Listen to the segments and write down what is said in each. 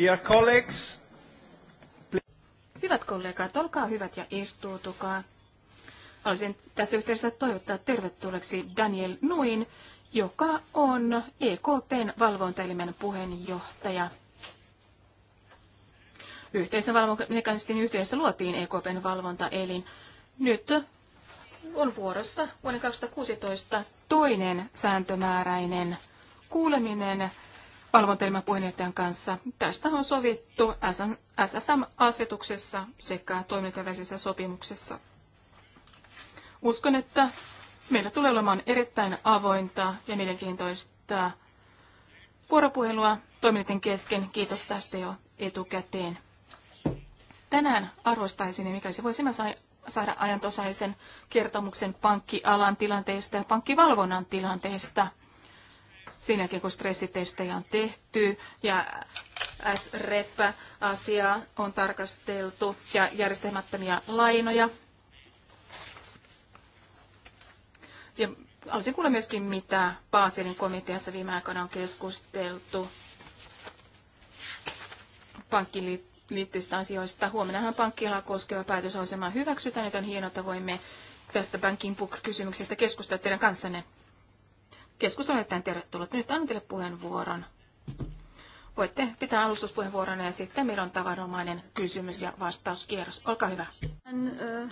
Dear colleagues, Hyvät kollegat, olkaa hyvät ja istuutukaa. Haluaisin tässä yhteydessä toivottaa tervetulleeksi Daniel Nuin, joka on EKPn valvontaelimen puheenjohtaja. Yhteisen valvontamekanismin yhteydessä luotiin EKPn valvontaelin. Nyt on vuorossa vuoden 2016 toinen sääntömääräinen kuuleminen valvontaelimen puheenjohtajan kanssa. Tästä on sovittu SSM-asetuksessa sekä toimintavälisessä sopimuksessa. Uskon, että meillä tulee olemaan erittäin avointa ja mielenkiintoista vuoropuhelua toimijoiden kesken. Kiitos tästä jo etukäteen. Tänään arvostaisin, mikäli se sai saada ajantosaisen kertomuksen pankkialan tilanteesta ja pankkivalvonnan tilanteesta – sen jälkeen, kun stressitestejä on tehty ja SREP-asiaa on tarkasteltu ja järjestelmättömiä lainoja. Ja haluaisin kuulla myöskin, mitä Baselin komiteassa viime aikoina on keskusteltu pankkiin liittyvistä asioista. Huomennahan pankkialaa koskeva päätösasema hyväksytään, on hienoa, että voimme tästä Banking Book-kysymyksestä keskustella teidän kanssanne. Keskustelu on erittäin tervetullut. Nyt annan teille puheenvuoron. Voitte pitää alustuspuheenvuoron ja sitten meillä on tavanomainen kysymys- ja vastauskierros. Olkaa hyvä. Uh,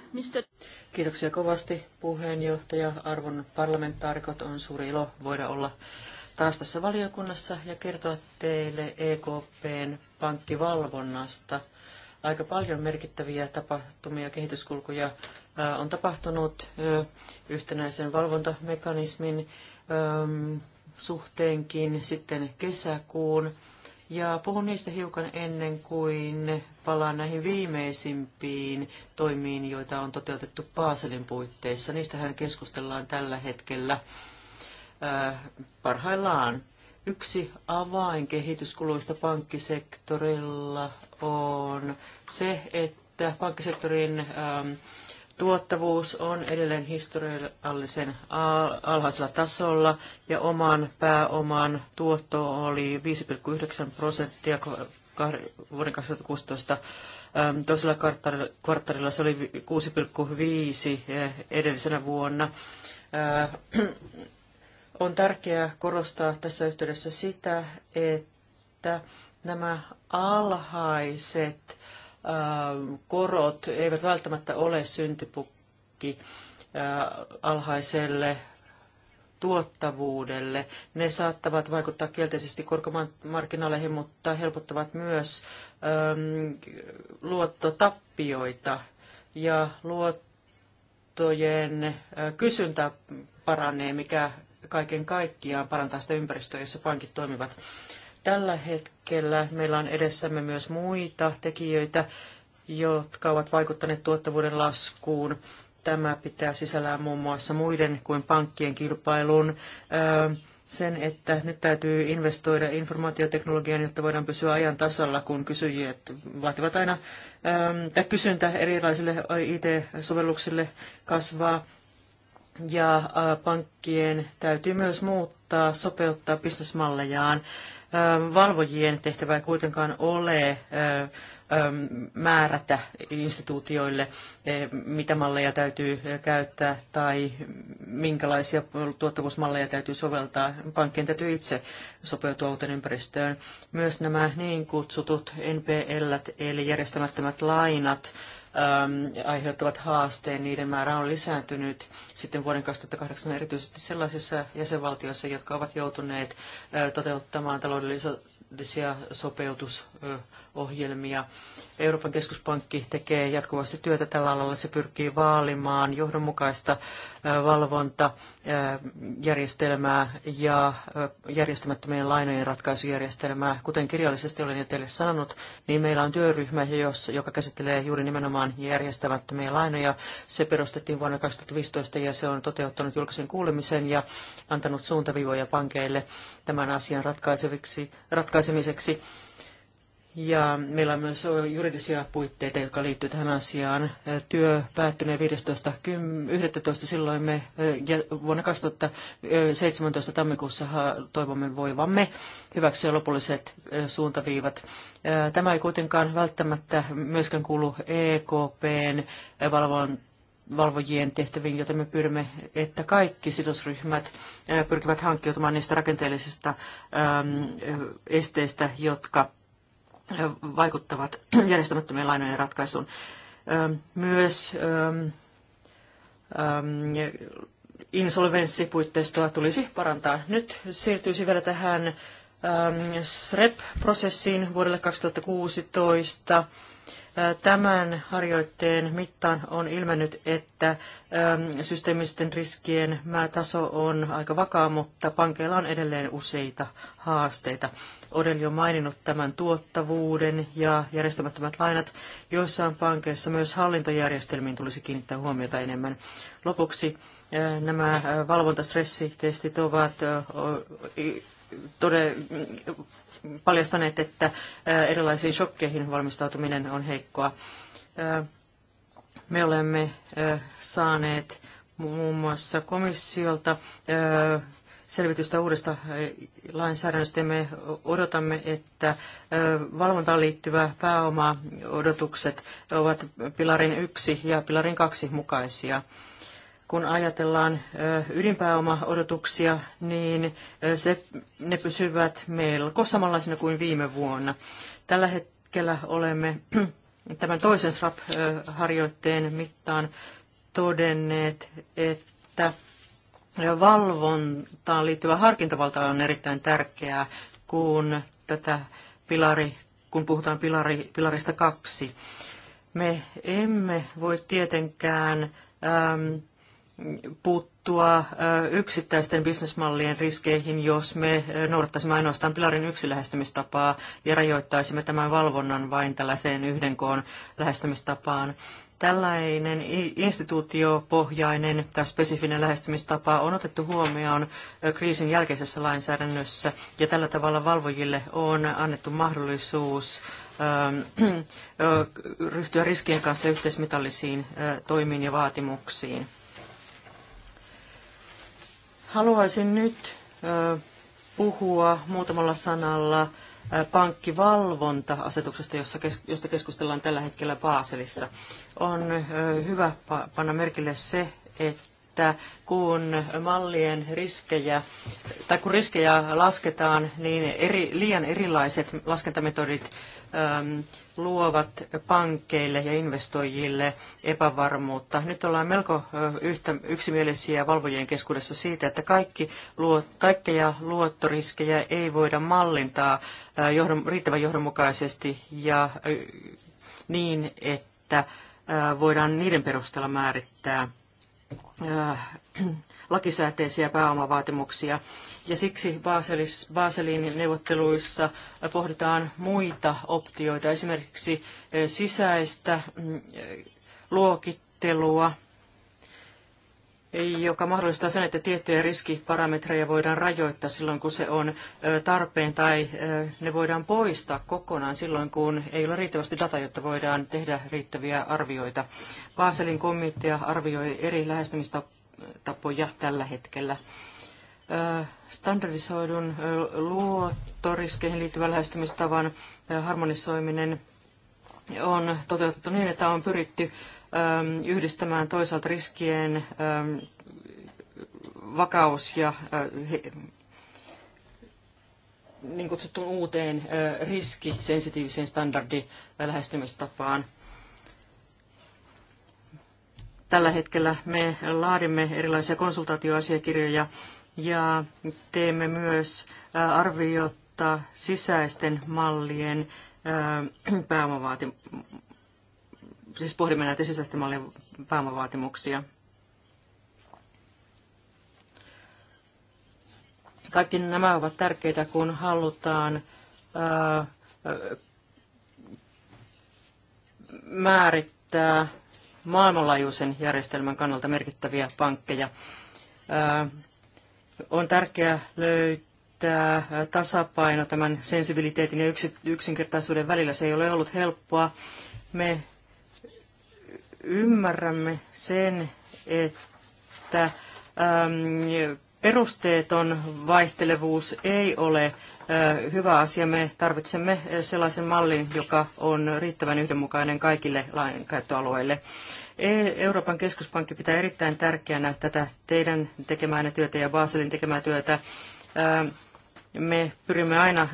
Kiitoksia kovasti puheenjohtaja. Arvon parlamentaarikot on suuri ilo voida olla taas tässä valiokunnassa ja kertoa teille EKPn pankkivalvonnasta. Aika paljon merkittäviä tapahtumia, kehityskulkuja uh, on tapahtunut uh, yhtenäisen valvontamekanismin suhteenkin sitten kesäkuun. Ja puhun niistä hiukan ennen kuin palaan näihin viimeisimpiin toimiin, joita on toteutettu Paaselin puitteissa. Niistähän keskustellaan tällä hetkellä parhaillaan. Yksi avain kehityskuluista pankkisektorilla on se, että pankkisektorin Tuottavuus on edelleen historiallisen alhaisella tasolla ja oman pääoman tuotto oli 5,9 prosenttia vuoden 2016 ähm, toisella kvartaalilla se oli 6,5 eh, edellisenä vuonna. Äh, on tärkeää korostaa tässä yhteydessä sitä, että nämä alhaiset Ähm, korot eivät välttämättä ole syntipukki äh, alhaiselle tuottavuudelle. Ne saattavat vaikuttaa kielteisesti korkomarkkinoihin, mutta helpottavat myös ähm, luottotappioita ja luottojen äh, kysyntä paranee, mikä kaiken kaikkiaan parantaa sitä ympäristöä, jossa pankit toimivat. Tällä hetkellä meillä on edessämme myös muita tekijöitä, jotka ovat vaikuttaneet tuottavuuden laskuun. Tämä pitää sisällään muun muassa muiden kuin pankkien kilpailun sen, että nyt täytyy investoida informaatioteknologiaan, jotta voidaan pysyä ajan tasalla, kun kysyjät vaativat aina, tai kysyntä erilaisille IT-sovelluksille kasvaa. Ja pankkien täytyy myös muuttaa, sopeuttaa bisnesmallejaan Ähm, valvojien tehtävä ei kuitenkaan ole äh, ähm, määrätä instituutioille, äh, mitä malleja täytyy äh, käyttää tai minkälaisia tuottavuusmalleja täytyy soveltaa. Pankkien täytyy itse sopeutua uuteen ympäristöön. Myös nämä niin kutsutut NPL, eli järjestämättömät lainat, Ähm, aiheuttavat haasteen, niiden määrä on lisääntynyt sitten vuoden 2008 erityisesti sellaisissa jäsenvaltioissa, jotka ovat joutuneet toteuttamaan taloudellisia sopeutus ohjelmia. Euroopan keskuspankki tekee jatkuvasti työtä tällä alalla. Se pyrkii vaalimaan johdonmukaista valvontajärjestelmää ja järjestämättömien lainojen ratkaisujärjestelmää. Kuten kirjallisesti olen jo teille sanonut, niin meillä on työryhmä, joka käsittelee juuri nimenomaan järjestämättömiä lainoja. Se perustettiin vuonna 2015 ja se on toteuttanut julkisen kuulemisen ja antanut suuntaviivoja pankeille tämän asian ratkaisemiseksi ja meillä on myös juridisia puitteita, jotka liittyvät tähän asiaan. Työ päättyneen 15.11. silloin me vuonna 2017 tammikuussa toivomme voivamme hyväksyä lopulliset suuntaviivat. Tämä ei kuitenkaan välttämättä myöskään kuulu EKPn valvon valvojien tehtäviin, joten me pyydämme, että kaikki sidosryhmät pyrkivät hankkiutumaan niistä rakenteellisista esteistä, jotka vaikuttavat järjestämättömien lainojen ratkaisuun. Myös insolvenssipuitteistoa tulisi parantaa. Nyt siirtyisi vielä tähän SREP-prosessiin vuodelle 2016. Tämän harjoitteen mittaan on ilmennyt, että systeemisten riskien taso on aika vakaa, mutta pankeilla on edelleen useita haasteita. Odel jo maininnut tämän tuottavuuden ja järjestämättömät lainat. Joissain pankeissa myös hallintojärjestelmiin tulisi kiinnittää huomiota enemmän. Lopuksi eh, nämä eh, valvontastressitestit ovat eh, tode, paljastaneet, että erilaisiin shokkeihin valmistautuminen on heikkoa. Me olemme saaneet muun muassa komissiolta selvitystä uudesta eh, lainsäädännöstä. Me odotamme, että eh, valvontaan liittyvä pääoma-odotukset ovat pilarin yksi ja pilarin kaksi mukaisia. Kun ajatellaan eh, ydinpääoma-odotuksia, niin se, ne pysyvät melko samanlaisena kuin viime vuonna. Tällä hetkellä olemme tämän toisen SRAP-harjoitteen mittaan todenneet, että valvontaan liittyvä harkintavalta on erittäin tärkeää, kun tätä pilari, kun puhutaan pilari, pilarista kaksi. Me emme voi tietenkään äm, puuttua yksittäisten bisnesmallien riskeihin, jos me noudattaisimme ainoastaan pilarin yksi lähestymistapaa ja rajoittaisimme tämän valvonnan vain tällaiseen yhden koon lähestymistapaan. Tällainen instituutiopohjainen tai spesifinen lähestymistapa on otettu huomioon kriisin jälkeisessä lainsäädännössä ja tällä tavalla valvojille on annettu mahdollisuus ähm, ryhtyä riskien kanssa yhteismitallisiin toimiin ja vaatimuksiin. Haluaisin nyt puhua muutamalla sanalla pankkivalvonta-asetuksesta, josta keskustellaan tällä hetkellä Baaselissa. On hyvä panna merkille se, että kun mallien riskejä, tai kun riskejä lasketaan, niin eri, liian erilaiset laskentametodit luovat pankeille ja investoijille epävarmuutta. Nyt ollaan melko yhtä, yksimielisiä valvojien keskuudessa siitä, että kaikki, kaikkeja luottoriskejä ei voida mallintaa Äh, johdon, riittävän johdonmukaisesti ja niin, että äh, voidaan niiden perusteella määrittää äh, lakisääteisiä pääomavaatimuksia. Ja siksi Baselin neuvotteluissa pohditaan muita optioita, esimerkiksi sisäistä mm, luokittelua, joka mahdollistaa sen, että tiettyjä riskiparametreja voidaan rajoittaa silloin, kun se on tarpeen, tai ne voidaan poistaa kokonaan silloin, kun ei ole riittävästi dataa, jotta voidaan tehdä riittäviä arvioita. Baselin komitea arvioi eri lähestymistapoja tällä hetkellä. Standardisoidun luottoriskeihin liittyvän lähestymistavan harmonisoiminen on toteutettu niin, että on pyritty yhdistämään toisaalta riskien vakaus ja äh, niin kutsuttuun uuteen äh, riskisensitiiviseen standardilähestymistapaan. Tällä hetkellä me laadimme erilaisia konsultaatioasiakirjoja ja teemme myös äh, arviota sisäisten mallien pääomavaatimuksia. siis pohdimme näitä sisäisten mallien pääomavaatimuksia – Kaikki nämä ovat tärkeitä, kun halutaan ää, määrittää maailmanlaajuisen järjestelmän kannalta merkittäviä pankkeja. Ää, on tärkeää löytää tasapaino tämän sensibiliteetin ja yksinkertaisuuden välillä. Se ei ole ollut helppoa. Me ymmärrämme sen, että perusteeton vaihtelevuus ei ole hyvä asia. Me tarvitsemme sellaisen mallin, joka on riittävän yhdenmukainen kaikille lainkäyttöalueille. E, Euroopan keskuspankki pitää erittäin tärkeänä tätä teidän tekemäänne työtä ja Baselin tekemää työtä. Me pyrimme aina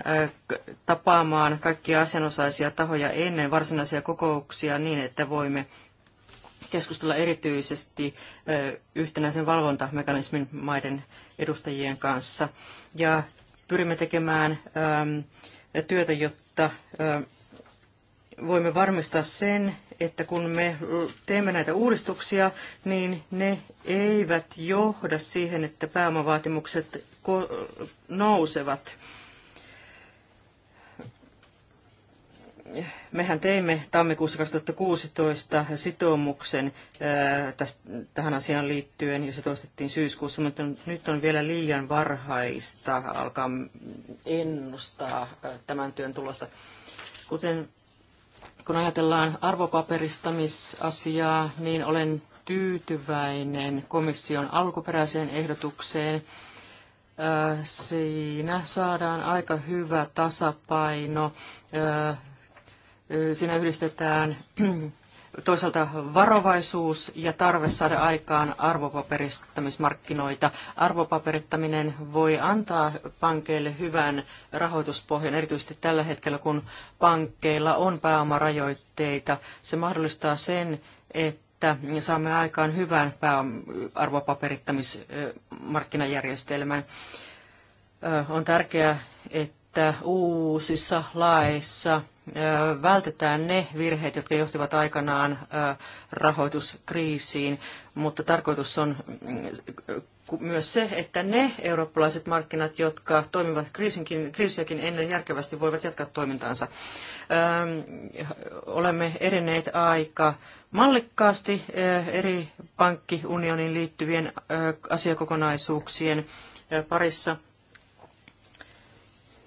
tapaamaan kaikkia asianosaisia tahoja ennen varsinaisia kokouksia niin, että voimme keskustella erityisesti yhtenäisen valvontamekanismin maiden edustajien kanssa. Ja pyrimme tekemään työtä, jotta voimme varmistaa sen, että kun me teemme näitä uudistuksia, niin ne eivät johda siihen, että pääomavaatimukset nousevat mehän teimme tammikuussa 2016 sitoumuksen tästä, tähän asiaan liittyen ja se toistettiin syyskuussa, mutta nyt on vielä liian varhaista alkaa ennustaa tämän työn tulosta. Kuten kun ajatellaan arvopaperistamisasiaa, niin olen tyytyväinen komission alkuperäiseen ehdotukseen. Siinä saadaan aika hyvä tasapaino Siinä yhdistetään toisaalta varovaisuus ja tarve saada aikaan arvopaperistamismarkkinoita. Arvopaperittaminen voi antaa pankeille hyvän rahoituspohjan, erityisesti tällä hetkellä, kun pankkeilla on pääomarajoitteita. Se mahdollistaa sen, että saamme aikaan hyvän arvopaperittamismarkkinajärjestelmän. On tärkeää, että uusissa laeissa – vältetään ne virheet, jotka johtivat aikanaan rahoituskriisiin, mutta tarkoitus on mm, myös se, että ne eurooppalaiset markkinat, jotka toimivat kriisinkin, kriisiäkin ennen järkevästi, voivat jatkaa toimintaansa. Olemme edenneet aika mallikkaasti eri pankkiunioniin liittyvien asiakokonaisuuksien parissa.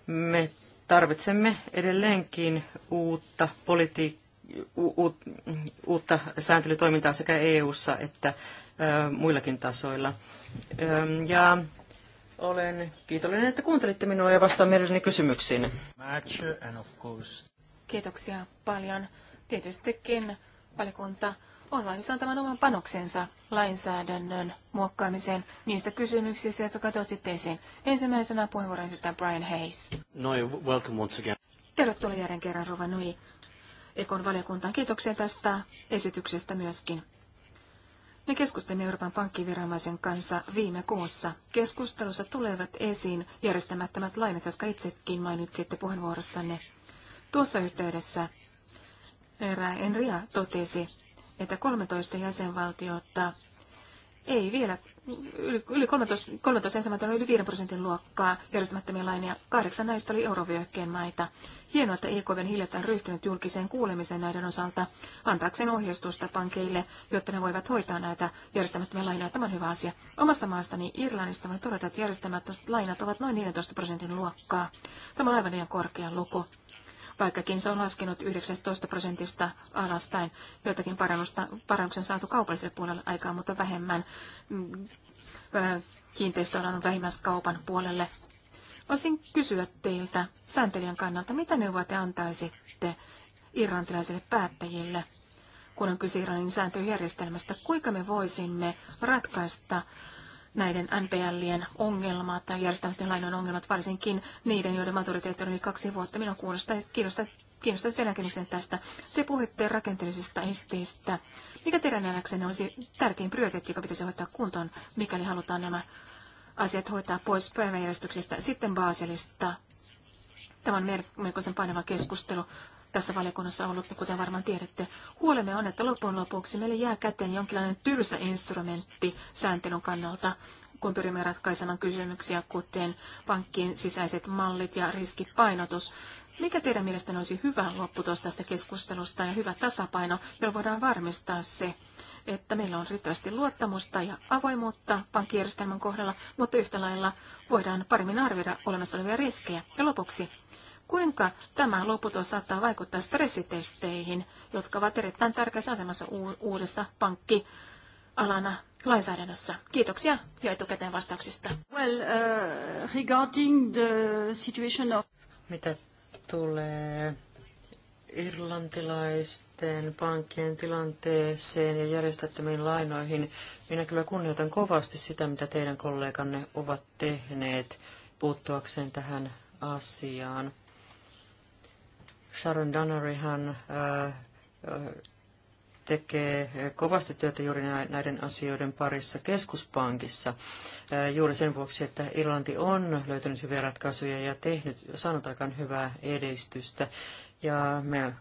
Me tarvitsemme edelleenkin uutta politiikkaa uutta sääntelytoimintaa sekä EU:ssa että muillakin tasoilla. Ja olen kiitollinen, että kuuntelitte minua ja vastaan mielelläni kysymyksiin. Kiitoksia paljon. Tietystikin valikunta on valmis antamaan oman panoksensa lainsäädännön muokkaamiseen niistä kysymyksistä, jotka katsoitte esiin. Ensimmäisenä puheenvuoron sitten Brian Hayes. No, welcome once again. Tervetuloa jälleen kerran Rova Nui Ekon valiokuntaan. Kiitoksia tästä esityksestä myöskin. Me keskustelimme Euroopan pankkiviranomaisen kanssa viime kuussa. Keskustelussa tulevat esiin järjestämättömät lainat, jotka itsekin mainitsitte puheenvuorossanne. Tuossa yhteydessä Herra Enria totesi, että 13 jäsenvaltiota ei vielä, yli, yli 13, 13 jäsenvaltiota oli yli 5 prosentin luokkaa järjestämättömiä lainia. Kahdeksan näistä oli eurovyöhykkeen maita. Hienoa, että EKVn hiljattain ryhtynyt julkiseen kuulemiseen näiden osalta, antaakseen ohjeistusta pankeille, jotta ne voivat hoitaa näitä järjestämättömiä lainoja. Tämä on hyvä asia. Omasta maastani Irlannista voin todeta, että järjestämättömät lainat ovat noin 14 prosentin luokkaa. Tämä on aivan liian korkea luku vaikkakin se on laskenut 19 prosentista alaspäin. Joitakin parannuksen saatu kaupalliselle puolelle aikaa, mutta vähemmän mm, äh, kiinteistöalan vähimmäiskaupan puolelle. Voisin kysyä teiltä sääntelijän kannalta, mitä neuvoa te antaisitte irlantilaisille päättäjille, kun on kyse Irlannin sääntelyjärjestelmästä, kuinka me voisimme ratkaista näiden NPLien ongelmat tai järjestämättömien lainojen ongelmat, varsinkin niiden, joiden maturiteetti on yli kaksi vuotta. Minua kuulostaa, kiinnostaa, kiinnostaa näkemisen tästä. Te puhuitte rakenteellisista esteistä. Mikä teidän nähdäksenne olisi tärkein prioriteetti, joka pitäisi hoitaa kuntoon, mikäli halutaan nämä asiat hoitaa pois päiväjärjestyksestä? Sitten Baselista. Tämä on melkoisen painava keskustelu tässä valiokunnassa ollut, niin kuten varmaan tiedätte. Huolemme on, että loppujen lopuksi meille jää käteen jonkinlainen tylsä instrumentti sääntelyn kannalta, kun pyrimme ratkaisemaan kysymyksiä, kuten pankkien sisäiset mallit ja riskipainotus. Mikä teidän mielestänne olisi hyvä lopputulos tästä keskustelusta ja hyvä tasapaino, jolla voidaan varmistaa se, että meillä on riittävästi luottamusta ja avoimuutta pankkijärjestelmän kohdalla, mutta yhtä lailla voidaan paremmin arvioida olemassa olevia riskejä. Ja lopuksi, Kuinka tämä lopputulos saattaa vaikuttaa stressitesteihin, jotka ovat erittäin tärkeässä asemassa uudessa pankkialana lainsäädännössä? Kiitoksia jo etukäteen vastauksista. Well, uh, regarding the situation of... Mitä tulee irlantilaisten pankkien tilanteeseen ja järjestettömiin lainoihin, minä kyllä kunnioitan kovasti sitä, mitä teidän kolleganne ovat tehneet puuttuakseen tähän asiaan. Sharon Donneryhan äh, äh, tekee kovasti työtä juuri näiden asioiden parissa keskuspankissa äh, juuri sen vuoksi, että Irlanti on löytänyt hyviä ratkaisuja ja tehnyt, saanut aikaan hyvää edistystä. Ja me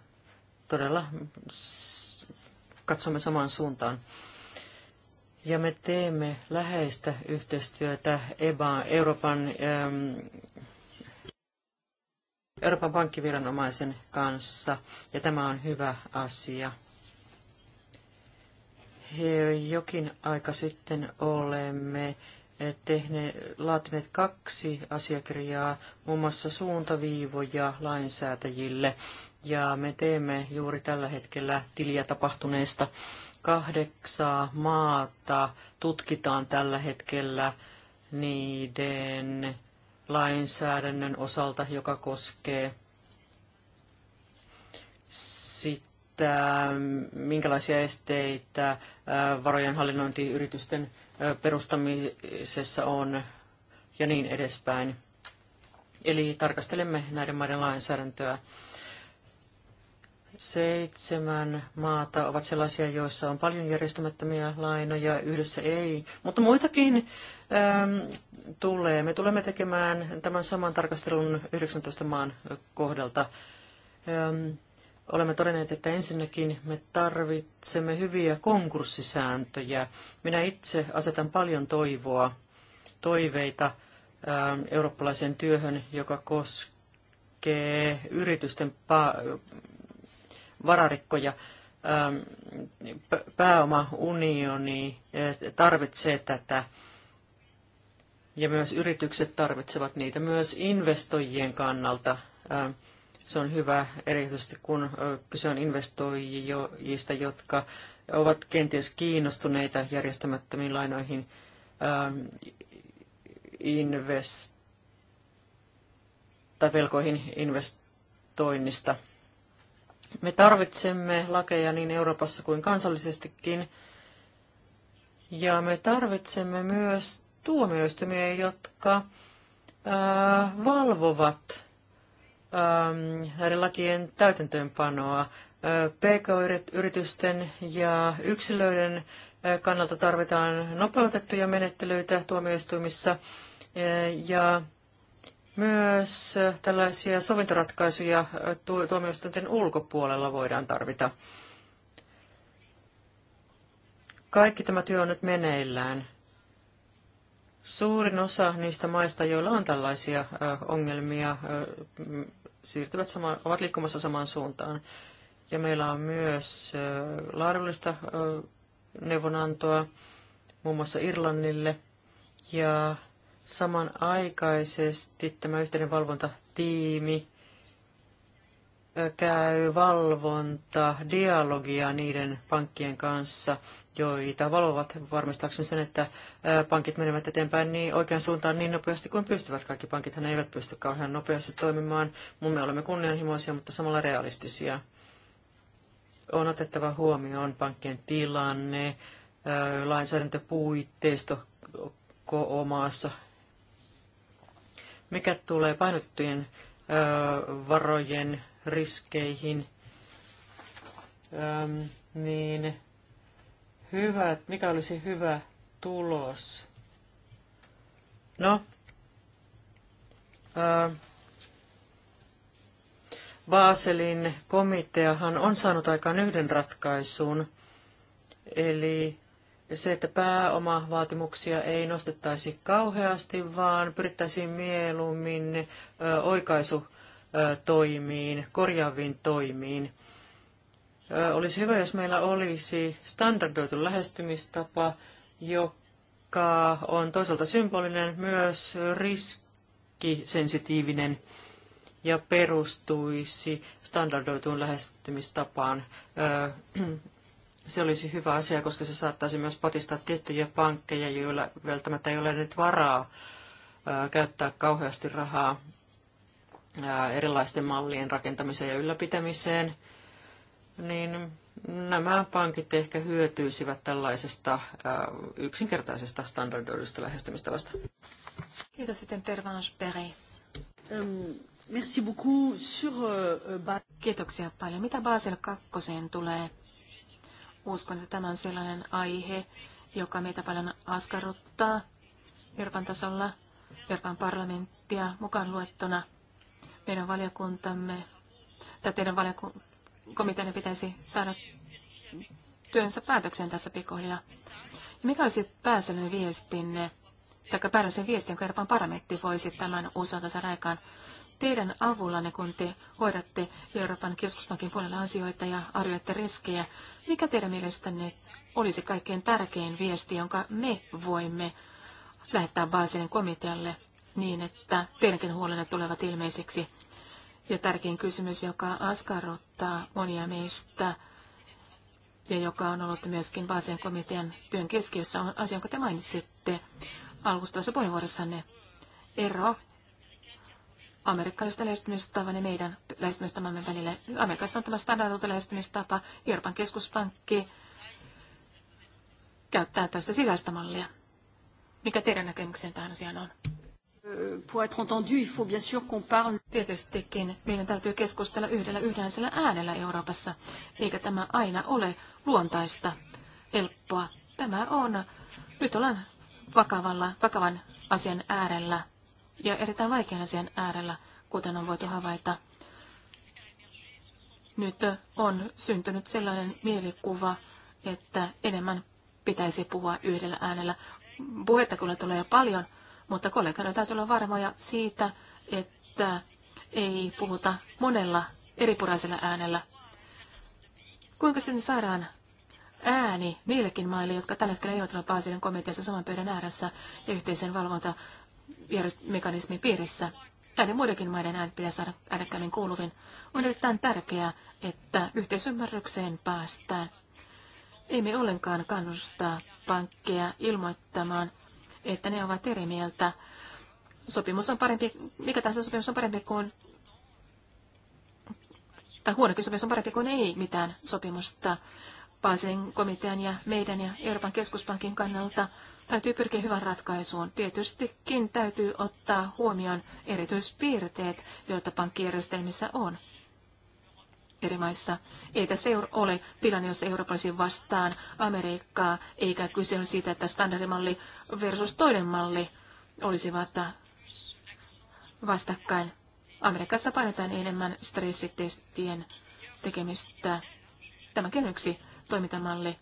todella katsomme samaan suuntaan. Ja me teemme läheistä yhteistyötä EBA, Euroopan ähm, Euroopan pankkiviranomaisen kanssa, ja tämä on hyvä asia. Jokin aika sitten olemme tehneet laatineet kaksi asiakirjaa, muun muassa suuntaviivoja lainsäätäjille, ja me teemme juuri tällä hetkellä tiliä tapahtuneesta kahdeksaa maata tutkitaan tällä hetkellä niiden lainsäädännön osalta, joka koskee sitä, minkälaisia esteitä varojen hallinnointiyritysten perustamisessa on ja niin edespäin. Eli tarkastelemme näiden maiden lainsäädäntöä. Seitsemän maata ovat sellaisia, joissa on paljon järjestämättömiä lainoja, yhdessä ei, mutta muitakin tulee. Me tulemme tekemään tämän saman tarkastelun 19 maan kohdalta. Olemme todenneet, että ensinnäkin me tarvitsemme hyviä konkurssisääntöjä. Minä itse asetan paljon toivoa, toiveita eurooppalaiseen työhön, joka koskee yritysten vararikkoja pääomaunioni tarvitsee tätä ja myös yritykset tarvitsevat niitä myös investoijien kannalta. Se on hyvä erityisesti, kun kyse on investoijista, jotka ovat kenties kiinnostuneita järjestämättömiin lainoihin invest- tai velkoihin investoinnista. Me tarvitsemme lakeja niin Euroopassa kuin kansallisestikin, ja me tarvitsemme myös tuomioistumia, jotka valvovat näiden lakien täytäntöönpanoa. PK-yritysten ja yksilöiden kannalta tarvitaan nopeutettuja menettelyitä tuomioistuimissa ja myös tällaisia sovintoratkaisuja tuomioistuinten ulkopuolella voidaan tarvita. Kaikki tämä työ on nyt meneillään Suurin osa niistä maista, joilla on tällaisia ongelmia, siirtyvät sama, ovat liikkumassa samaan suuntaan. Ja meillä on myös laadullista neuvonantoa muun muassa Irlannille. Ja samanaikaisesti tämä yhteinen valvontatiimi käy valvonta, dialogia niiden pankkien kanssa, joita valvovat varmistaakseni sen, että pankit menevät eteenpäin niin oikean suuntaan niin nopeasti kuin pystyvät. Kaikki pankithan eivät pysty kauhean nopeasti toimimaan. Mun me olemme kunnianhimoisia, mutta samalla realistisia. On otettava huomioon pankkien tilanne, lainsäädäntöpuitteisto omaassa. Mikä tulee painotettujen varojen riskeihin, niin hyvä, mikä olisi hyvä tulos? No, ää, Baselin komiteahan on saanut aikaan yhden ratkaisun, eli se, että pääomavaatimuksia ei nostettaisi kauheasti, vaan pyrittäisiin mieluummin oikaisutoimiin, korjaaviin toimiin. Olisi hyvä, jos meillä olisi standardoitu lähestymistapa, joka on toisaalta symbolinen, myös riskisensitiivinen ja perustuisi standardoituun lähestymistapaan. Se olisi hyvä asia, koska se saattaisi myös patistaa tiettyjä pankkeja, joilla välttämättä ei ole nyt varaa käyttää kauheasti rahaa erilaisten mallien rakentamiseen ja ylläpitämiseen niin nämä pankit ehkä hyötyisivät tällaisesta äh, yksinkertaisesta standardoidusta lähestymistavasta. Kiitos sitten Tervange Perez. Ähm, merci beaucoup sur, äh, äh, Kiitoksia paljon. Mitä Basel 2 tulee? Uskon, että tämä on sellainen aihe, joka meitä paljon askarruttaa Euroopan tasolla, Euroopan parlamenttia mukaan luettuna. Meidän valiokuntamme, tai teidän valiokuntamme, komitean pitäisi saada työnsä päätökseen tässä pikkuhiljaa. Ja mikä olisi pääsellinen viestinne, tai pääsellinen viestin, jonka Euroopan parlamentti voisi tämän osalta saada aikaan? Teidän avullanne, kun te hoidatte Euroopan keskuspankin puolella asioita ja arvioitte riskejä, mikä teidän mielestänne olisi kaikkein tärkein viesti, jonka me voimme lähettää Baselin komitealle niin, että teidänkin huolenne tulevat ilmeisiksi? ja tärkein kysymys, joka askarruttaa monia meistä ja joka on ollut myöskin Vaasian komitean työn keskiössä, on asia, jonka te mainitsitte alustavassa puheenvuorossanne. Ero amerikkalaisesta lähestymistavan ja meidän lähestymistavamme välillä. Amerikassa on tämä standardoitu lähestymistapa. Euroopan keskuspankki käyttää tästä sisäistä mallia. Mikä teidän näkemyksenne tähän asiaan on? Euh, pour être entendu, il faut bien sûr qu'on parle. Tietystikin meidän täytyy keskustella yhdellä yhdellä äänellä Euroopassa, eikä tämä aina ole luontaista helppoa. Tämä on, nyt ollaan vakavalla, vakavan asian äärellä ja erittäin vaikean asian äärellä, kuten on voitu havaita. Nyt on syntynyt sellainen mielikuva, että enemmän pitäisi puhua yhdellä äänellä. Puhetta kyllä tulee paljon, mutta kollegana täytyy olla varmoja siitä, että ei puhuta monella eripuraisella äänellä. Kuinka sitten saadaan ääni niillekin maille, jotka tällä hetkellä eivät ole Baasilin komiteassa saman pöydän ääressä ja yhteisen valvontamekanismin piirissä? Ääni muidenkin maiden äänet pitää saada äänekkäämmin kuuluvin. On erittäin tärkeää, että yhteisymmärrykseen päästään. Ei me ollenkaan kannustaa pankkeja ilmoittamaan että ne ovat eri mieltä. Sopimus on parempi, mikä tässä sopimus on parempi kuin, tai huonokin sopimus on parempi kuin ei mitään sopimusta. Paasin komitean ja meidän ja Euroopan keskuspankin kannalta täytyy pyrkiä hyvän ratkaisuun. Tietystikin täytyy ottaa huomioon erityispiirteet, joita pankkijärjestelmissä on eri maissa. Eikä se ole tilanne, jossa olisi vastaan Amerikkaa, eikä kyse ole siitä, että standardimalli versus toinen malli olisivat vastakkain. Amerikassa painetaan enemmän stressitestien tekemistä. Tämäkin on yksi toimintamalli.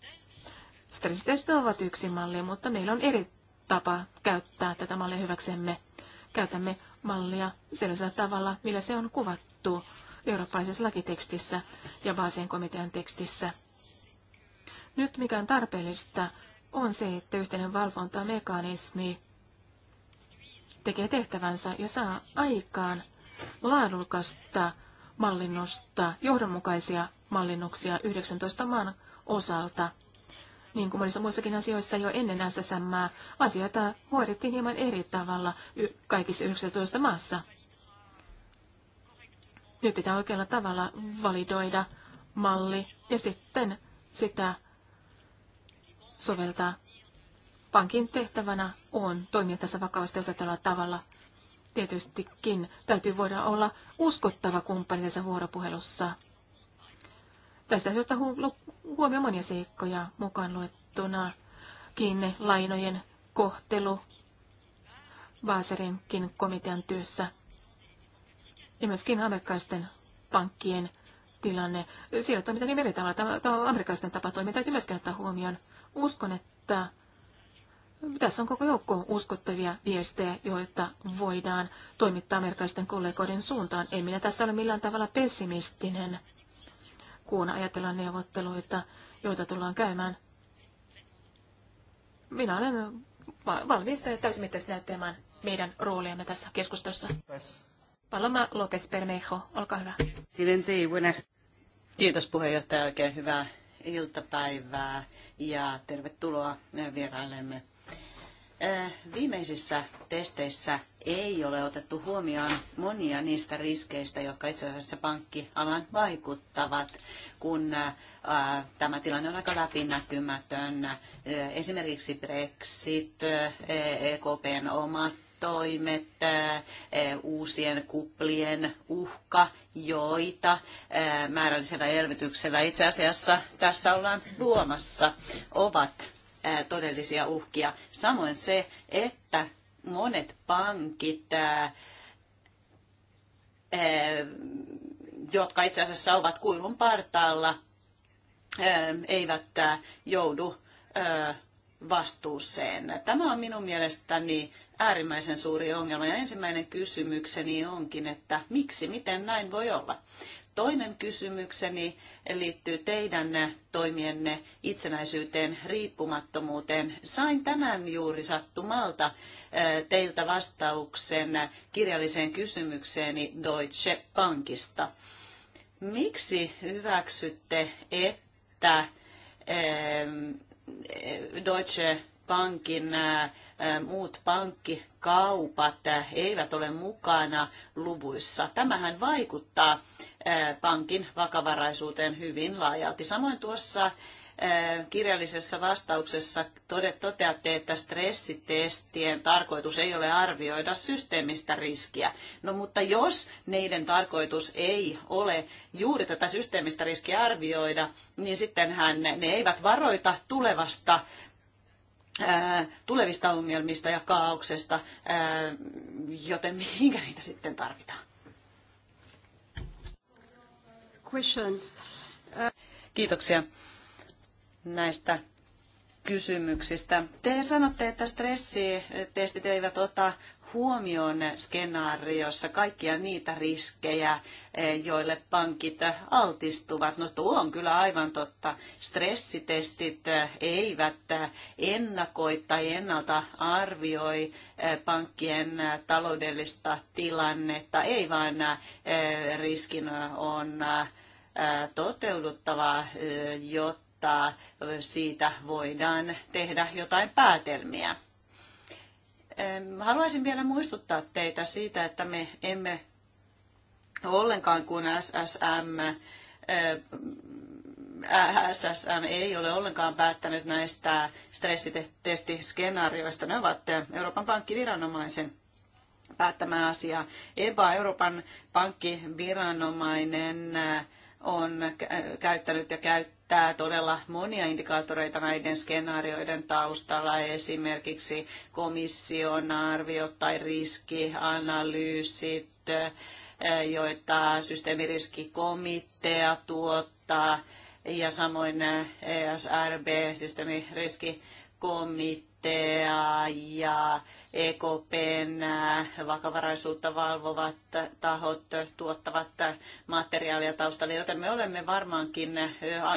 Stressitestit ovat yksi malli, mutta meillä on eri tapa käyttää tätä mallia hyväksemme. Käytämme mallia sellaisella tavalla, millä se on kuvattu eurooppalaisessa lakitekstissä ja Baasien komitean tekstissä. Nyt mikä on tarpeellista on se, että yhteinen valvontamekanismi tekee tehtävänsä ja saa aikaan laadukasta mallinnosta, johdonmukaisia mallinnuksia 19 maan osalta. Niin kuin monissa muissakin asioissa jo ennen SSM, asioita hoidettiin hieman eri tavalla kaikissa 19 maassa. Nyt pitää oikealla tavalla validoida malli ja sitten sitä soveltaa. Pankin tehtävänä on toimia tässä vakavasti otettavalla tavalla. Tietystikin täytyy voida olla uskottava kumppani tässä vuoropuhelussa. Tästä täytyy ottaa hu- huomioon monia seikkoja mukaan luettuna kiinne lainojen kohtelu Baaserinkin komitean työssä ja myöskin amerikkalaisten pankkien tilanne. Siellä toimitaan niin eri tavalla. Tämä, Amerikkaisten amerikkalaisten tapa toimia täytyy myöskin ottaa huomioon. Uskon, että tässä on koko joukko uskottavia viestejä, joita voidaan toimittaa amerikkalaisten kollegoiden suuntaan. En minä tässä ole millään tavalla pessimistinen, kun ajatellaan neuvotteluita, joita tullaan käymään. Minä olen valmis täysimittaisesti näyttämään meidän rooliamme tässä keskustelussa. Paloma López Bermejo, olkaa hyvä. Kiitos puheenjohtaja, oikein hyvää iltapäivää ja tervetuloa vieraillemme. Eh, viimeisissä testeissä ei ole otettu huomioon monia niistä riskeistä, jotka itse asiassa pankkialan vaikuttavat, kun eh, tämä tilanne on aika läpinäkymätön. Eh, esimerkiksi Brexit, EKPn e omat toimet, uusien kuplien uhka, joita määrällisellä elvytyksellä itse asiassa tässä ollaan luomassa, ovat todellisia uhkia. Samoin se, että monet pankit, jotka itse asiassa ovat kuilun partaalla, eivät joudu vastuuseen. Tämä on minun mielestäni äärimmäisen suuri ongelma. Ja ensimmäinen kysymykseni onkin, että miksi, miten näin voi olla? Toinen kysymykseni liittyy teidän toimienne itsenäisyyteen, riippumattomuuteen. Sain tänään juuri sattumalta teiltä vastauksen kirjalliseen kysymykseeni Deutsche Bankista. Miksi hyväksytte, että Deutsche Bankin muut pankkikaupat eivät ole mukana luvuissa. Tämähän vaikuttaa pankin vakavaraisuuteen hyvin laajalti. Samoin tuossa kirjallisessa vastauksessa toteatte, että stressitestien tarkoitus ei ole arvioida systeemistä riskiä. No mutta jos niiden tarkoitus ei ole juuri tätä systeemistä riskiä arvioida, niin sittenhän ne, ne eivät varoita tulevasta tulevista ongelmista ja kaauksesta, joten mihinkä niitä sitten tarvitaan? Questions. Kiitoksia näistä kysymyksistä. Te sanotte, että stressitestit eivät ota huomioon skenaariossa kaikkia niitä riskejä, eh, joille pankit altistuvat. No tuo on kyllä aivan totta. Stressitestit eh, eivät eh, ennakoi tai ennalta arvioi pankkien taloudellista tilannetta, ei vain riskin on toteuduttava, jotta kohtaa siitä voidaan tehdä jotain päätelmiä. Haluaisin vielä muistuttaa teitä siitä, että me emme ollenkaan kuin SSM SSM ei ole ollenkaan päättänyt näistä stressitestiskenaarioista. Ne ovat Euroopan pankkiviranomaisen päättämä asia. EBA, Euroopan pankkiviranomainen, on käyttänyt ja käyttää näyttää todella monia indikaattoreita näiden skenaarioiden taustalla, esimerkiksi komission arviot tai riskianalyysit, eh, joita systeemiriskikomitea tuottaa, ja samoin ESRB, eh, e systeemiriskikomitea, komitea ja EKPn äh, vakavaraisuutta valvovat tahot tuottavat materiaalia taustalle, joten me olemme varmaankin äh,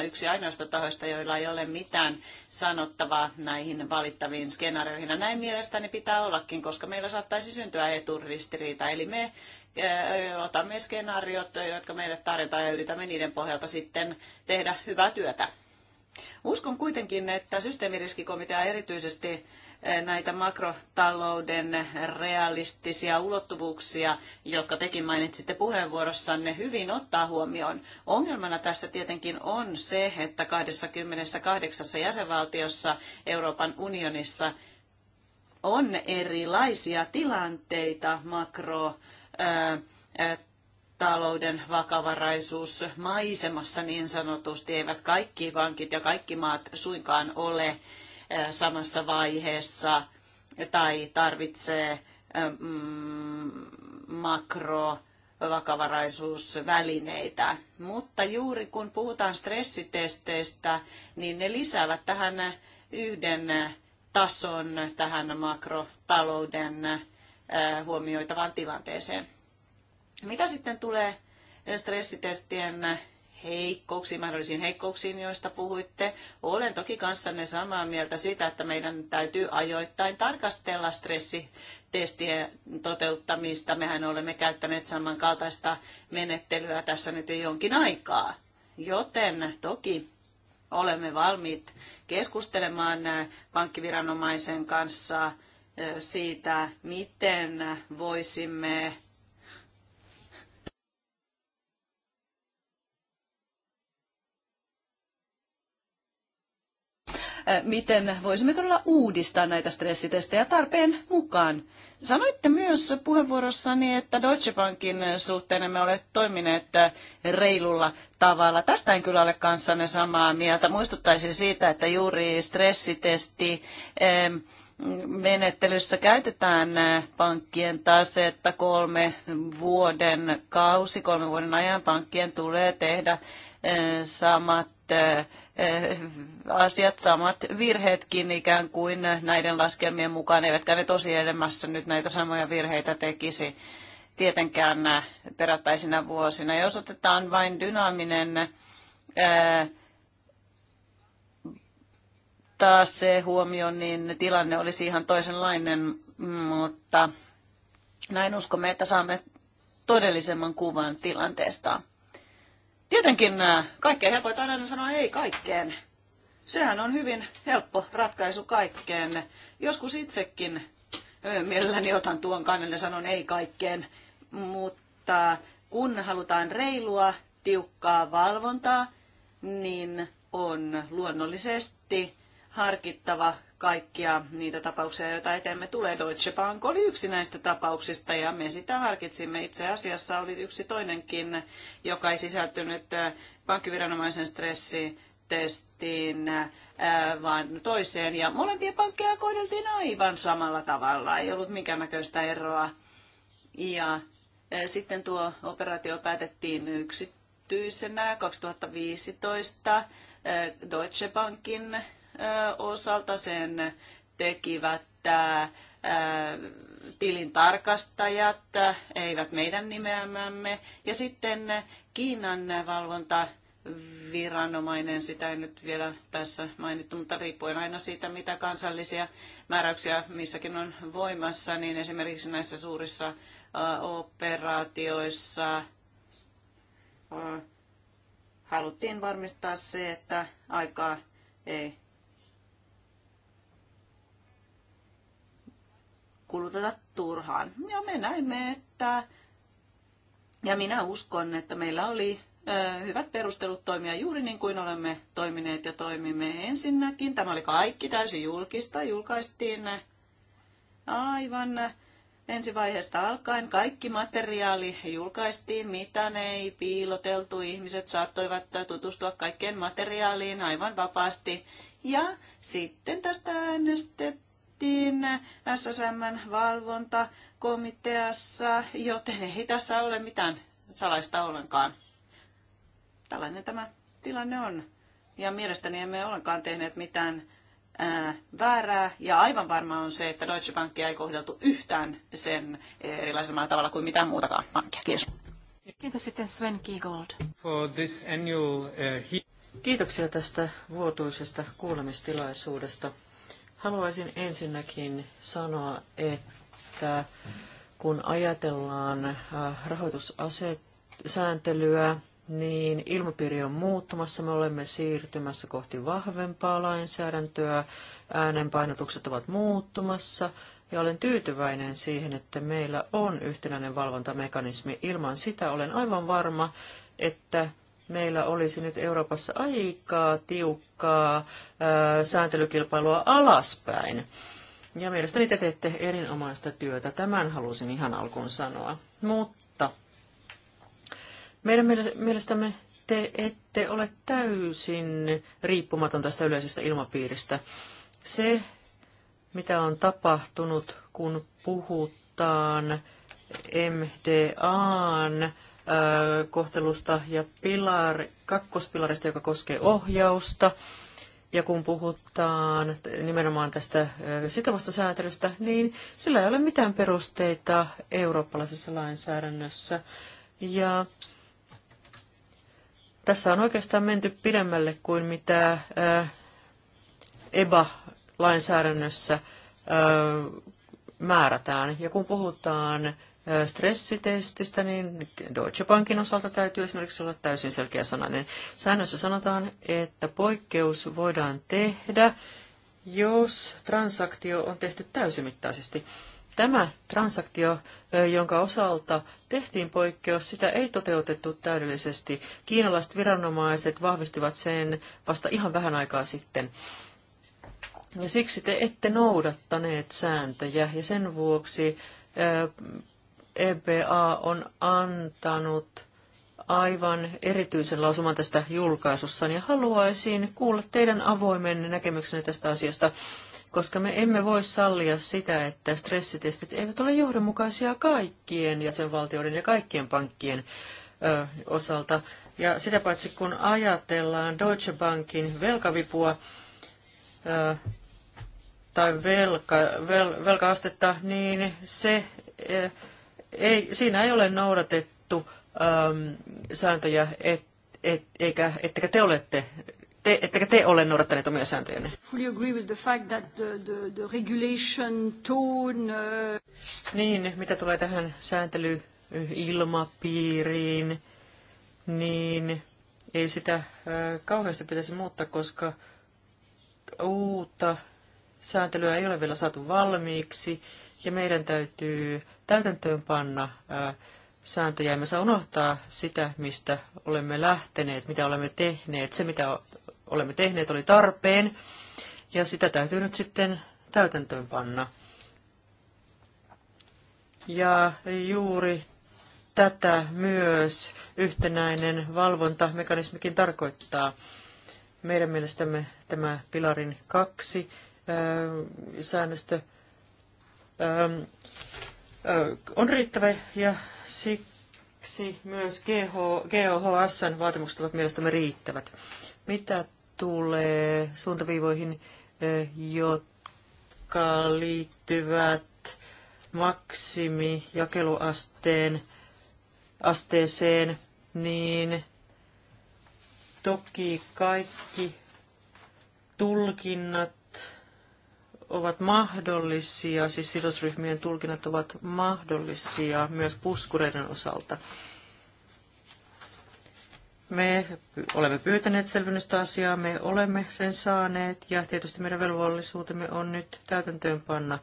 yksi ainoista tahoista, joilla ei ole mitään sanottavaa näihin valittaviin skenaarioihin. Ja näin mielestäni pitää ollakin, koska meillä saattaisi syntyä eturistiriita. Eli me äh, otamme skenaariot, jotka meille tarjotaan ja yritämme niiden pohjalta sitten tehdä hyvää työtä. Uskon kuitenkin, että systeemiriskikomitea erityisesti eh, näitä makrotalouden realistisia ulottuvuuksia, jotka tekin mainitsitte puheenvuorossanne, hyvin ottaa huomioon. Ongelmana tässä tietenkin on se, että 28 jäsenvaltiossa Euroopan unionissa on erilaisia tilanteita makro eh, eh, talouden vakavaraisuus maisemassa niin sanotusti. Eivät kaikki pankit ja kaikki maat suinkaan ole eh, samassa vaiheessa tai tarvitsee eh, mm, makrovakavaraisuusvälineitä. makro vakavaraisuusvälineitä. Mutta juuri kun puhutaan stressitesteistä, niin ne lisäävät tähän yhden eh, tason tähän makrotalouden huomioitavaan tilanteeseen. Mitä sitten tulee stressitestien heikkouksiin, mahdollisiin heikkouksiin, joista puhuitte. Olen toki kanssanne samaa mieltä siitä, että meidän täytyy ajoittain tarkastella stressitestien toteuttamista. Mehän olemme käyttäneet samankaltaista menettelyä tässä nyt jo jonkin aikaa. Joten toki olemme valmiit keskustelemaan pankkiviranomaisen kanssa eh, siitä, miten voisimme miten voisimme todella uudistaa näitä stressitestejä tarpeen mukaan. Sanoitte myös puheenvuorossani, että Deutsche Bankin suhteen me olemme toimineet reilulla tavalla. Tästä en kyllä ole kanssanne samaa mieltä. Muistuttaisin siitä, että juuri stressitesti menettelyssä käytetään pankkien tasetta kolme vuoden kausi, kolmen vuoden ajan pankkien tulee tehdä samat Eh, asiat, samat virheetkin ikään kuin näiden laskelmien mukaan, eivätkä ne tosielämässä nyt näitä samoja virheitä tekisi tietenkään perättäisinä vuosina. Jos otetaan vain dynaaminen eh, taas se huomio, niin tilanne olisi ihan toisenlainen, mutta näin uskomme, että saamme todellisemman kuvan tilanteesta. Tietenkin äh, kaikkein helpointa on aina sanoa ei kaikkeen. Sehän on hyvin helppo ratkaisu kaikkeen. Joskus itsekin mielelläni otan tuon kannen ja sanon ei kaikkeen, mutta kun halutaan reilua, tiukkaa valvontaa, niin on luonnollisesti harkittava kaikkia niitä tapauksia, joita eteemme tulee. Deutsche Bank oli yksi näistä tapauksista ja me sitä harkitsimme. Itse asiassa oli yksi toinenkin, joka ei sisältynyt äh, pankkiviranomaisen stressitestiin äh, vaan toiseen. Ja molempia pankkeja kohdeltiin aivan samalla tavalla. Ei ollut minkäännäköistä eroa. Ja äh, sitten tuo operaatio päätettiin yksityisenä 2015 Deutsche Bankin osalta sen tekivät tilintarkastajat, eivät meidän nimeämämme. Ja sitten Kiinan valvonta viranomainen, sitä ei nyt vielä tässä mainittu, mutta riippuen aina siitä, mitä kansallisia määräyksiä missäkin on voimassa, niin esimerkiksi näissä suurissa operaatioissa haluttiin varmistaa se, että aikaa ei kuluteta turhaan. Ja me näimme, että ja minä uskon, että meillä oli hyvät perustelut toimia juuri niin kuin olemme toimineet ja toimimme ensinnäkin. Tämä oli kaikki täysin julkista. Julkaistiin aivan ensivaiheesta alkaen kaikki materiaali julkaistiin, mitä ne ei piiloteltu. Ihmiset saattoivat tutustua kaikkeen materiaaliin aivan vapaasti. Ja sitten tästä äänestettiin päätettiin SSMn valvontakomiteassa, joten ei tässä ole mitään salaista ollenkaan. Tällainen tämä tilanne on. Ja mielestäni emme ollenkaan tehneet mitään ää, väärää. Ja aivan varma on se, että Deutsche Bankia ei kohdeltu yhtään sen erilaisella tavalla kuin mitään muutakaan pankkia. Kiitos. Kiitos sitten Sven Giegold. For this annual, uh, he... Kiitoksia tästä vuotuisesta kuulemistilaisuudesta. Haluaisin ensinnäkin sanoa, että kun ajatellaan äh, rahoitussääntelyä, niin ilmapiiri on muuttumassa. Me olemme siirtymässä kohti vahvempaa lainsäädäntöä. Äänenpainotukset ovat muuttumassa. Ja olen tyytyväinen siihen, että meillä on yhtenäinen valvontamekanismi. Ilman sitä olen aivan varma, että meillä olisi nyt Euroopassa aikaa tiukkaa sääntelykilpailua alaspäin. Ja mielestäni te teette erinomaista työtä. Tämän halusin ihan alkuun sanoa. Mutta meidän mielestämme te ette ole täysin riippumaton tästä yleisestä ilmapiiristä. Se, mitä on tapahtunut, kun puhutaan MDAn kohtelusta ja pilar, kakkospilarista, joka koskee ohjausta. Ja kun puhutaan nimenomaan tästä sitovasta säätelystä, niin sillä ei ole mitään perusteita eurooppalaisessa lainsäädännössä. Ja tässä on oikeastaan menty pidemmälle kuin mitä EBA-lainsäädännössä määrätään. Ja kun puhutaan stressitestistä, niin Deutsche Bankin osalta täytyy esimerkiksi olla täysin selkeä sananen. Säännössä sanotaan, että poikkeus voidaan tehdä, jos transaktio on tehty täysimittaisesti. Tämä transaktio, jonka osalta tehtiin poikkeus, sitä ei toteutettu täydellisesti. Kiinalaiset viranomaiset vahvistivat sen vasta ihan vähän aikaa sitten. Ja siksi te ette noudattaneet sääntöjä ja sen vuoksi EBA on antanut aivan erityisen lausuman tästä julkaisussa, ja haluaisin kuulla teidän avoimen näkemyksenne tästä asiasta, koska me emme voi sallia sitä, että stressitestit eivät ole johdonmukaisia kaikkien jäsenvaltioiden ja kaikkien pankkien ö, osalta. Ja sitä paitsi kun ajatellaan Deutsche Bankin velkavipua, ö, tai velka, vel, velkaastetta, niin se ei, siinä ei ole noudatettu äm, sääntöjä, et, et, eikä, ettekä te olette te, ettekä te ole noudattaneet omia sääntöjänne. Fully agree with the fact that the, the, the regulation tone... Uh... Niin, mitä tulee tähän sääntelyilmapiiriin, niin ei sitä äh, kauheasti pitäisi muuttaa, koska uutta sääntelyä ei ole vielä saatu valmiiksi, ja meidän täytyy täytäntöönpanna sääntöjä. Emme saa unohtaa sitä, mistä olemme lähteneet, mitä olemme tehneet. Se, mitä olemme tehneet, oli tarpeen ja sitä täytyy nyt sitten täytäntöönpanna. Ja juuri tätä myös yhtenäinen valvontamekanismikin tarkoittaa. Meidän mielestämme tämä pilarin kaksi säännöstö on riittävä ja siksi myös GOHSn vaatimukset ovat mielestämme riittävät. Mitä tulee suuntaviivoihin, jotka liittyvät maksimijakeluasteen asteeseen, niin toki kaikki tulkinnat ovat mahdollisia, siis sidosryhmien tulkinnat ovat mahdollisia myös puskureiden osalta. Me olemme pyytäneet selvennystä asiaa, me olemme sen saaneet ja tietysti meidän velvollisuutemme on nyt täytäntöönpanna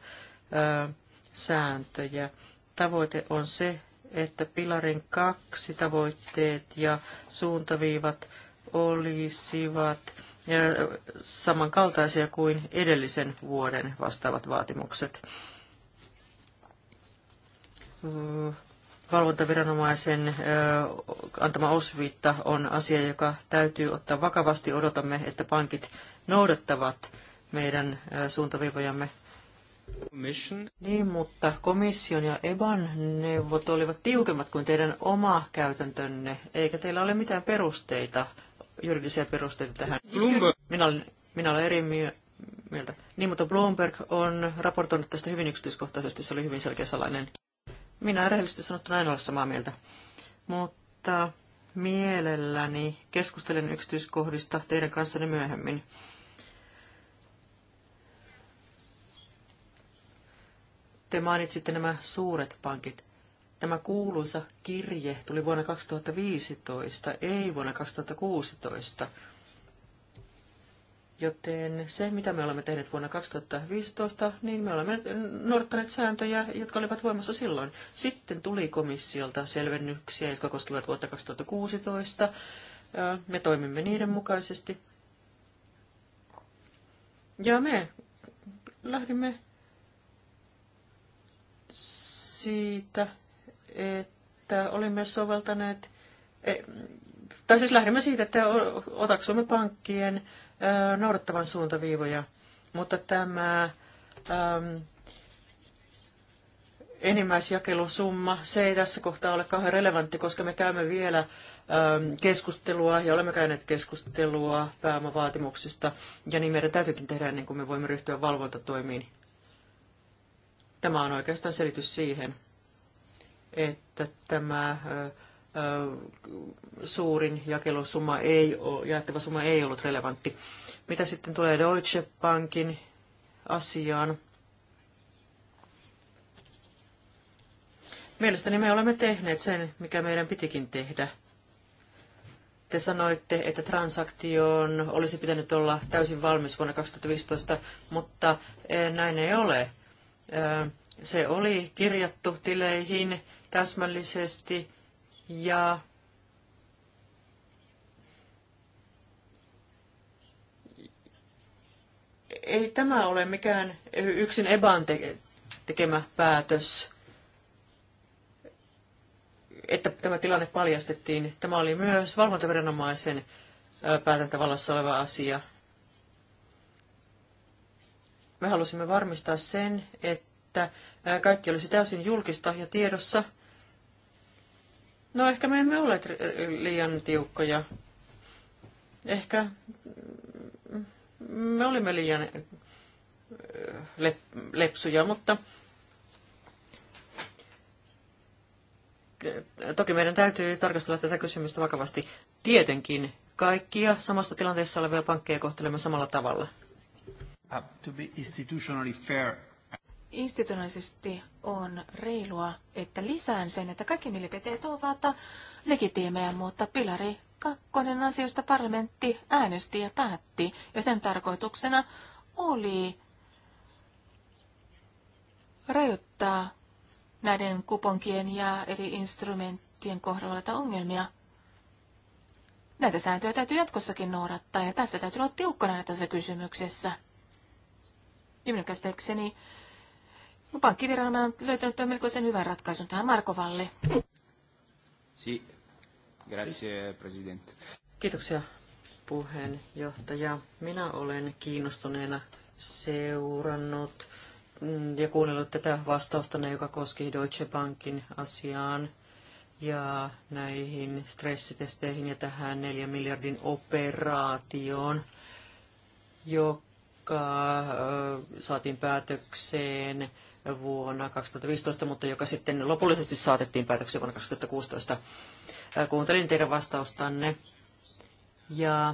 ö, sääntöjä. Tavoite on se, että pilarin kaksi tavoitteet ja suuntaviivat olisivat samankaltaisia kuin edellisen vuoden vastaavat vaatimukset. Valvontaviranomaisen antama osviitta on asia, joka täytyy ottaa vakavasti. Odotamme, että pankit noudattavat meidän suuntaviivojamme. Niin, mutta komission ja EBAN neuvot olivat tiukemmat kuin teidän oma käytäntönne, eikä teillä ole mitään perusteita juridisia perusteita tähän. Bloomberg. Minä olen, minä olen eri mieltä. Niin, mutta Bloomberg on raportoinut tästä hyvin yksityiskohtaisesti, se oli hyvin selkeä salainen. Minä rehellisesti sanottuna en ole samaa mieltä. Mutta mielelläni keskustelen yksityiskohdista teidän kanssanne myöhemmin. Te mainitsitte nämä suuret pankit. Tämä kuuluisa kirje tuli vuonna 2015, ei vuonna 2016. Joten se, mitä me olemme tehneet vuonna 2015, niin me olemme noudattaneet sääntöjä, jotka olivat voimassa silloin. Sitten tuli komissiolta selvennyksiä, jotka koskivat vuotta 2016. Me toimimme niiden mukaisesti. Ja me lähdimme siitä, että olimme soveltaneet, e, tai siis lähdemme siitä, että otaksumme pankkien noudattavan suuntaviivoja, mutta tämä enimmäisjakelusumma, se ei tässä kohtaa ole kauhean relevantti, koska me käymme vielä keskustelua ja olemme käyneet keskustelua pääomavaatimuksista ja niin meidän täytyykin tehdä ennen kuin me voimme ryhtyä valvontatoimiin. Tämä on oikeastaan selitys siihen että tämä suurin jakelusumma ei ole, jaettava summa ei ollut relevantti. Mitä sitten tulee Deutsche Bankin asiaan? Mielestäni me olemme tehneet sen, mikä meidän pitikin tehdä. Te sanoitte, että transaktion olisi pitänyt olla täysin valmis vuonna 2015, mutta näin ei ole. Se oli kirjattu tileihin täsmällisesti ja ei tämä ole mikään yksin EBAN tekemä päätös, että tämä tilanne paljastettiin. Tämä oli myös valvontaviranomaisen päätäntävallassa oleva asia. Me halusimme varmistaa sen, että kaikki olisi täysin julkista ja tiedossa – No ehkä me emme ole liian tiukkoja. Ehkä me olimme liian äh, lepsuja, mutta toki meidän täytyy tarkastella tätä kysymystä vakavasti. Tietenkin kaikkia samassa tilanteessa olevia pankkeja kohtelemme samalla tavalla. Uh, to be institutionally fair, institutionaalisesti on reilua, että lisään sen, että kaikki mielipiteet ovat legitiimejä, mutta pilari kakkonen asioista parlamentti äänesti ja päätti, ja sen tarkoituksena oli rajoittaa näiden kuponkien ja eri instrumenttien kohdalla ongelmia. Näitä sääntöjä täytyy jatkossakin noudattaa, ja tässä täytyy olla tiukkana tässä kysymyksessä. Minun käsitekseni Pankkiviranomainen on löytänyt melkoisen hyvän ratkaisun tähän Markovalle. Si. Grazie, president. Kiitoksia, puheenjohtaja. Minä olen kiinnostuneena seurannut mm, ja kuunnellut tätä vastausta, joka koski Deutsche Bankin asiaan ja näihin stressitesteihin ja tähän 4 miljardin operaatioon, joka saatiin päätökseen vuonna 2015, mutta joka sitten lopullisesti saatettiin päätöksen vuonna 2016. Kuuntelin teidän vastaustanne ja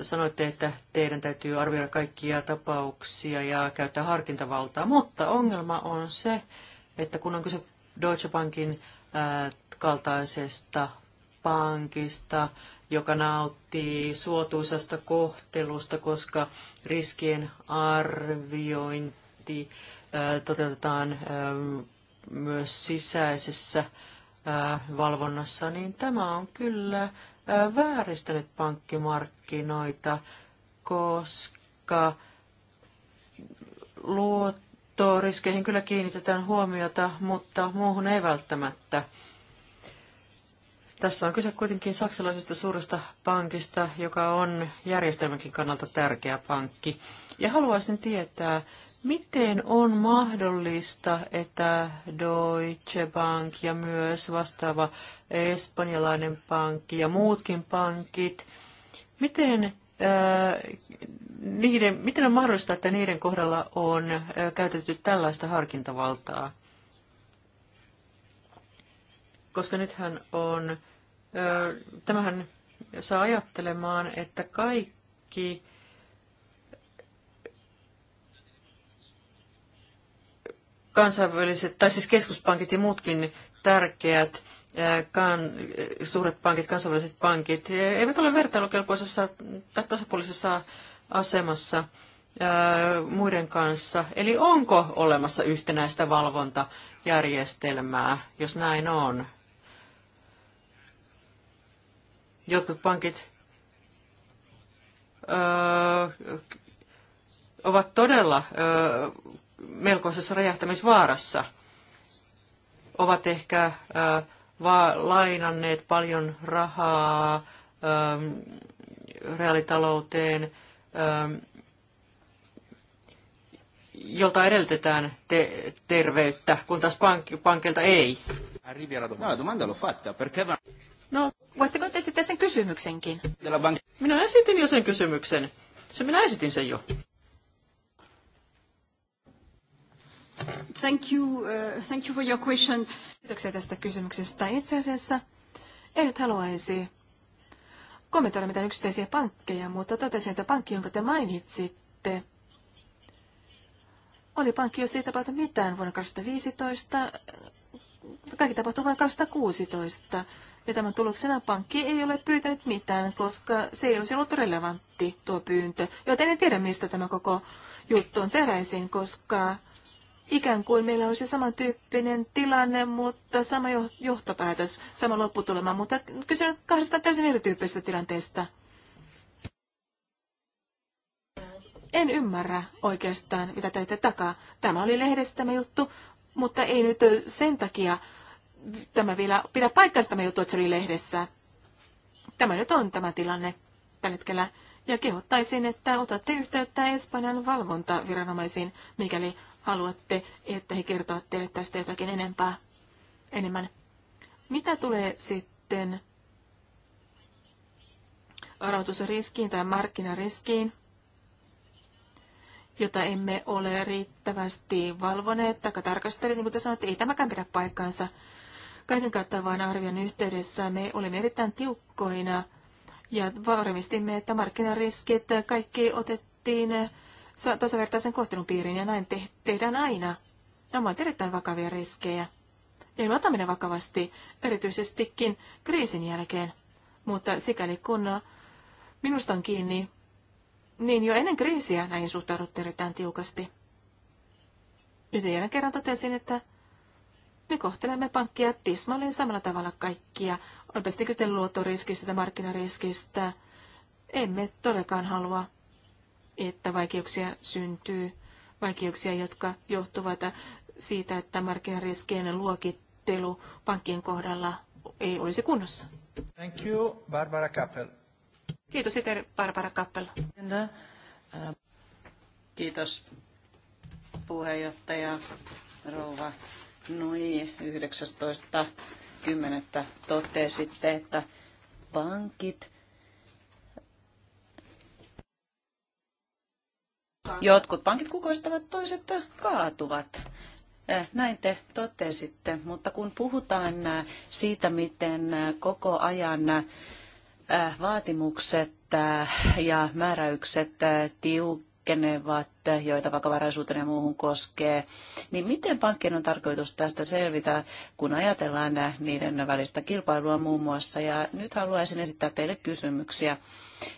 sanoitte, että teidän täytyy arvioida kaikkia tapauksia ja käyttää harkintavaltaa, mutta ongelma on se, että kun on kyse Deutsche Bankin kaltaisesta pankista, joka nauttii suotuisasta kohtelusta, koska riskien arviointi toteutetaan myös sisäisessä valvonnassa, niin tämä on kyllä vääristänyt pankkimarkkinoita, koska luottoriskeihin kyllä kiinnitetään huomiota, mutta muuhun ei välttämättä. Tässä on kyse kuitenkin saksalaisesta suuresta pankista, joka on järjestelmänkin kannalta tärkeä pankki. Ja haluaisin tietää, miten on mahdollista, että Deutsche Bank ja myös vastaava espanjalainen pankki ja muutkin pankit, miten äh, niiden, miten on mahdollista, että niiden kohdalla on äh, käytetty tällaista harkintavaltaa? koska nythän on, tämähän saa ajattelemaan, että kaikki kansainväliset, tai siis keskuspankit ja muutkin tärkeät kan, suuret pankit, kansainväliset pankit, eivät ole vertailukelpoisessa tai tasapuolisessa asemassa muiden kanssa. Eli onko olemassa yhtenäistä valvontajärjestelmää, jos näin on? jotkut pankit öö, ovat todella öö, melkoisessa räjähtämisvaarassa, ovat ehkä öö, va- lainanneet paljon rahaa öö, reaalitalouteen, öö, jolta edellytetään te- terveyttä, kun taas pank- pankilta ei. Arrivi alla domanda. No, la domanda l'ho fatta, perché va... No, voisitteko te sitten sen kysymyksenkin? Minä esitin jo sen kysymyksen. Se minä esitin sen jo. Thank you, uh, thank you for your question. Kiitoksia tästä kysymyksestä. Itse asiassa en nyt haluaisi kommentoida mitään yksittäisiä pankkeja, mutta totesin, että pankki, jonka te mainitsitte, oli pankki, jos ei tapahtu mitään vuonna 2015. Kaikki tapahtui vuonna 2016. Ja tämän tuloksena pankki ei ole pyytänyt mitään, koska se ei olisi ollut relevantti tuo pyyntö. Joten en tiedä, mistä tämä koko juttu on teräisin, koska ikään kuin meillä olisi samantyyppinen tilanne, mutta sama johtopäätös, sama lopputulema, mutta kyse on kahdesta täysin erityyppisestä tilanteesta. En ymmärrä oikeastaan, mitä teette takaa. Tämä oli lehdestä tämä juttu, mutta ei nyt sen takia tämä vielä pidä paikkaista tämä juttu, että se oli lehdessä. Tämä nyt on tämä tilanne tällä hetkellä. Ja kehottaisin, että otatte yhteyttä Espanjan valvontaviranomaisiin, mikäli haluatte, että he kertovat teille tästä jotakin enempää, enemmän. Mitä tulee sitten rahoitusriskiin tai markkinariskiin, jota emme ole riittävästi valvoneet tai tarkastelleet, niin kuin te sanoitte, ei tämäkään pidä paikkaansa. Kaiken kattavan arvion yhteydessä me olimme erittäin tiukkoina ja varmistimme, että markkinariskit kaikki otettiin tasavertaisen kohtelun piiriin ja näin te- tehdään aina. Nämä ovat erittäin vakavia riskejä. Ja me otamme ne vakavasti, erityisestikin kriisin jälkeen. Mutta sikäli kun minusta on kiinni, niin jo ennen kriisiä näihin suhtauduttiin erittäin tiukasti. Nyt jälleen kerran totesin, että me kohtelemme pankkia tismalleen samalla tavalla kaikkia, olipa sitten kyse luottoriskistä tai markkinariskistä. Emme todellakaan halua, että vaikeuksia syntyy, vaikeuksia, jotka johtuvat siitä, että markkinariskien luokittelu pankkien kohdalla ei olisi kunnossa. Thank you, Barbara Kappel. Kiitos Iter Barbara Kappel. Kiitos puheenjohtaja Rouva Noin 19.10. totesitte, että pankit, jotkut pankit kukoistavat, toiset kaatuvat. Eh, näin te totesitte, mutta kun puhutaan eh, siitä, miten eh, koko ajan vaatimukset ja määräykset tiukkaavat, heikkenevät, joita vakavaraisuuteen ja muuhun koskee, niin miten pankkien on tarkoitus tästä selvitä, kun ajatellaan niiden välistä kilpailua muun muassa? Ja nyt haluaisin esittää teille kysymyksiä.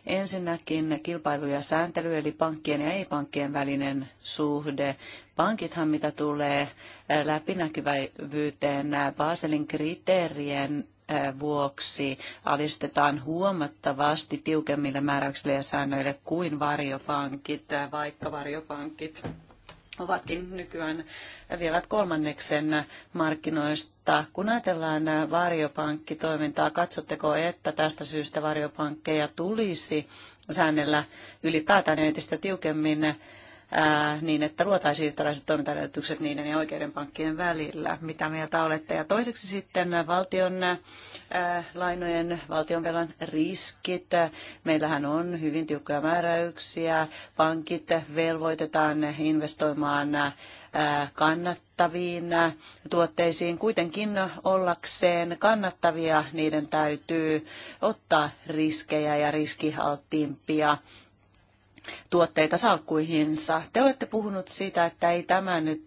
Ensinnäkin kilpailu ja sääntely, eli pankkien ja ei-pankkien välinen suhde. Pankithan, mitä tulee läpinäkyvyyteen, Baselin kriteerien vuoksi alistetaan huomattavasti tiukemmille määräyksille ja säännöille kuin varjopankit, vaikka varjopankit ovatkin nykyään vievät kolmanneksen markkinoista. Kun ajatellaan varjopankkitoimintaa, katsotteko, että tästä syystä varjopankkeja tulisi säännellä ylipäätään entistä tiukemmin niin, että luotaisiin yhtäläiset toimintaedellytykset niiden ja oikeiden pankkien välillä. Mitä mieltä olette? Ja toiseksi sitten valtion lainojen, valtionvelan riskit. Meillähän on hyvin tiukkoja määräyksiä. Pankit velvoitetaan investoimaan kannattaviin tuotteisiin. Kuitenkin ollakseen kannattavia niiden täytyy ottaa riskejä ja riskialttiimpia tuotteita salkkuihinsa. Te olette puhunut siitä, että ei tämä nyt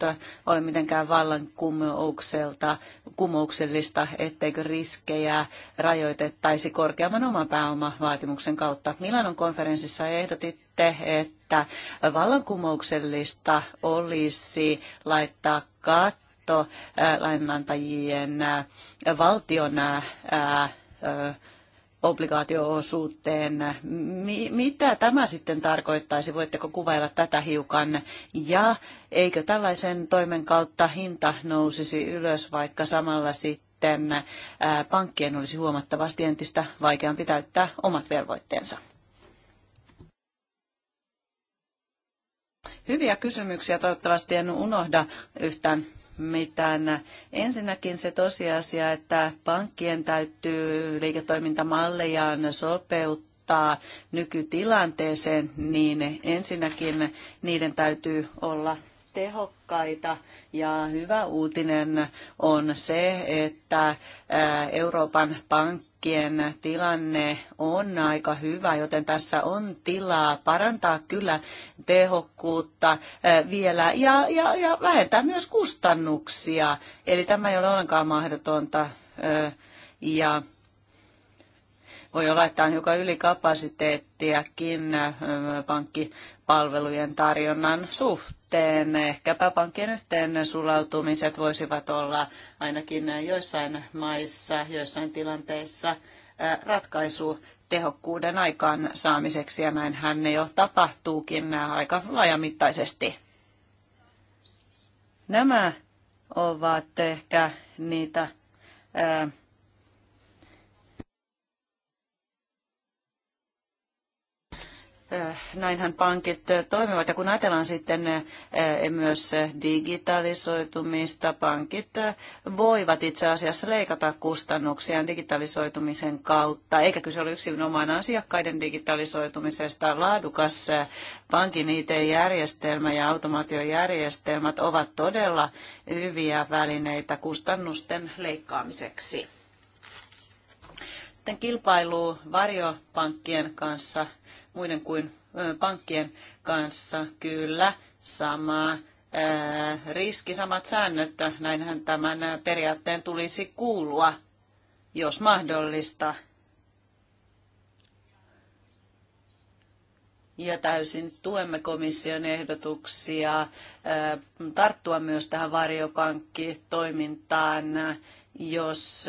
ole mitenkään vallankumoukselta kumouksellista, etteikö riskejä rajoitettaisi korkeamman oman pääomavaatimuksen kautta. Milanon konferenssissa ehdotitte, että vallankumouksellista olisi laittaa katto lainantajien valtion obligaatioosuuteen. Mitä tämä sitten tarkoittaisi? Voitteko kuvailla tätä hiukan? Ja eikö tällaisen toimen kautta hinta nousisi ylös, vaikka samalla sitten pankkien olisi huomattavasti entistä vaikeampi täyttää omat velvoitteensa? Hyviä kysymyksiä. Toivottavasti en unohda yhtään mitään. Ensinnäkin se tosiasia, että pankkien täytyy liiketoimintamallejaan sopeuttaa nykytilanteeseen, niin ensinnäkin niiden täytyy olla tehokkaita. Ja hyvä uutinen on se, että Euroopan pankkien tilanne on aika hyvä, joten tässä on tilaa parantaa kyllä tehokkuutta vielä ja, ja, ja vähentää myös kustannuksia. Eli tämä ei ole ollenkaan mahdotonta. Ja voi olla, että on hiukan ylikapasiteettiakin pankkipalvelujen tarjonnan suhteen sitten ehkäpä pankkien yhteen sulautumiset voisivat olla ainakin joissain maissa, joissain tilanteissa ratkaisu tehokkuuden aikaan saamiseksi ja näinhän ne jo tapahtuukin aika laajamittaisesti. Nämä ovat ehkä niitä ää, Äh, näinhän pankit äh, toimivat ja kun ajatellaan sitten äh, myös digitalisoitumista, pankit voivat itse asiassa leikata kustannuksiaan digitalisoitumisen kautta, eikä kyse ole yksinomaan asiakkaiden digitalisoitumisesta. Laadukas pankin IT-järjestelmä ja automaatiojärjestelmät ovat todella hyviä välineitä kustannusten leikkaamiseksi sitten kilpailu varjopankkien kanssa, muiden kuin pankkien kanssa, kyllä sama riski, samat säännöt, näinhän tämän periaatteen tulisi kuulua, jos mahdollista. ja täysin tuemme komission ehdotuksia tarttua myös tähän varjopankkitoimintaan jos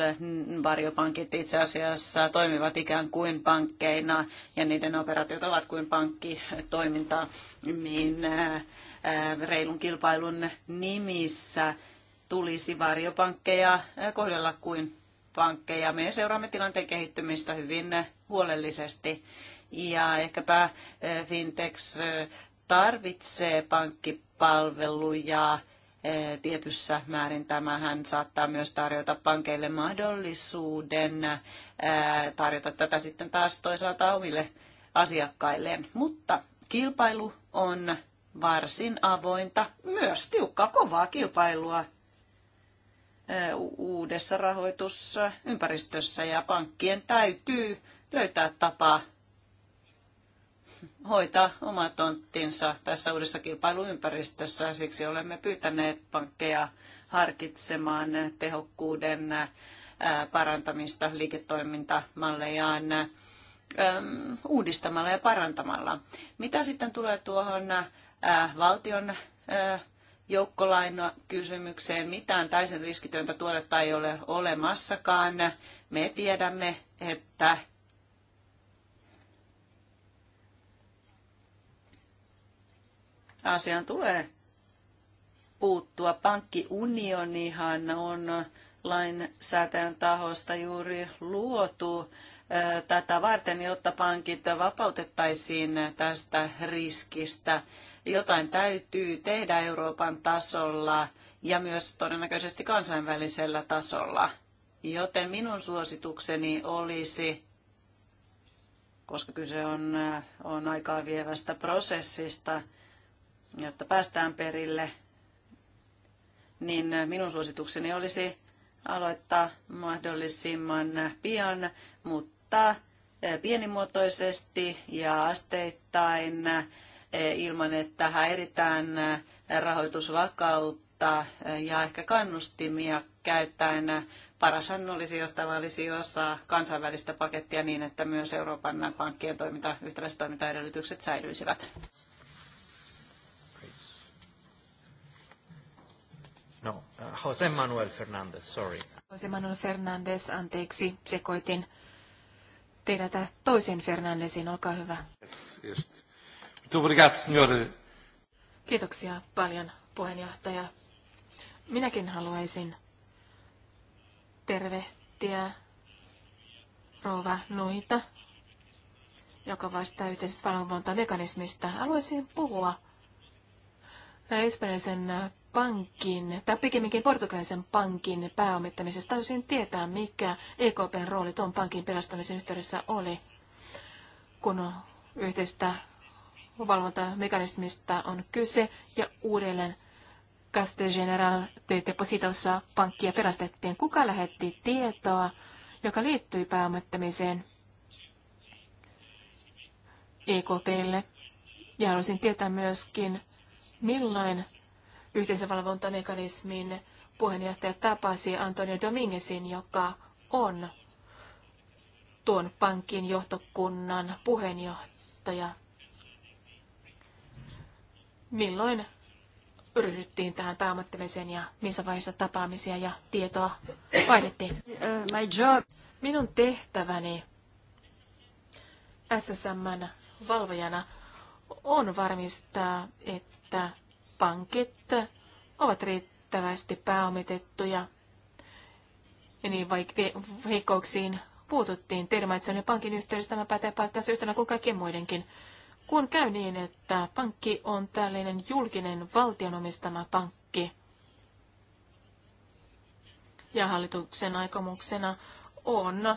varjopankit itse asiassa toimivat ikään kuin pankkeina ja niiden operaatiot ovat kuin pankkitoimintaa, niin äh, äh, reilun kilpailun nimissä tulisi varjopankkeja äh, kohdella kuin pankkeja. Me seuraamme tilanteen kehittymistä hyvin huolellisesti ja ehkäpä Fintex tarvitsee pankkipalveluja Eh, tietyssä määrin tämähän saattaa myös tarjota pankeille mahdollisuuden eh, tarjota tätä sitten taas toisaalta omille asiakkailleen. Mutta kilpailu on varsin avointa, myös tiukkaa kovaa kilpailua eh, uudessa rahoitusympäristössä ja pankkien täytyy löytää tapaa hoitaa oma tonttinsa tässä uudessa kilpailuympäristössä. Siksi olemme pyytäneet pankkeja harkitsemaan tehokkuuden parantamista liiketoimintamallejaan uudistamalla ja parantamalla. Mitä sitten tulee tuohon valtion joukkolainakysymykseen. kysymykseen. Mitään täysin riskitöntä tuotetta ei ole olemassakaan. Me tiedämme, että asiaan tulee puuttua. Pankkiunionihan on lainsäätäjän tahosta juuri luotu tätä varten, jotta pankit vapautettaisiin tästä riskistä. Jotain täytyy tehdä Euroopan tasolla ja myös todennäköisesti kansainvälisellä tasolla. Joten minun suositukseni olisi, koska kyse on, on aikaa vievästä prosessista, jotta päästään perille, niin minun suositukseni olisi aloittaa mahdollisimman pian, mutta e, pienimuotoisesti ja asteittain e, ilman, että häiritään rahoitusvakautta ja ehkä kannustimia käyttäen. Parashan olisi, jos tämä olisi osa kansainvälistä pakettia niin, että myös Euroopan pankkien toiminta, yhtäläiset toimintaedellytykset säilyisivät. Uh, Jose Manuel Fernandez, sorry. Jose Manuel Fernandez, anteeksi, sekoitin teidät toisen Fernandesin, olkaa hyvä. Kiitoksia paljon, puheenjohtaja. Minäkin haluaisin tervehtiä rouva Nuita, joka vastaa yhteisestä valvontamekanismista. Haluaisin puhua espanjaisen pankin, tai pikemminkin portugalaisen pankin pääomittamisesta. Taisin tietää, mikä EKPn rooli tuon pankin pelastamisen yhteydessä oli, kun yhteistä valvontamekanismista on kyse, ja uudelleen Caste General de Depositossa pankkia pelastettiin. Kuka lähetti tietoa, joka liittyi pääomittamiseen EKPlle? Ja haluaisin tietää myöskin, milloin yhteisövalvontamekanismin puheenjohtaja tapasi Antonio Dominguezin, joka on tuon pankin johtokunnan puheenjohtaja. Milloin ryhdyttiin tähän pääomattamiseen ja missä vaiheessa tapaamisia ja tietoa vaihdettiin? Uh, my job. Minun tehtäväni ssm valvojana on varmistaa, että pankettä ovat riittävästi pääomitettuja ja niin heikkouksiin puututtiin. Termaitsen pankin yhteydessä tämä pätee paikkansa yhtenä kuin kaikkien muidenkin. Kun käy niin, että pankki on tällainen julkinen valtionomistama pankki, ja hallituksen aikomuksena on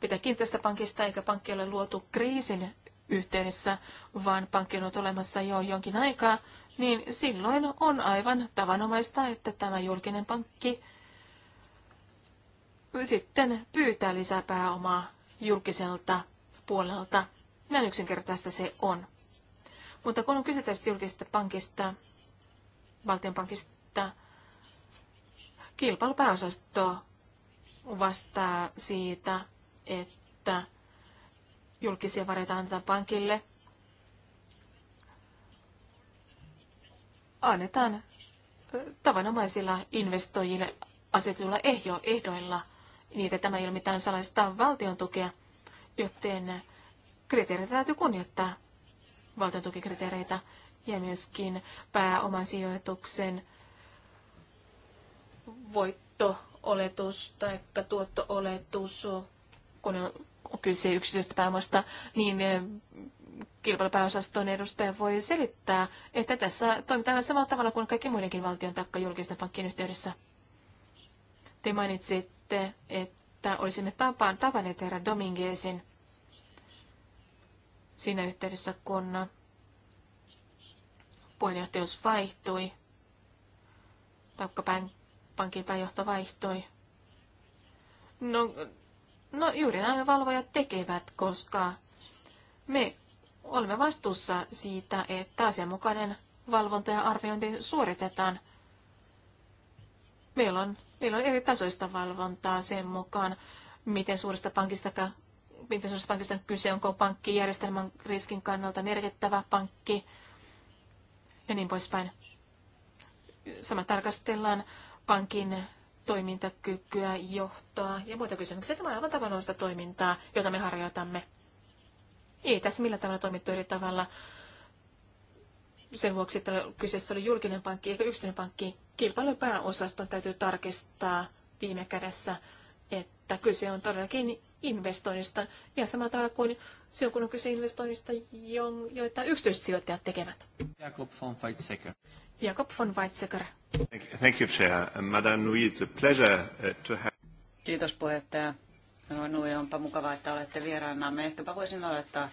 pitää kiinni tästä pankista, eikä pankki ole luotu kriisin yhteydessä, vaan pankki on ollut olemassa jo jonkin aikaa, niin silloin on aivan tavanomaista, että tämä julkinen pankki sitten pyytää lisäpääomaa julkiselta puolelta. Näin yksinkertaista se on. Mutta kun on kyse tästä julkisesta pankista, valtionpankista, kilpailupääosasto vastaa siitä, että julkisia varoja annetaan pankille annetaan tavanomaisilla investoijille asetuilla ehdoilla. Niitä tämä ei ole mitään salaista valtion tukea, joten kriteereitä täytyy kunnioittaa, valtion tukikriteereitä ja myöskin pääoman sijoituksen voitto-oletus tai tuotto-oletus, kun on kyse yksityisestä pääomasta, niin kilpailupääosaston edustaja voi selittää, että tässä toimitaan samalla tavalla kuin kaikki muidenkin valtion taikka julkisten pankkien yhteydessä. Te mainitsitte, että olisimme tapaan tavanneet herra Dominguezin siinä yhteydessä, kun puheenjohtajuus vaihtui, taikka pankin pääjohto vaihtui. No, no juuri näin valvojat tekevät, koska me olemme vastuussa siitä, että asianmukainen valvonta ja arviointi suoritetaan. Meillä on, meillä on eri tasoista valvontaa sen mukaan, miten suuresta pankista, miten suuresta pankista on kyse, onko pankki järjestelmän riskin kannalta merkittävä pankki ja niin poispäin. Sama tarkastellaan pankin toimintakykyä, johtoa ja muita kysymyksiä. Tämä on aivan tavanomaista toimintaa, jota me harjoitamme. Ei tässä millä tavalla toimittu eri tavalla sen vuoksi, että kyseessä oli julkinen pankki eikä yksityinen pankki. Kilpailun pääosaston täytyy tarkistaa viime kädessä, että kyse on todellakin investoinnista ja samalla tavalla kuin silloin, kun on kyse investoinnista, joita yksityiset sijoittajat tekevät. Jakob von Weizsäcker. Jakob von Weizsäcker. Thank you, Chair. Madame Nui, it's a pleasure uh, to have... Kiitos puheenjohtaja. No, Nui, onpa mukavaa, että olette Me Ehkäpä voisin aloittaa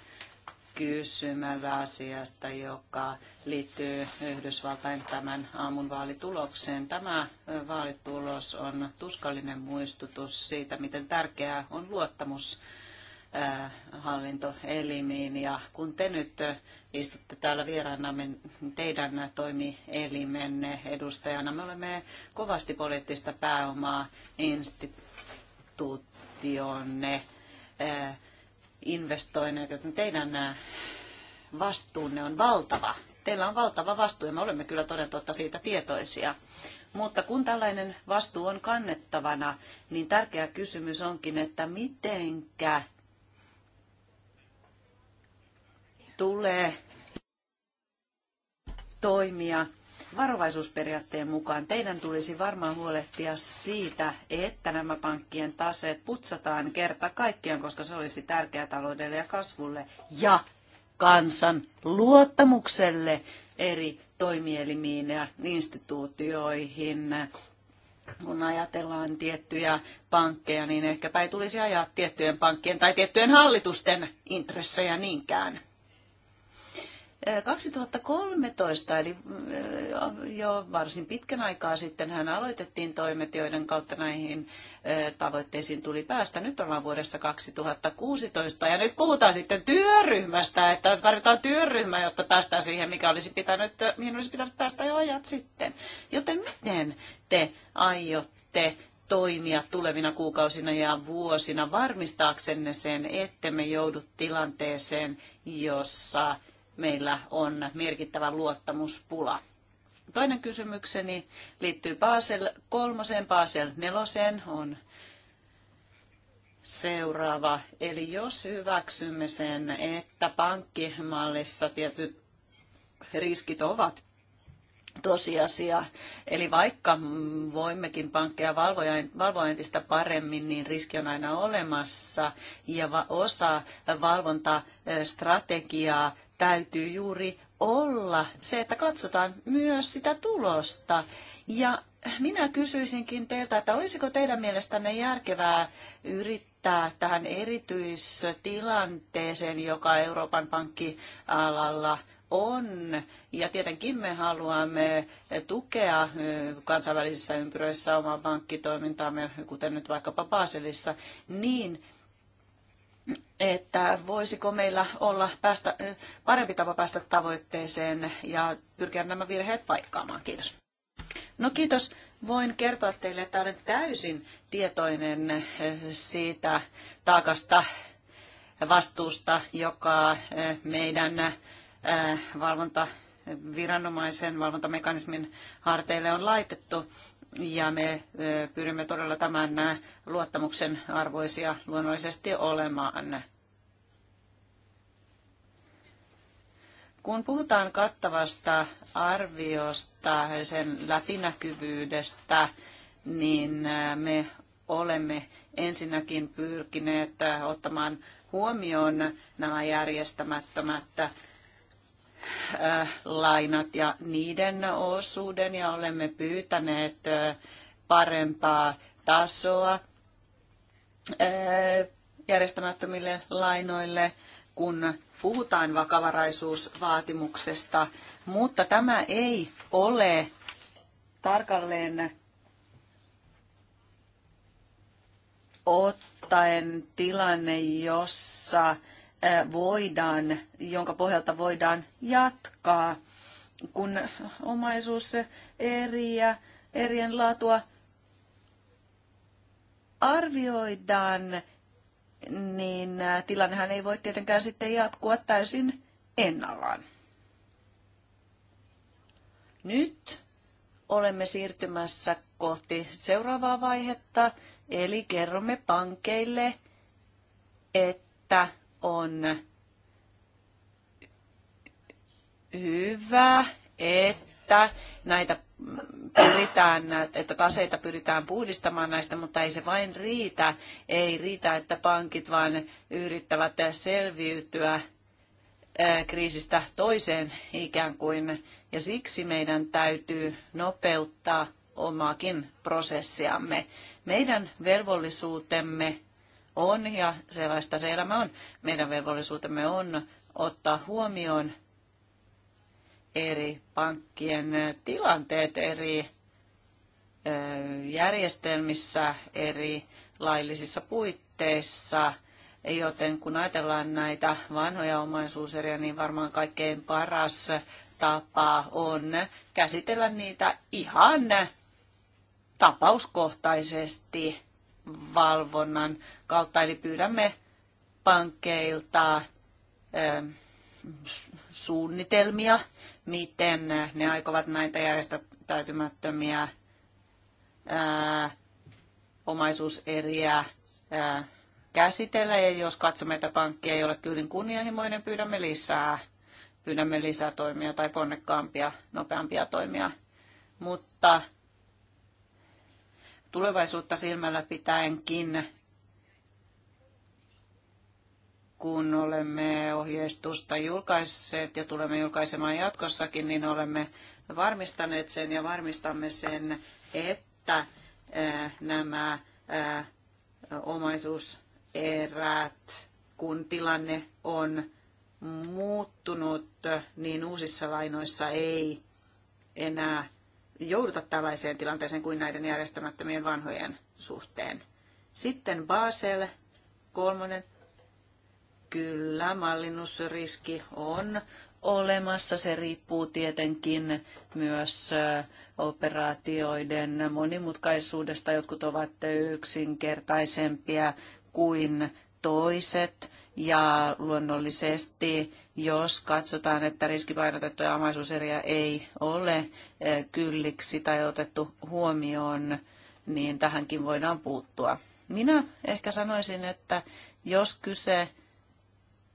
kysymällä asiasta, joka liittyy Yhdysvaltain tämän aamun vaalitulokseen. Tämä vaalitulos on tuskallinen muistutus siitä, miten tärkeää on luottamus äh, hallintoelimiin. Ja kun te nyt istutte täällä vieraana niin teidän toimielimenne edustajana, me olemme kovasti poliittista pääomaa instituutioon valtionne eh, investoineet, joten teidän eh, vastuunne on valtava. Teillä on valtava vastuu ja me olemme kyllä toden totta siitä tietoisia. Mutta kun tällainen vastuu on kannettavana, niin tärkeä kysymys onkin, että mitenkä tulee toimia varovaisuusperiaatteen mukaan teidän tulisi varmaan huolehtia siitä, että nämä pankkien taseet putsataan kerta kaikkiaan, koska se olisi tärkeää taloudelle ja kasvulle ja kansan luottamukselle eri toimielimiin ja instituutioihin. Kun ajatellaan tiettyjä pankkeja, niin ehkäpä ei tulisi ajaa tiettyjen pankkien tai tiettyjen hallitusten intressejä niinkään. 2013, eli jo varsin pitkän aikaa sitten hän aloitettiin toimet, joiden kautta näihin tavoitteisiin tuli päästä. Nyt ollaan vuodessa 2016 ja nyt puhutaan sitten työryhmästä, että tarvitaan työryhmä, jotta päästään siihen, mikä olisi pitänyt, mihin olisi pitänyt päästä jo ajat sitten. Joten miten te aiotte toimia tulevina kuukausina ja vuosina varmistaaksenne sen, ettemme joudu tilanteeseen, jossa meillä on merkittävä luottamuspula. Toinen kysymykseni liittyy Basel kolmoseen, Basel neloseen on seuraava. Eli jos hyväksymme sen, että pankkimallissa tietyt riskit ovat tosiasia. Eli vaikka voimmekin pankkeja valvoa entistä paremmin, niin riski on aina olemassa ja osa valvontastrategiaa täytyy juuri olla se, että katsotaan myös sitä tulosta. Ja minä kysyisinkin teiltä, että olisiko teidän mielestänne järkevää yrittää tähän erityistilanteeseen, joka Euroopan pankkialalla on. Ja tietenkin me haluamme tukea kansainvälisissä ympyröissä omaa pankkitoimintaamme, kuten nyt vaikkapa Baselissa, niin että voisiko meillä olla päästä, parempi tapa päästä tavoitteeseen ja pyrkiä nämä virheet paikkaamaan. Kiitos. No kiitos. Voin kertoa teille, että olen täysin tietoinen siitä taakasta vastuusta, joka meidän valvontaviranomaisen valvontamekanismin harteille on laitettu ja me pyrimme todella tämän luottamuksen arvoisia luonnollisesti olemaan. Kun puhutaan kattavasta arviosta, sen läpinäkyvyydestä, niin me olemme ensinnäkin pyrkineet ottamaan huomioon nämä järjestämättömät Äh, lainat ja niiden osuuden ja olemme pyytäneet äh, parempaa tasoa äh, järjestämättömille lainoille, kun puhutaan vakavaraisuusvaatimuksesta, mutta tämä ei ole tarkalleen ottaen tilanne, jossa voidaan, jonka pohjalta voidaan jatkaa, kun omaisuus eriä, erien laatua arvioidaan, niin tilannehan ei voi tietenkään sitten jatkua täysin ennallaan. Nyt olemme siirtymässä kohti seuraavaa vaihetta, eli kerromme pankeille, että on hyvä, että näitä pyritään, että taseita pyritään puhdistamaan näistä, mutta ei se vain riitä. Ei riitä, että pankit vaan yrittävät selviytyä kriisistä toiseen ikään kuin, ja siksi meidän täytyy nopeuttaa omaakin prosessiamme. Meidän velvollisuutemme on ja sellaista se elämä on. Meidän velvollisuutemme on ottaa huomioon eri pankkien tilanteet eri järjestelmissä, eri laillisissa puitteissa, joten kun ajatellaan näitä vanhoja omaisuuseriä, niin varmaan kaikkein paras tapa on käsitellä niitä ihan tapauskohtaisesti valvonnan kautta. Eli pyydämme pankkeilta suunnitelmia, miten ne aikovat näitä järjestäytymättömiä omaisuuseriä käsitellä. Ja jos katsomme, että pankki ei ole kyllin kunnianhimoinen, pyydämme lisää, pyydämme lisää toimia tai ponnekkaampia, nopeampia toimia. Mutta tulevaisuutta silmällä pitäenkin, kun olemme ohjeistusta julkaisseet ja tulemme julkaisemaan jatkossakin, niin olemme varmistaneet sen ja varmistamme sen, että eh, nämä eh, omaisuuserät, kun tilanne on muuttunut, niin uusissa lainoissa ei enää jouduta tällaiseen tilanteeseen kuin näiden järjestämättömien vanhojen suhteen. Sitten Basel, kolmonen. Kyllä, mallinnusriski on olemassa. Se riippuu tietenkin myös operaatioiden monimutkaisuudesta. Jotkut ovat yksinkertaisempia kuin toiset ja luonnollisesti, jos katsotaan, että riskipainotettuja omaisuuseriä ei ole eh, kylliksi tai otettu huomioon, niin tähänkin voidaan puuttua. Minä ehkä sanoisin, että jos kyse,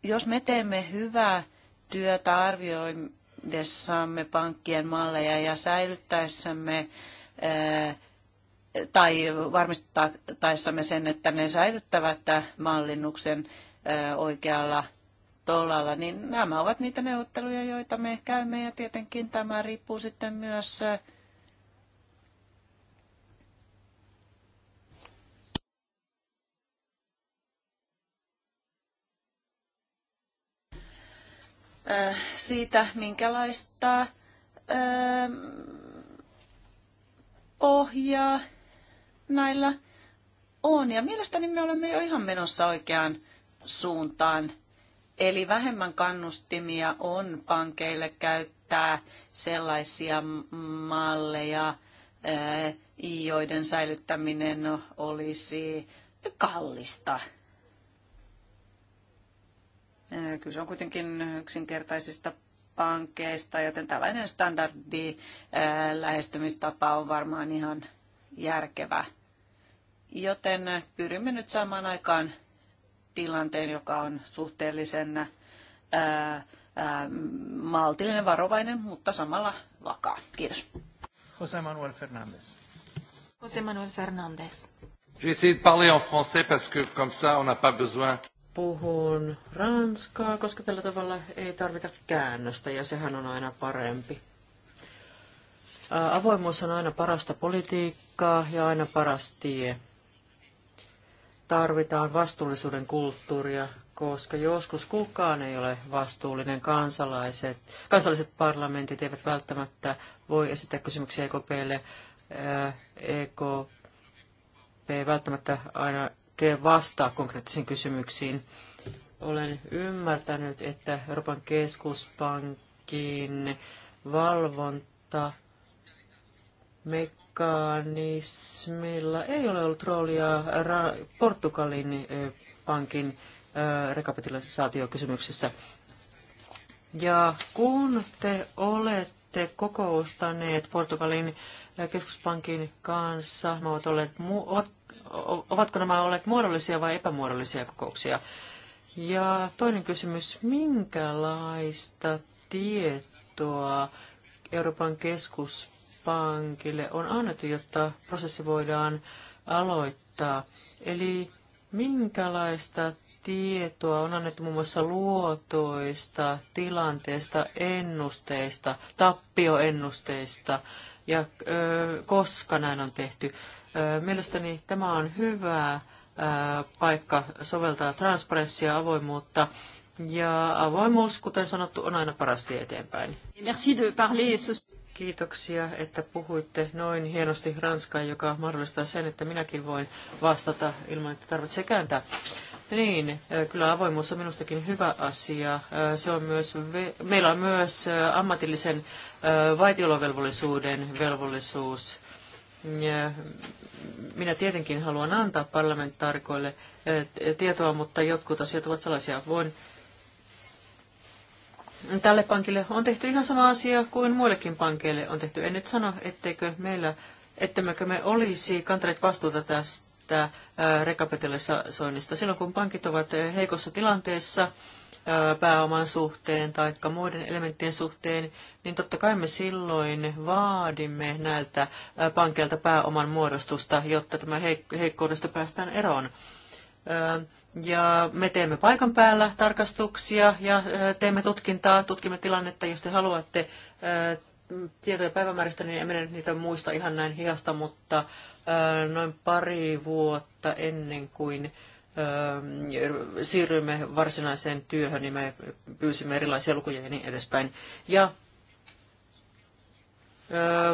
jos me teemme hyvää työtä arvioidessamme pankkien malleja ja säilyttäessämme eh, tai varmistaessamme sen, että ne säilyttävät mallinnuksen, oikealla tollalla, niin nämä ovat niitä neuvotteluja, joita me käymme ja tietenkin tämä riippuu sitten myös siitä, minkälaista ohjaa näillä on. Ja mielestäni me olemme jo ihan menossa oikeaan suuntaan. Eli vähemmän kannustimia on pankeille käyttää sellaisia malleja, eh, joiden säilyttäminen olisi kallista. Eh, kyse on kuitenkin yksinkertaisista pankeista, joten tällainen standardi eh, lähestymistapa on varmaan ihan järkevä. Joten pyrimme nyt saamaan aikaan tilanteen, joka on suhteellisen ää, ää, maltillinen, varovainen, mutta samalla vakaa. Kiitos. José Manuel Fernández. José Manuel Fernández. J'essaie de parler en français parce que comme ça on n'a pas besoin puhun ranskaa, koska tällä tavalla ei tarvita käännöstä ja sehän on aina parempi. Avoimuus on aina parasta politiikkaa ja aina paras tie tarvitaan vastuullisuuden kulttuuria, koska joskus kukaan ei ole vastuullinen. Kansalaiset, kansalliset parlamentit eivät välttämättä voi esittää kysymyksiä EKPlle. EKP ei välttämättä aina vastaa konkreettisiin kysymyksiin. Olen ymmärtänyt, että Euroopan keskuspankin valvonta me mekanismilla ei ole ollut roolia Portugalin eh, pankin eh, rekapitalisaatiokysymyksessä. Ja kun te olette kokoustaneet Portugalin eh, keskuspankin kanssa, ovat olleet, ovatko nämä olleet muodollisia vai epämuodollisia kokouksia? Ja toinen kysymys, minkälaista tietoa Euroopan keskus Pankille on annettu, jotta prosessi voidaan aloittaa? Eli minkälaista tietoa on annettu muun muassa luotoista, tilanteesta, ennusteista, tappioennusteista ja ö, koska näin on tehty? Ö, mielestäni tämä on hyvä ö, paikka soveltaa transparenssia, avoimuutta. Ja avoimuus, kuten sanottu, on aina parasti eteenpäin. Merci de parler Kiitoksia, että puhuitte noin hienosti ranskaa, joka mahdollistaa sen, että minäkin voin vastata ilman, että tarvitsee kääntää. Niin, kyllä avoimuus on minustakin hyvä asia. Se on myös, meillä on myös ammatillisen vaitiolovelvollisuuden velvollisuus. Minä tietenkin haluan antaa parlamentaarikoille tietoa, mutta jotkut asiat ovat salaisia. Voin Tälle pankille on tehty ihan sama asia kuin muillekin pankeille on tehty. En nyt sano, etteikö meillä, ettemmekö me olisi kantaneet vastuuta tästä äh, rekapitalisoinnista. Silloin kun pankit ovat heikossa tilanteessa äh, pääoman suhteen tai muiden elementtien suhteen, niin totta kai me silloin vaadimme näiltä äh, pankeilta pääoman muodostusta, jotta tämä heikkoudesta päästään eroon. Ja me teemme paikan päällä tarkastuksia ja teemme tutkintaa, tutkimme tilannetta. Jos te haluatte tietoja päivämääristä, niin en minä niitä muista ihan näin hihasta, mutta noin pari vuotta ennen kuin siirryimme varsinaiseen työhön, niin me pyysimme erilaisia lukuja ja niin edespäin. Ja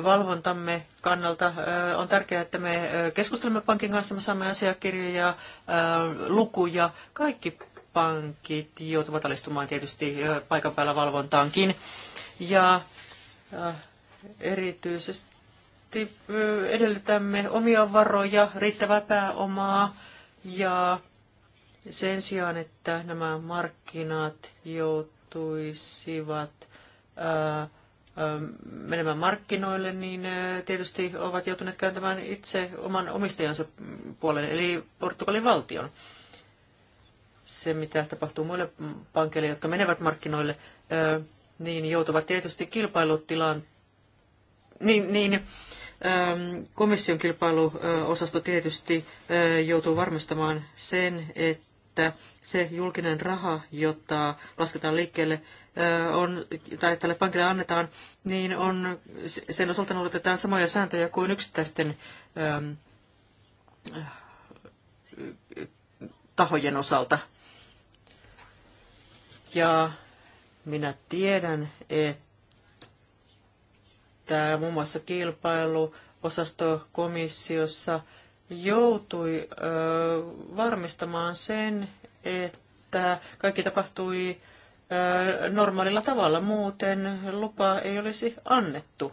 valvontamme kannalta on tärkeää, että me keskustelemme pankin kanssa, me saamme asiakirjoja, lukuja. Kaikki pankit joutuvat alistumaan tietysti paikan päällä valvontaankin. Ja erityisesti edellytämme omia varoja, riittävää pääomaa ja sen sijaan, että nämä markkinat joutuisivat ää, Ähm, menemään markkinoille, niin äh, tietysti ovat joutuneet kääntämään itse oman omistajansa puolen, eli Portugalin valtion. Se, mitä tapahtuu muille pankeille, jotka menevät markkinoille, äh, niin joutuvat tietysti kilpailutilaan, niin, niin ähm, komission kilpailuosasto tietysti äh, joutuu varmistamaan sen, että että se julkinen raha, jota lasketaan liikkeelle, on, tai tälle pankille annetaan, niin on, sen osalta noudatetaan samoja sääntöjä kuin yksittäisten ähm, tahojen osalta. Ja minä tiedän, että muun muassa kilpailuosastokomissiossa komissiossa joutui ö, varmistamaan sen, että kaikki tapahtui ö, normaalilla tavalla, muuten lupa ei olisi annettu.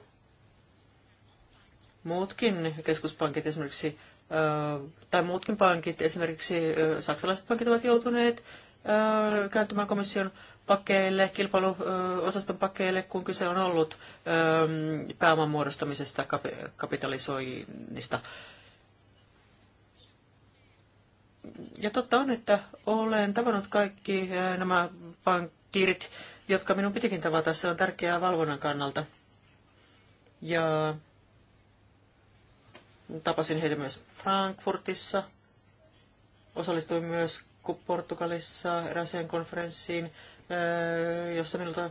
Muutkin keskuspankit esimerkiksi, ö, tai muutkin pankit, esimerkiksi ö, saksalaiset pankit ovat joutuneet ö, käyttämään komission pakeille, kilpailuosaston pakeille, kun kyse on ollut pääoman muodostamisesta, kapitalisoinnista. Ö, ja totta on, että olen tavannut kaikki nämä pankkiirit, jotka minun pitikin tavata. Se on tärkeää valvonnan kannalta. Ja tapasin heitä myös Frankfurtissa. Osallistuin myös Portugalissa eräseen konferenssiin, jossa minulta,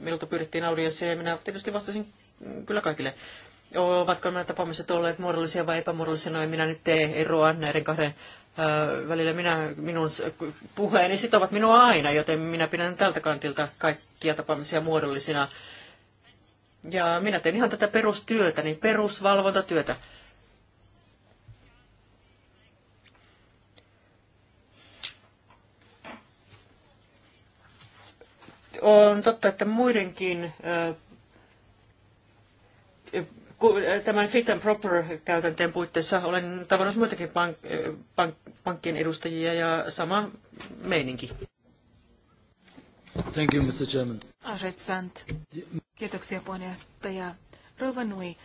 minulta pyydettiin audienssia ja minä tietysti vastasin kyllä kaikille. Ovatko nämä tapaamiset olleet muodollisia vai epämuodollisia, no en minä nyt tee eroa näiden kahden välillä minä, minun puheeni sitovat minua aina, joten minä pidän tältä kantilta kaikkia tapaamisia muodollisina. Ja minä teen ihan tätä perustyötä, niin perusvalvontatyötä. On totta, että muidenkin tämän fit and proper-käytänteen puitteissa olen tavannut muitakin pank- eh, pank- pankkien edustajia ja sama meininki. Thank you, Mr. Chairman. Kiitoksia puheenjohtaja. Rouva Nui,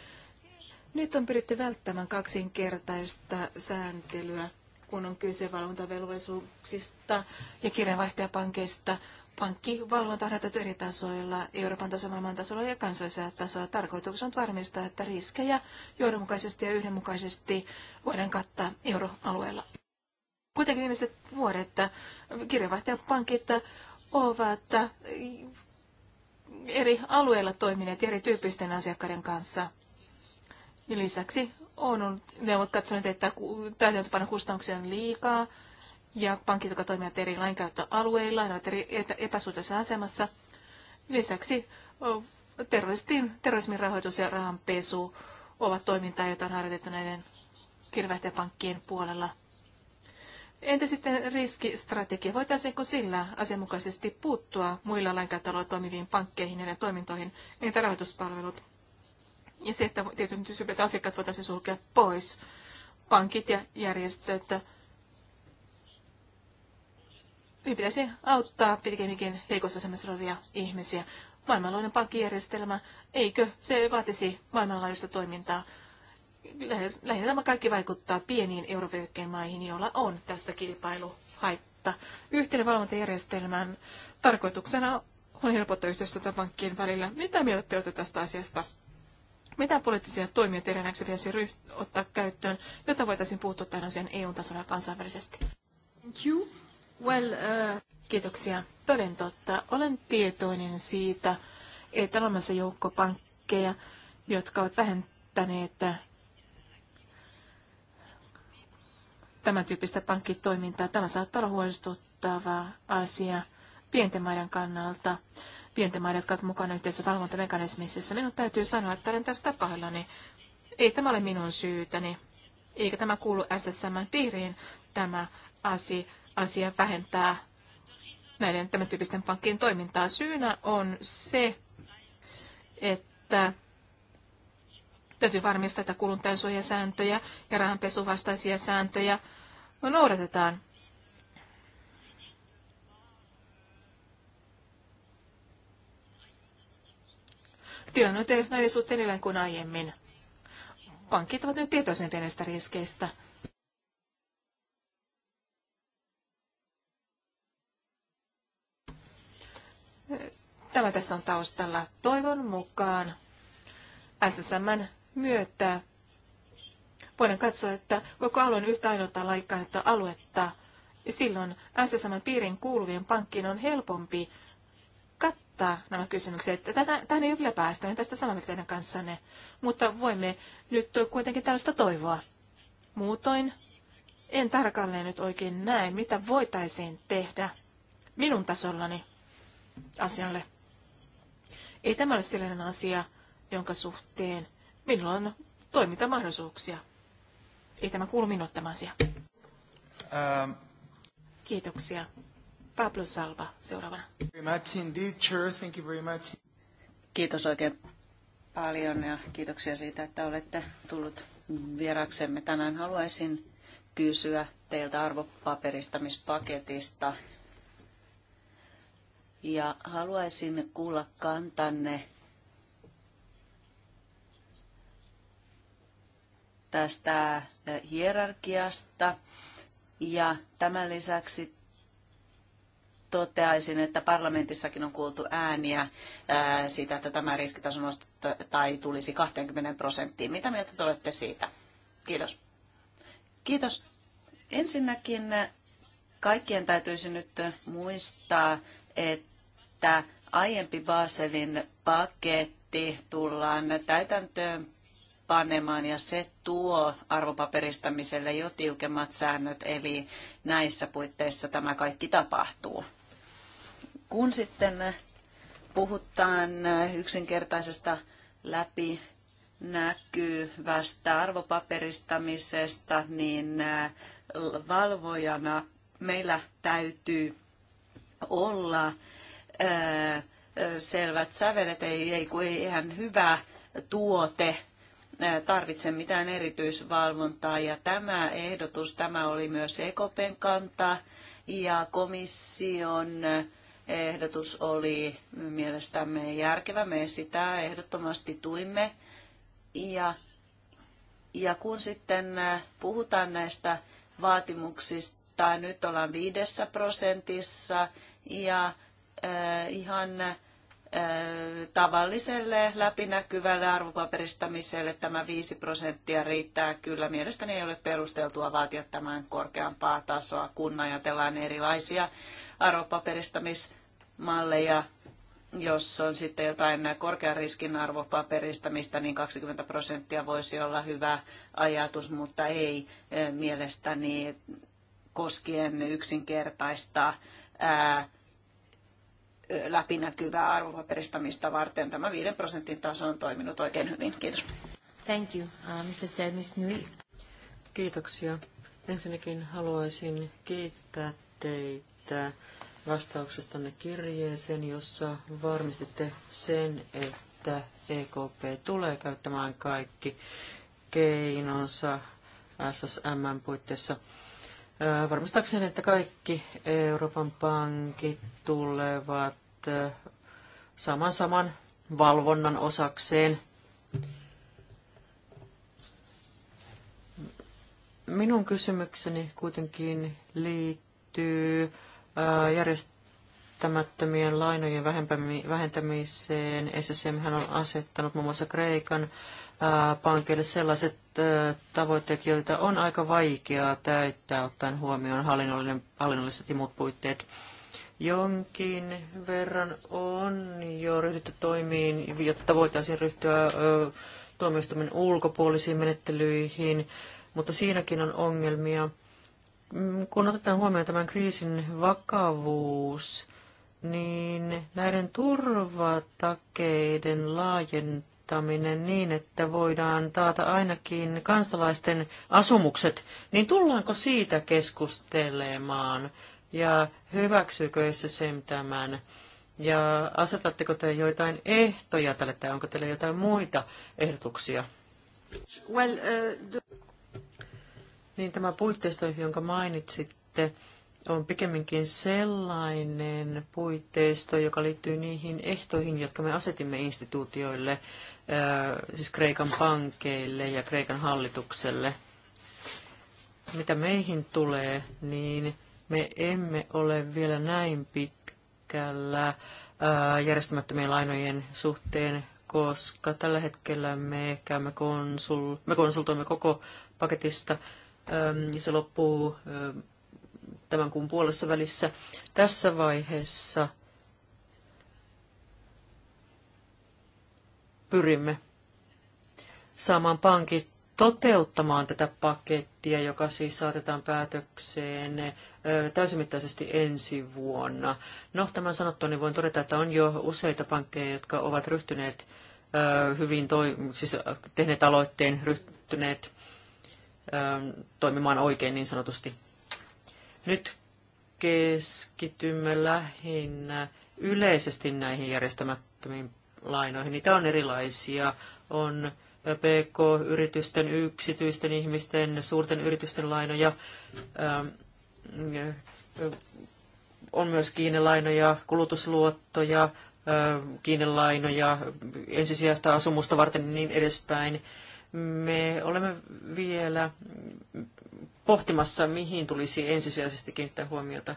nyt on pyritty välttämään kaksinkertaista sääntelyä kun on kyse valvontavelvollisuuksista ja kirjanvaihtajapankeista. Pankkivalvonta harjoitetaan eri tasoilla, Euroopan tasolla, maailman tasolla ja kansallisella tasolla. Tarkoitus on varmistaa, että riskejä johdonmukaisesti ja yhdenmukaisesti voidaan kattaa euroalueella. Kuitenkin viimeiset vuodet kirjanvaihtajapankit ovat eri alueilla toimineet erityyppisten asiakkaiden kanssa. Lisäksi on neuvot katsoneet, että täytäntöpano kustannuksia on liikaa ja pankit, jotka toimivat eri lainkäyttöalueilla, ovat eri epäsuhteisessa asemassa. Lisäksi terroristin, terrorismin rahoitus ja rahanpesu ovat toimintaa, jota on harjoitettu näiden kirvehtiöpankkien puolella. Entä sitten riskistrategia? Voitaisiinko sillä asianmukaisesti puuttua muilla lainkäyttöalueilla toimiviin pankkeihin ja toimintoihin? Entä rahoituspalvelut? ja se, että tietyn tyyppiset asiakkaat voitaisiin sulkea pois, pankit ja järjestöt, niin pitäisi auttaa pikemminkin heikossa asemassa olevia ihmisiä. Maailmanlainen pankkijärjestelmä, eikö se vaatisi maailmanlaajuista toimintaa? lähinnä tämä kaikki vaikuttaa pieniin eurovyöhykkeen maihin, joilla on tässä kilpailu haitta. Yhteinen valvontajärjestelmän tarkoituksena on helpottaa yhteistyötä pankkien välillä. Mitä mieltä te olette tästä asiasta? Mitä poliittisia toimia teidän näkse pitäisi ottaa käyttöön, jotta voitaisiin puuttua tähän asian EU-tasolla kansainvälisesti? Thank you. Well, uh... Kiitoksia. Toden totta. Olen tietoinen siitä, että on olemassa joukkopankkeja, jotka ovat vähentäneet tämän tyyppistä pankkitoimintaa. Tämä saattaa olla huolestuttava asia pienten maiden kannalta, pienten maiden, jotka ovat mukana yhteisessä valvontamekanismissa. Minun täytyy sanoa, että olen tästä pahoillani. Ei tämä ole minun syytäni, eikä tämä kuulu SSMn piiriin. Tämä asia, asia vähentää näiden tämän tyyppisten pankkien toimintaa. Syynä on se, että täytyy varmistaa, että kuluttajansuojasääntöjä ja rahanpesuvastaisia sääntöjä noudatetaan. Työ on näiden suhteen enemmän kuin aiemmin. Pankit ovat nyt tietoisempia näistä riskeistä. Tämä tässä on taustalla. Toivon mukaan SSMn myötä voidaan katsoa, että koko alueen yhtä ainoa laikkaa että aluetta. Silloin SSM-piirin kuuluvien pankkiin on helpompi ottaa nämä kysymykset. Tätä, tähän ei kyllä päästä, olen tästä samaa mieltä teidän kanssanne, mutta voimme nyt kuitenkin tällaista toivoa. Muutoin en tarkalleen nyt oikein näe, mitä voitaisiin tehdä minun tasollani asialle. Ei tämä ole sellainen asia, jonka suhteen minulla on toimintamahdollisuuksia. Ei tämä kuulu minulle tämä asia. Ähm. Kiitoksia. Pablo Salva seuraavana. Kiitos oikein paljon ja kiitoksia siitä, että olette tullut vieraksemme. Tänään haluaisin kysyä teiltä arvopaperistamispaketista. Ja haluaisin kuulla kantanne tästä eh, hierarkiasta. Ja tämän lisäksi toteaisin, että parlamentissakin on kuultu ääniä ää, siitä, että tämä riskitaso tai tulisi 20 prosenttiin. Mitä mieltä te olette siitä? Kiitos. Kiitos. Ensinnäkin kaikkien täytyisi nyt muistaa, että aiempi Baselin paketti tullaan täytäntöön panemaan ja se tuo arvopaperistamiselle jo tiukemmat säännöt, eli näissä puitteissa tämä kaikki tapahtuu. Kun sitten puhutaan yksinkertaisesta läpi näkyvästä arvopaperistamisesta, niin äh, valvojana meillä täytyy olla äh, selvät sävelet, ei, ei, ihan hyvä tuote äh, tarvitse mitään erityisvalvontaa. Ja tämä ehdotus, tämä oli myös Ekopen kanta ja komission ehdotus oli mielestämme järkevä. Me sitä ehdottomasti tuimme. Ja, ja kun sitten äh, puhutaan näistä vaatimuksista, nyt ollaan viidessä prosentissa ja äh, ihan äh, tavalliselle läpinäkyvälle arvopaperistamiselle tämä 5 prosenttia riittää kyllä. Mielestäni ei ole perusteltua vaatia tämän korkeampaa tasoa, kun ajatellaan erilaisia arvopaperistamismalleja. Jos on sitten jotain korkean riskin arvopaperistamista, niin 20 prosenttia voisi olla hyvä ajatus, mutta ei mielestäni koskien yksinkertaista ää, läpinäkyvää arvopaperistamista varten. Tämä 5 prosentin taso on toiminut oikein hyvin. Kiitos. Thank you, uh, Mr. Chair, Ms. Nui. Kiitoksia. Ensinnäkin haluaisin kiittää teitä vastauksestanne kirjeeseen, jossa varmistitte sen, että EKP tulee käyttämään kaikki keinonsa ssm puitteissa – Varmistakseen, että kaikki Euroopan pankit tulevat saman saman valvonnan osakseen. Minun kysymykseni kuitenkin liittyy järjestämättömien lainojen vähentämiseen. SSM on asettanut muun muassa Kreikan Äh, pankeille sellaiset äh, tavoitteet, joita on aika vaikeaa täyttää ottaen huomioon hallinnolliset ja muut puitteet. Jonkin verran on jo ryhdytty toimiin, jotta voitaisiin ryhtyä äh, tuomioistuimen ulkopuolisiin menettelyihin, mutta siinäkin on ongelmia. Mm, kun otetaan huomioon tämän kriisin vakavuus, niin näiden turvatakeiden laajentaminen rakentaminen niin, että voidaan taata ainakin kansalaisten asumukset, niin tullaanko siitä keskustelemaan ja hyväksyykö SSM tämän? Ja asetatteko te joitain ehtoja tälle tai onko teillä jotain muita ehdotuksia? Well, uh, the... Niin tämä puitteisto, jonka mainitsitte, on pikemminkin sellainen puitteisto, joka liittyy niihin ehtoihin, jotka me asetimme instituutioille, siis Kreikan pankeille ja Kreikan hallitukselle. Mitä meihin tulee, niin me emme ole vielä näin pitkällä järjestämättömien lainojen suhteen, koska tällä hetkellä me, käymme konsul, me konsultoimme koko paketista se loppuu tämän kuun puolessa välissä. Tässä vaiheessa pyrimme saamaan pankit toteuttamaan tätä pakettia, joka siis saatetaan päätökseen täysimittaisesti ensi vuonna. No, tämän sanottua niin voin todeta, että on jo useita pankkeja, jotka ovat ryhtyneet hyvin, toi, siis tehneet aloitteen, ryhtyneet toimimaan oikein niin sanotusti. Nyt keskitymme lähinnä yleisesti näihin järjestämättömiin lainoihin. Niitä on erilaisia. On PK-yritysten, yksityisten ihmisten, suurten yritysten lainoja. Ähm, äh, on myös kiinelainoja, kulutusluottoja, äh, kiinelainoja, ensisijaista asumusta varten niin edespäin. Me olemme vielä pohtimassa, mihin tulisi ensisijaisesti kiinnittää huomiota.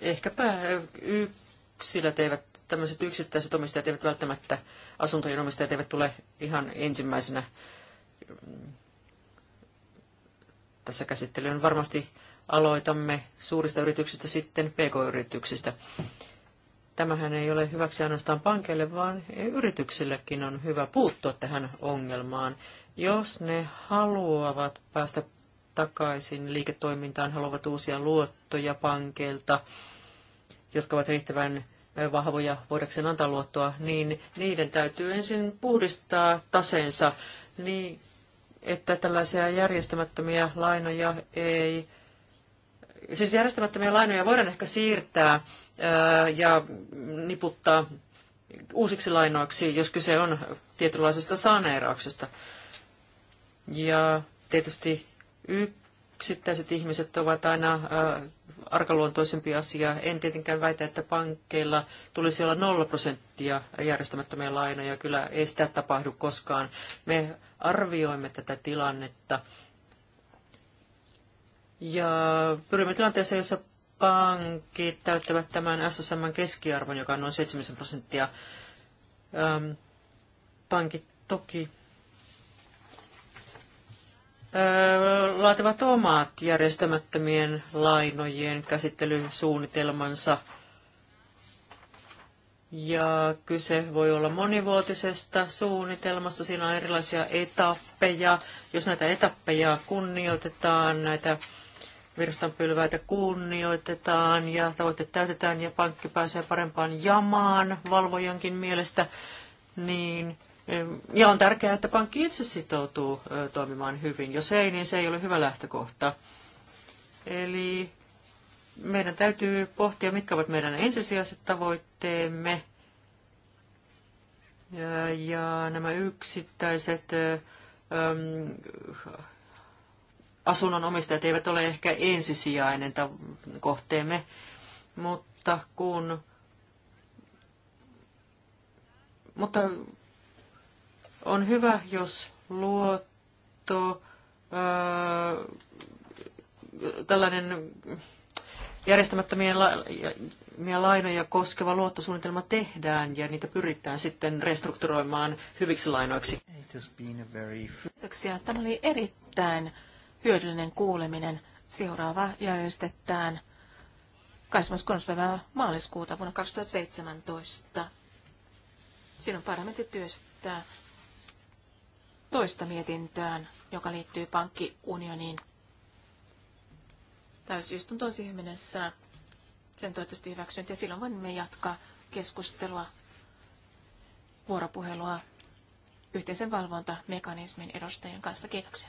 Ehkäpä eh, yksilöt eivät, tämmöiset yksittäiset omistajat eivät välttämättä, asuntojen omistajat eivät tule ihan ensimmäisenä tässä käsittelyyn. Varmasti aloitamme suurista yrityksistä sitten pk-yrityksistä. Tämähän ei ole hyväksi ainoastaan pankeille, vaan yrityksillekin on hyvä puuttua tähän ongelmaan. Jos ne haluavat päästä takaisin liiketoimintaan, haluavat uusia luottoja pankeilta, jotka ovat riittävän vahvoja voidakseen antaa luottoa, niin niiden täytyy ensin puhdistaa taseensa niin, että tällaisia järjestämättömiä lainoja ei, siis järjestämättömiä lainoja voidaan ehkä siirtää ja niputtaa uusiksi lainoiksi, jos kyse on tietynlaisesta saneerauksesta. Ja tietysti yksittäiset ihmiset ovat aina äh, arkaluontoisempi asia. En tietenkään väitä, että pankkeilla tulisi olla nolla prosenttia järjestämättömiä lainoja. Kyllä ei sitä tapahdu koskaan. Me arvioimme tätä tilannetta ja pyrimme tilanteeseen, jossa pankit täyttävät tämän SSM keskiarvon, joka on noin 7 prosenttia. pankit toki laativat omat järjestämättömien lainojen käsittelysuunnitelmansa. Ja kyse voi olla monivuotisesta suunnitelmasta. Siinä on erilaisia etappeja. Jos näitä etappeja kunnioitetaan, näitä virstanpylväitä kunnioitetaan ja tavoitteet täytetään ja pankki pääsee parempaan jamaan valvojankin mielestä, niin ja on tärkeää, että pankki itse sitoutuu toimimaan hyvin. Jos ei, niin se ei ole hyvä lähtökohta. Eli meidän täytyy pohtia, mitkä ovat meidän ensisijaiset tavoitteemme. Ja, ja nämä yksittäiset äm, asunnon omistajat eivät ole ehkä ensisijainen kohteemme, mutta kun mutta on hyvä, jos luotto, tällainen la, lainoja koskeva luottosuunnitelma tehdään ja niitä pyritään sitten restrukturoimaan hyviksi lainoiksi. Kiitoksia. Tämä oli erittäin hyödyllinen kuuleminen. Seuraava järjestetään 23. päivää maaliskuuta vuonna 2017. sinun parlamentti työstää toista mietintöään, joka liittyy pankkiunioniin. Täysistunto on siihen mennessä sen toivottavasti hyväksynyt ja silloin voimme jatkaa keskustelua, vuoropuhelua yhteisen valvontamekanismin edustajien kanssa. Kiitoksia.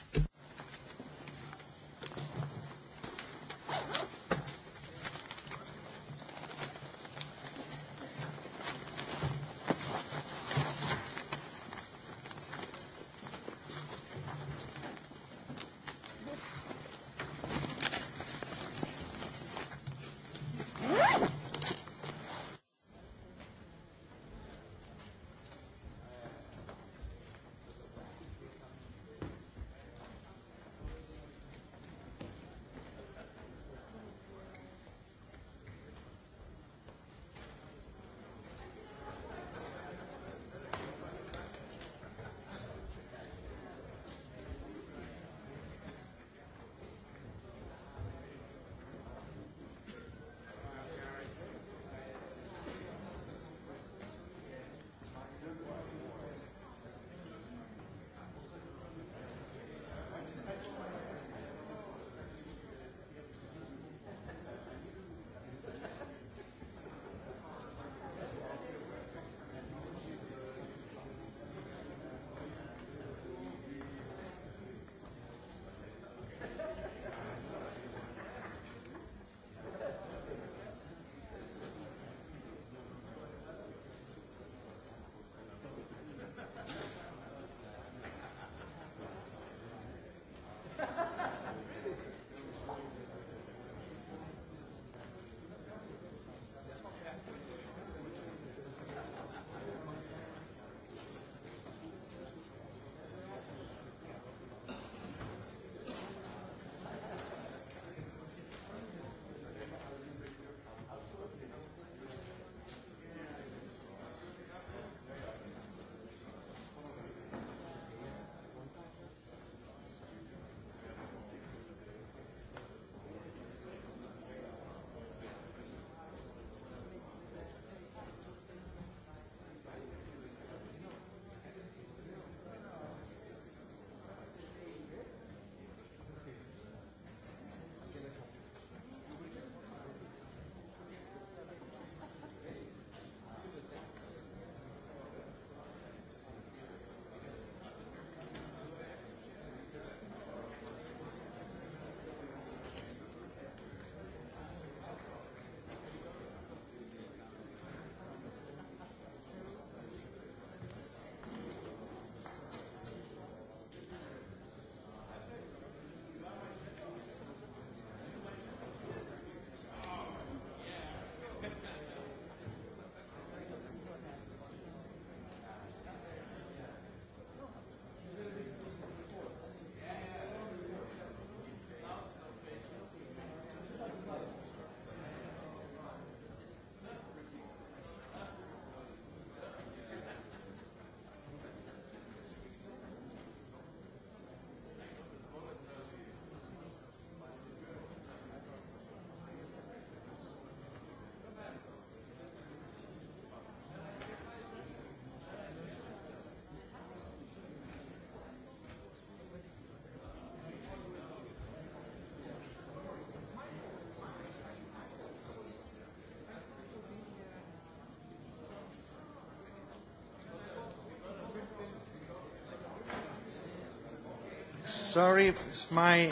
sorry, it's my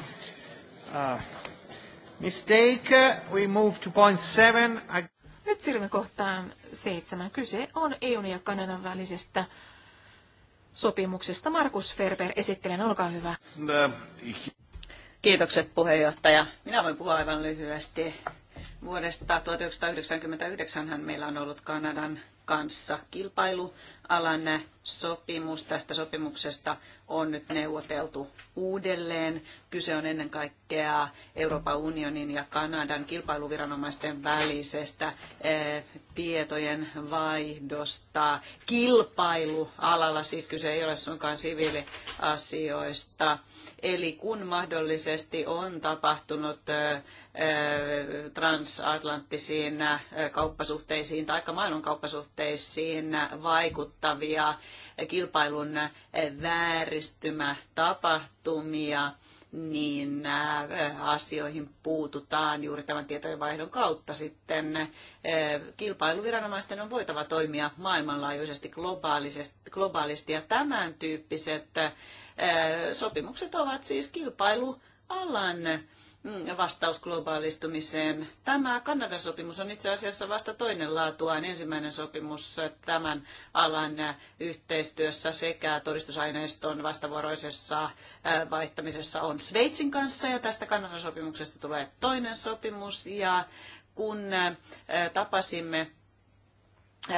uh, mistake. We move to point seven. I... Nyt siirrymme kohtaan seitsemän. Kyse on EUn ja Kanadan välisestä sopimuksesta. Markus Ferber, esittelen, olkaa hyvä. Kiitokset puheenjohtaja. Minä voin puhua aivan lyhyesti. Vuodesta 1999 meillä on ollut Kanadan kanssa. Kilpailualan sopimus tästä sopimuksesta on nyt neuvoteltu uudelleen. Kyse on ennen kaikkea Euroopan unionin ja Kanadan kilpailuviranomaisten välisestä eh, tietojen vaihdosta kilpailualalla, siis kyse ei ole suinkaan siviiliasioista. Eli kun mahdollisesti on tapahtunut transatlanttisiin kauppasuhteisiin tai maailman kauppasuhteisiin vaikuttavia kilpailun vääristymätapahtumia, niin äh, asioihin puututaan juuri tämän tietojenvaihdon kautta sitten. Äh, kilpailuviranomaisten on voitava toimia maailmanlaajuisesti globaalisti ja tämän tyyppiset äh, sopimukset ovat siis kilpailualan Mm, vastaus globaalistumiseen. Tämä Kanadan sopimus on itse asiassa vasta toinen laatuaan ensimmäinen sopimus tämän alan yhteistyössä sekä todistusaineiston vastavuoroisessa äh, vaihtamisessa on Sveitsin kanssa ja tästä Kanadan sopimuksesta tulee toinen sopimus ja kun äh, tapasimme äh,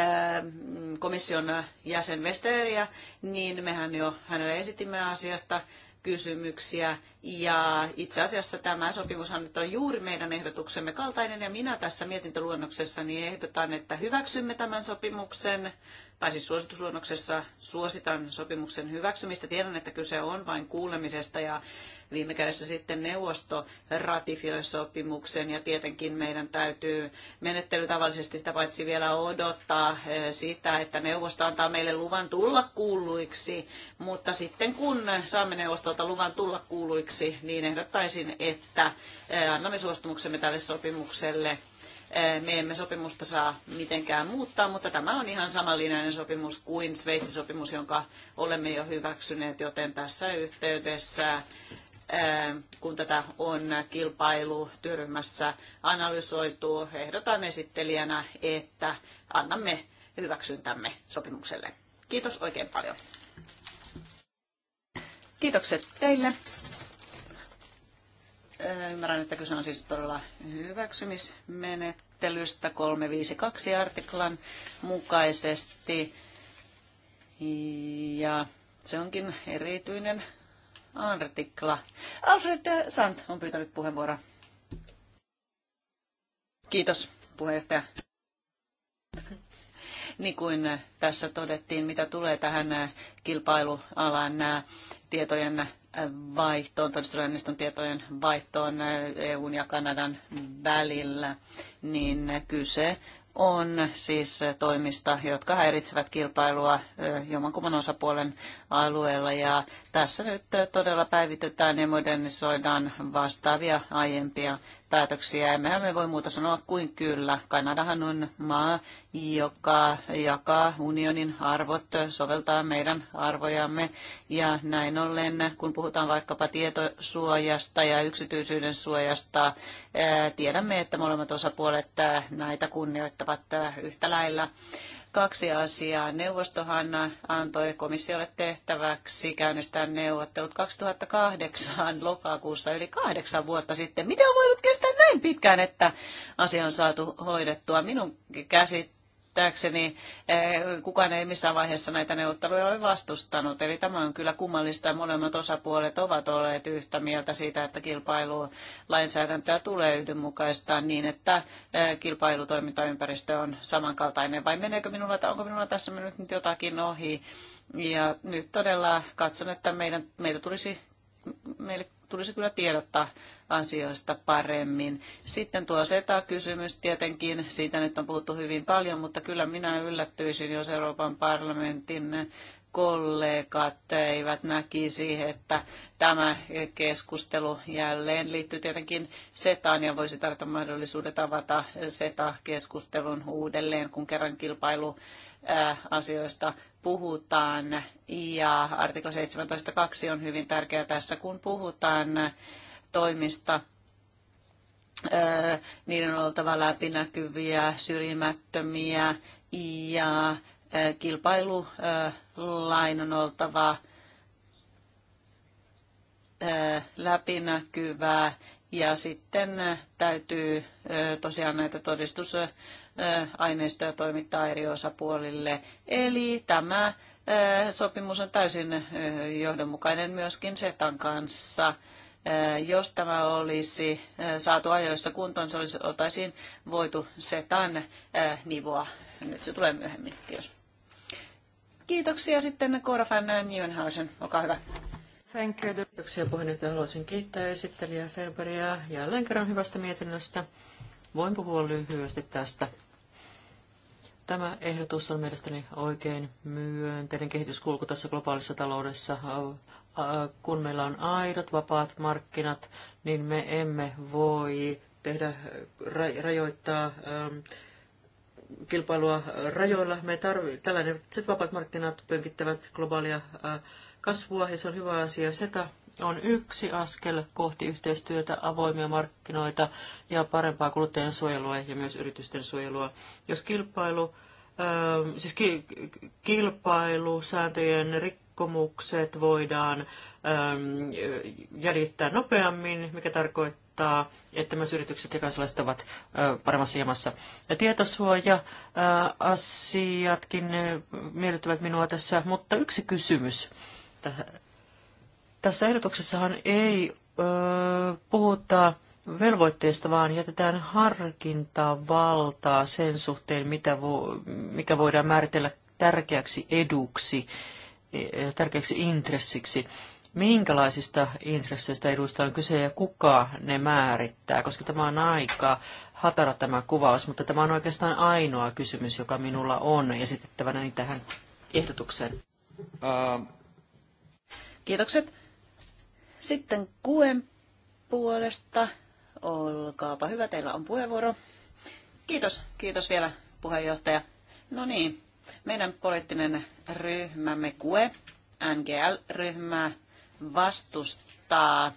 komission jäsen Westeriä, niin mehän jo hänelle esitimme asiasta kysymyksiä. Ja itse asiassa tämä sopimushan nyt on juuri meidän ehdotuksemme kaltainen ja minä tässä mietintöluonnoksessani ehdotan, että hyväksymme tämän sopimuksen tai siis suositusluonnoksessa suositan sopimuksen hyväksymistä. Tiedän, että kyse on vain kuulemisesta ja viime kädessä sitten neuvosto ratifioi sopimuksen ja tietenkin meidän täytyy menettely tavallisesti sitä paitsi vielä odottaa eh, sitä, että neuvosto antaa meille luvan tulla kuuluiksi, mutta sitten kun saamme neuvostolta luvan tulla kuuluiksi, niin ehdottaisin, että eh, annamme suostumuksemme tälle sopimukselle Eh, me emme sopimusta saa mitenkään muuttaa, mutta tämä on ihan samanlinjainen sopimus kuin Sveitsin sopimus, jonka olemme jo hyväksyneet, joten tässä yhteydessä eh, kun tätä on kilpailutyöryhmässä analysoitu, ehdotan esittelijänä, että annamme hyväksyntämme sopimukselle. Kiitos oikein paljon. Kiitokset teille. Äh, ymmärrän, että kyse on siis todella hyväksymismenettelystä 352 artiklan mukaisesti. Ja se onkin erityinen artikla. Alfred Sant on pyytänyt puheenvuoroa. Kiitos puheenjohtaja. Niin kuin tässä todettiin, mitä tulee tähän kilpailualan tietojen vaihtoon, todistusaineiston tietojen vaihtoon EUn ja Kanadan välillä, niin kyse on siis toimista, jotka häiritsevät kilpailua jommankumman osapuolen alueella. Ja tässä nyt todella päivitetään ja modernisoidaan vastaavia aiempia päätöksiä. Emmehän me voi muuta sanoa kuin kyllä. Kanadahan on maa, joka jakaa unionin arvot, soveltaa meidän arvojamme. Ja näin ollen, kun puhutaan vaikkapa tietosuojasta ja yksityisyyden suojasta, tiedämme, että molemmat osapuolet näitä kunnioittavat yhtä lailla kaksi asiaa. Neuvostohan antoi komissiolle tehtäväksi käynnistää neuvottelut 2008 lokakuussa yli kahdeksan vuotta sitten. Miten on voinut kestää näin pitkään, että asia on saatu hoidettua? Minun käsit käsittääkseni eh, kukaan ei missään vaiheessa näitä neuvotteluja ole vastustanut. Eli tämä on kyllä kummallista. Molemmat osapuolet ovat olleet yhtä mieltä siitä, että kilpailulainsäädäntöä tulee yhdenmukaistaa niin, että eh, kilpailutoimintaympäristö on samankaltainen. Vai meneekö minulla, onko minulla tässä mennyt nyt jotakin ohi? Ja nyt todella katson, että meidän, meitä tulisi meille tulisi kyllä tiedottaa asioista paremmin. Sitten tuo SETA-kysymys tietenkin, siitä nyt on puhuttu hyvin paljon, mutta kyllä minä yllättyisin, jos Euroopan parlamentin kollegat eivät näkisi, että tämä keskustelu jälleen liittyy tietenkin SETAan ja voisi tarjota mahdollisuudet avata SETA-keskustelun uudelleen, kun kerran kilpailu asioista puhutaan, ja artikla 17.2 on hyvin tärkeä tässä, kun puhutaan toimista, niiden on oltava läpinäkyviä, syrjimättömiä ja kilpailulain on oltava läpinäkyvää ja sitten täytyy tosiaan näitä todistus aineistoja toimittaa eri osapuolille. Eli tämä sopimus on täysin johdonmukainen myöskin SETAn kanssa. Jos tämä olisi saatu ajoissa kuntoon, se olisi, oltaisiin voitu SETAn nivoa. Nyt se tulee myöhemmin. Kiitos. Kiitoksia sitten Cora van Nieuwenhausen. Olkaa hyvä. Thank you. Kiitoksia puheenjohtaja. Haluaisin kiittää esittelijä Ferberia jälleen kerran hyvästä mietinnöstä. Voin puhua lyhyesti tästä. Tämä ehdotus on mielestäni oikein myönteinen kehityskulku tässä globaalissa taloudessa. Kun meillä on aidot vapaat markkinat, niin me emme voi tehdä, rajoittaa ähm, kilpailua rajoilla. Me tarvi, tällaiset vapaat markkinat pönkittävät globaalia äh, kasvua ja se on hyvä asia. SETA on yksi askel kohti yhteistyötä, avoimia markkinoita ja parempaa kuluttajan suojelua ja myös yritysten suojelua. Jos kilpailu, ähm, siis ki, kilpailusääntöjen rikkomukset voidaan ähm, jäljittää nopeammin, mikä tarkoittaa, että myös yritykset ja kansalaiset ovat äh, paremmassa jamassa. Ja tietosuoja-asiatkin äh, äh, miellyttävät minua tässä, mutta yksi kysymys tässä ehdotuksessahan ei ö, puhuta velvoitteesta, vaan jätetään harkintaa valtaa sen suhteen, mitä vo, mikä voidaan määritellä tärkeäksi eduksi, e, e, tärkeäksi intressiksi. Minkälaisista intresseistä edusta on kyse ja kuka ne määrittää, koska tämä on aika hatara tämä kuvaus, mutta tämä on oikeastaan ainoa kysymys, joka minulla on esitettävänä tähän ehdotukseen. Uh. Kiitokset. Sitten kuen puolesta. Olkaapa hyvä, teillä on puheenvuoro. Kiitos, kiitos vielä puheenjohtaja. No niin, meidän poliittinen ryhmämme KUE, NGL-ryhmä, vastustaa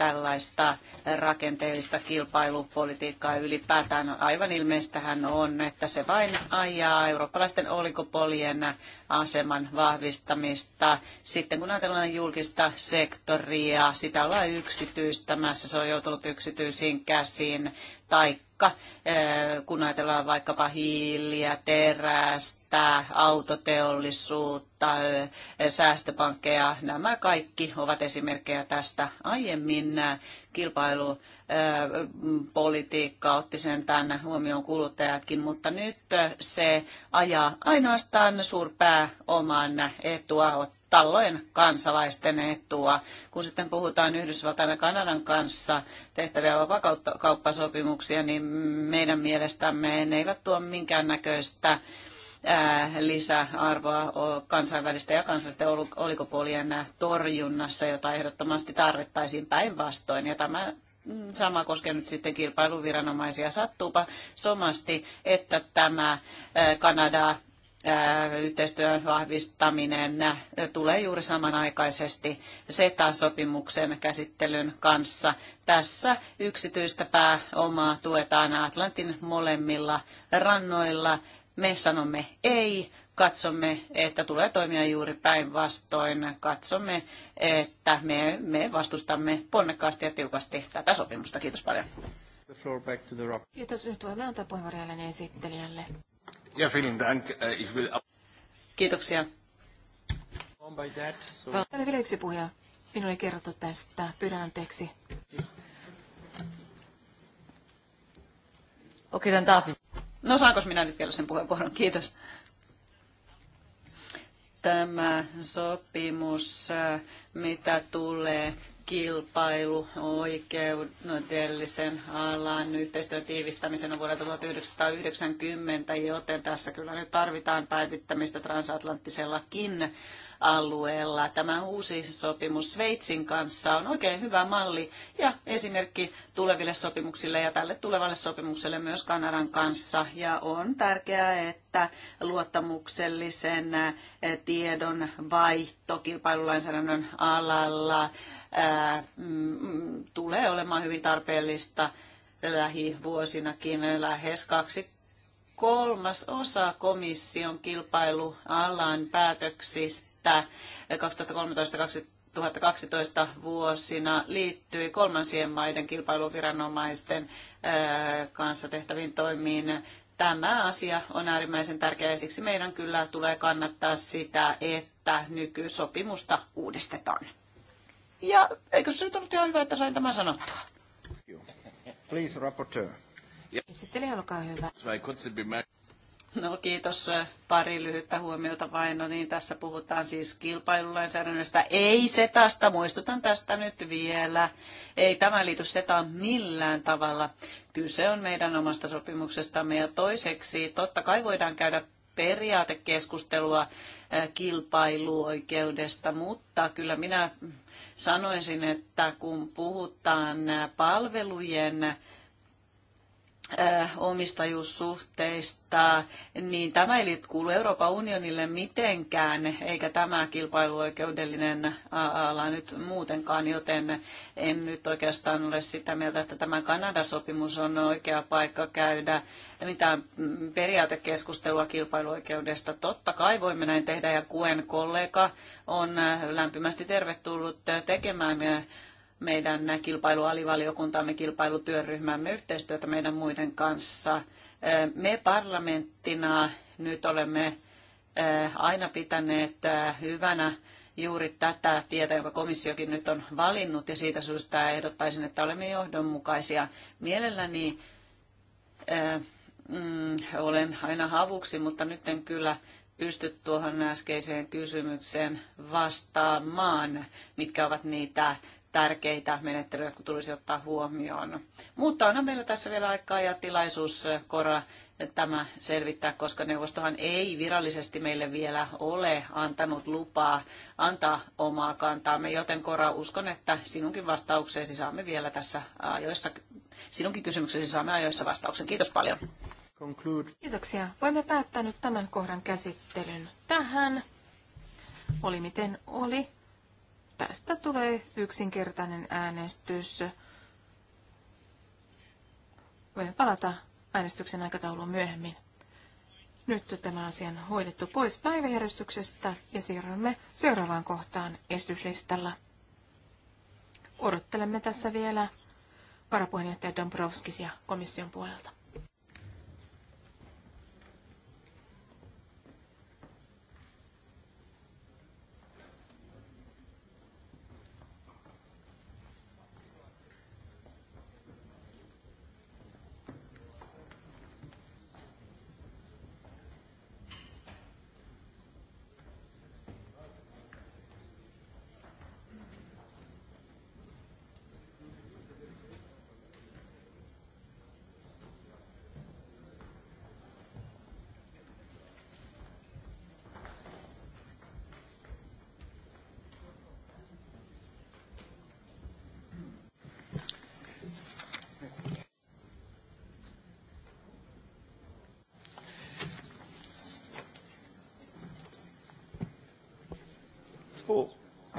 tällaista rakenteellista kilpailupolitiikkaa ylipäätään. Aivan ilmeistähän on, että se vain ajaa eurooppalaisten oligopolien aseman vahvistamista. Sitten kun ajatellaan julkista sektoria, sitä ollaan yksityistämässä, se on joutunut yksityisiin käsiin taikka kun ajatellaan vaikkapa hiiliä, terästä, autoteollisuutta, säästöpankkeja, nämä kaikki ovat esimerkkejä tästä. Aiemmin kilpailupolitiikka otti sen tämän huomioon kuluttajatkin, mutta nyt se ajaa ainoastaan suurpää oman etua tallojen kansalaisten etua. Kun sitten puhutaan Yhdysvaltain ja Kanadan kanssa tehtäviä vapakauppasopimuksia, niin meidän mielestämme ne eivät tuo minkäännäköistä äh, lisäarvoa kansainvälisten ja kansallisten olikopolien torjunnassa, jota ehdottomasti tarvittaisiin päinvastoin. Ja tämä mm, sama koskee nyt sitten kilpailuviranomaisia. Sattuupa somasti, että tämä äh, Kanada Äh, yhteistyön vahvistaminen tulee juuri samanaikaisesti SETA-sopimuksen käsittelyn kanssa. Tässä yksityistä pääomaa tuetaan Atlantin molemmilla rannoilla. Me sanomme ei, katsomme, että tulee toimia juuri päinvastoin. Katsomme, että me, me vastustamme ponnekkaasti ja tiukasti tätä sopimusta. Kiitos paljon. Kiitos. Nyt voimme antaa puheenvuoron esittelijälle. Ja, vielen Dank. Äh, ich will... Kiitoksia. vielä yksi puhuja. Minulle ei kerrottu tästä. Pyydän anteeksi. Okei, tämän taapi. No saanko minä nyt vielä sen puheenvuoron? Kiitos. Tämä sopimus, äh, mitä tulee kilpailu oikeudellisen alan yhteistyön tiivistämisen on vuodelta 1990, joten tässä kyllä nyt tarvitaan päivittämistä transatlanttisellakin alueella. Tämä uusi sopimus Sveitsin kanssa on oikein hyvä malli ja esimerkki tuleville sopimuksille ja tälle tulevalle sopimukselle myös Kanadan kanssa. Ja on tärkeää, että luottamuksellisen tiedon vaihto kilpailulainsäädännön alalla Mm, tulee olemaan hyvin tarpeellista lähivuosinakin lähes kaksi kolmas osa komission kilpailualan päätöksistä 2013-2012 vuosina liittyi kolmansien maiden kilpailuviranomaisten kanssa tehtäviin toimiin. Tämä asia on äärimmäisen tärkeä ja siksi meidän kyllä tulee kannattaa sitä, että nykysopimusta uudistetaan. Ja eikö se nyt ollut ihan hyvä, että sain tämän sanottua? Please, rapporteur. Esittelijä, olkaa hyvä. No kiitos. Pari lyhyttä huomiota vain. No niin, tässä puhutaan siis kilpailulainsäädännöstä. Ei setasta, muistutan tästä nyt vielä. Ei tämä liity setaan millään tavalla. Kyse on meidän omasta sopimuksestamme ja toiseksi totta kai voidaan käydä periaatekeskustelua eh, kilpailuoikeudesta, mutta kyllä minä sanoisin, että kun puhutaan palvelujen Äh, omistajuussuhteista, niin tämä ei kuulu Euroopan unionille mitenkään, eikä tämä kilpailuoikeudellinen ala nyt muutenkaan, joten en nyt oikeastaan ole sitä mieltä, että tämä Kanada sopimus on oikea paikka käydä mitään periaatekeskustelua kilpailuoikeudesta. Totta kai voimme näin tehdä, ja Kuen kollega on lämpimästi tervetullut tekemään meidän kilpailualivaliokuntamme, kilpailutyöryhmämme yhteistyötä meidän muiden kanssa. Me parlamenttina nyt olemme aina pitäneet hyvänä juuri tätä tietä, jonka komissiokin nyt on valinnut, ja siitä syystä ehdottaisin, että olemme johdonmukaisia. Mielelläni äh, mm, olen aina havuksi, mutta nyt en kyllä pysty tuohon äskeiseen kysymykseen vastaamaan, mitkä ovat niitä tärkeitä menettelyjä, jotka tulisi ottaa huomioon. Mutta onhan meillä tässä vielä aikaa ja tilaisuus Kora eh, tämä selvittää, koska neuvostohan ei virallisesti meille vielä ole antanut lupaa antaa omaa kantaamme, joten Kora uskon, että sinunkin vastaukseesi saamme vielä tässä ajoissa, sinunkin kysymyksesi saamme ajoissa vastauksen. Kiitos paljon. Conclude. Kiitoksia. Voimme päättää nyt tämän kohdan käsittelyn tähän. Oli miten oli. Tästä tulee yksinkertainen äänestys. Voi palata äänestyksen aikatauluun myöhemmin. Nyt tämä asia on hoidettu pois päiväjärjestyksestä ja siirrymme seuraavaan kohtaan esityslistalla. Odottelemme tässä vielä varapuheenjohtaja Dombrovskis ja komission puolelta.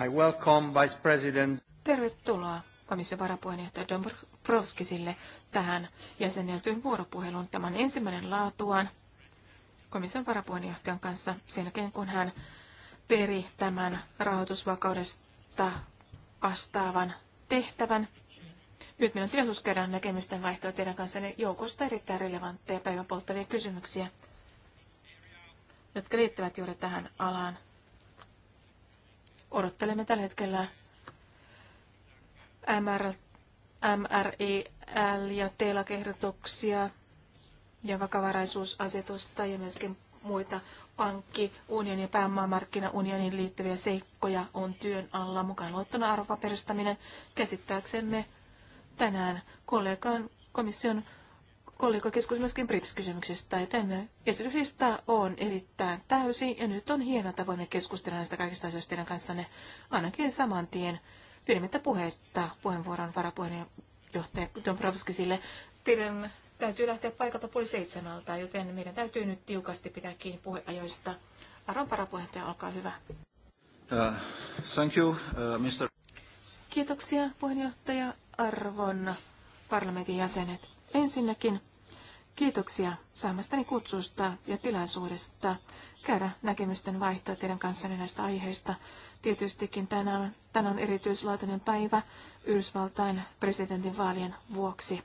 I welcome Vice President. Tervetuloa komission varapuheenjohtaja Dombrovskisille tähän jäsenneltyyn vuoropuheluun. Tämän ensimmäinen laatuaan komission varapuheenjohtajan kanssa sen jälkeen, kun hän peri tämän rahoitusvakaudesta vastaavan tehtävän. Nyt on tilaisuus käydä näkemysten vaihtoa teidän kanssanne joukosta erittäin relevantteja päivän polttavia kysymyksiä, jotka liittyvät juuri tähän alaan odottelemme tällä hetkellä MR, MREL- e ja TELAK-ehdotuksia ja vakavaraisuusasetusta ja myöskin muita unionin ja pääomamarkkinaunionin liittyviä seikkoja on työn alla mukaan luottona arvopaperistaminen. Käsittääksemme tänään kollegan komission kollega keskus myöskin British-kysymyksestä, joten esityslista on erittäin täysi ja nyt on hienoa, että voimme keskustella näistä kaikista asioista teidän kanssanne ainakin saman tien. Pidemmittä puhetta puheenvuoron varapuheenjohtaja Dombrovskisille. Teidän täytyy lähteä paikalta puoli seitsemältä, joten meidän täytyy nyt tiukasti pitää kiinni puheajoista. Arvon varapuheenjohtaja, olkaa hyvä. Uh, thank you, uh, Mr. Kiitoksia puheenjohtaja Arvon parlamentin jäsenet. Ensinnäkin Kiitoksia saamastani kutsusta ja tilaisuudesta käydä näkemysten vaihtoa teidän kanssanne näistä aiheista. Tietystikin tänään, tänään on erityislaatuinen päivä Yhdysvaltain presidentin vaalien vuoksi.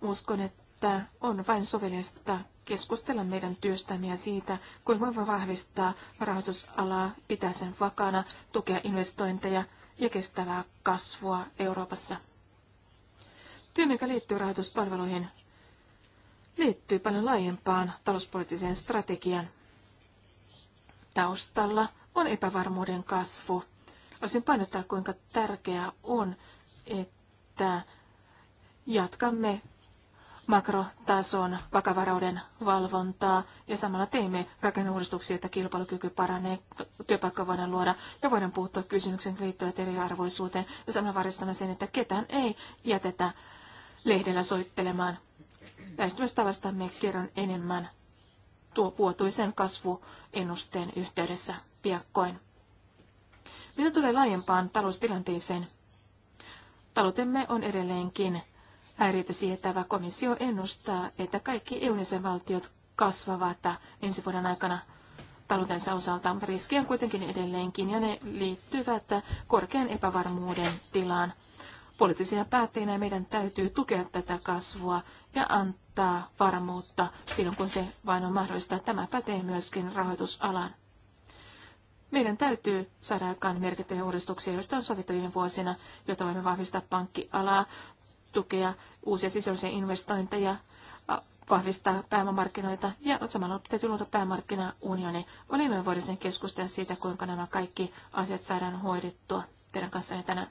Uskon, että on vain sovellista keskustella meidän työstämme ja siitä, kuinka voimme vahvistaa rahoitusalaa, pitää sen vakana, tukea investointeja ja kestävää kasvua Euroopassa. Työ, mikä liittyy rahoituspalveluihin, liittyy paljon laajempaan talouspoliittiseen strategian. Taustalla on epävarmuuden kasvu. Olisin painottaa, kuinka tärkeää on, että jatkamme makrotason vakavarauden valvontaa ja samalla teemme rakenneuudistuksia, että kilpailukyky paranee, työpaikkoja voidaan luoda ja voidaan puuttua kysymyksen liittyen eriarvoisuuteen ja samalla varmistamme sen, että ketään ei jätetä lehdellä soittelemaan lähestymistavastamme kerron enemmän tuo vuotuisen kasvuennusteen yhteydessä piakkoin. Mitä tulee laajempaan taloustilanteeseen? Taloutemme on edelleenkin häiriötä sietävä. Komissio ennustaa, että kaikki eu valtiot kasvavat ensi vuoden aikana taloutensa osalta, riski on kuitenkin edelleenkin ja ne liittyvät korkean epävarmuuden tilaan. Poliittisina päättäjinä meidän täytyy tukea tätä kasvua ja antaa tuottaa varmuutta silloin, kun se vain on mahdollista. Tämä pätee myöskin rahoitusalan. Meidän täytyy saada aikaan merkittäviä uudistuksia, joista on sovittu viime vuosina, jotta voimme vahvistaa pankkialaa, tukea uusia sisällisiä investointeja, vahvistaa pääomamarkkinoita ja samalla täytyy luoda päämarkkinaunioni. Olimme vuodisen keskustella siitä, kuinka nämä kaikki asiat saadaan hoidettua teidän kanssanne tänään.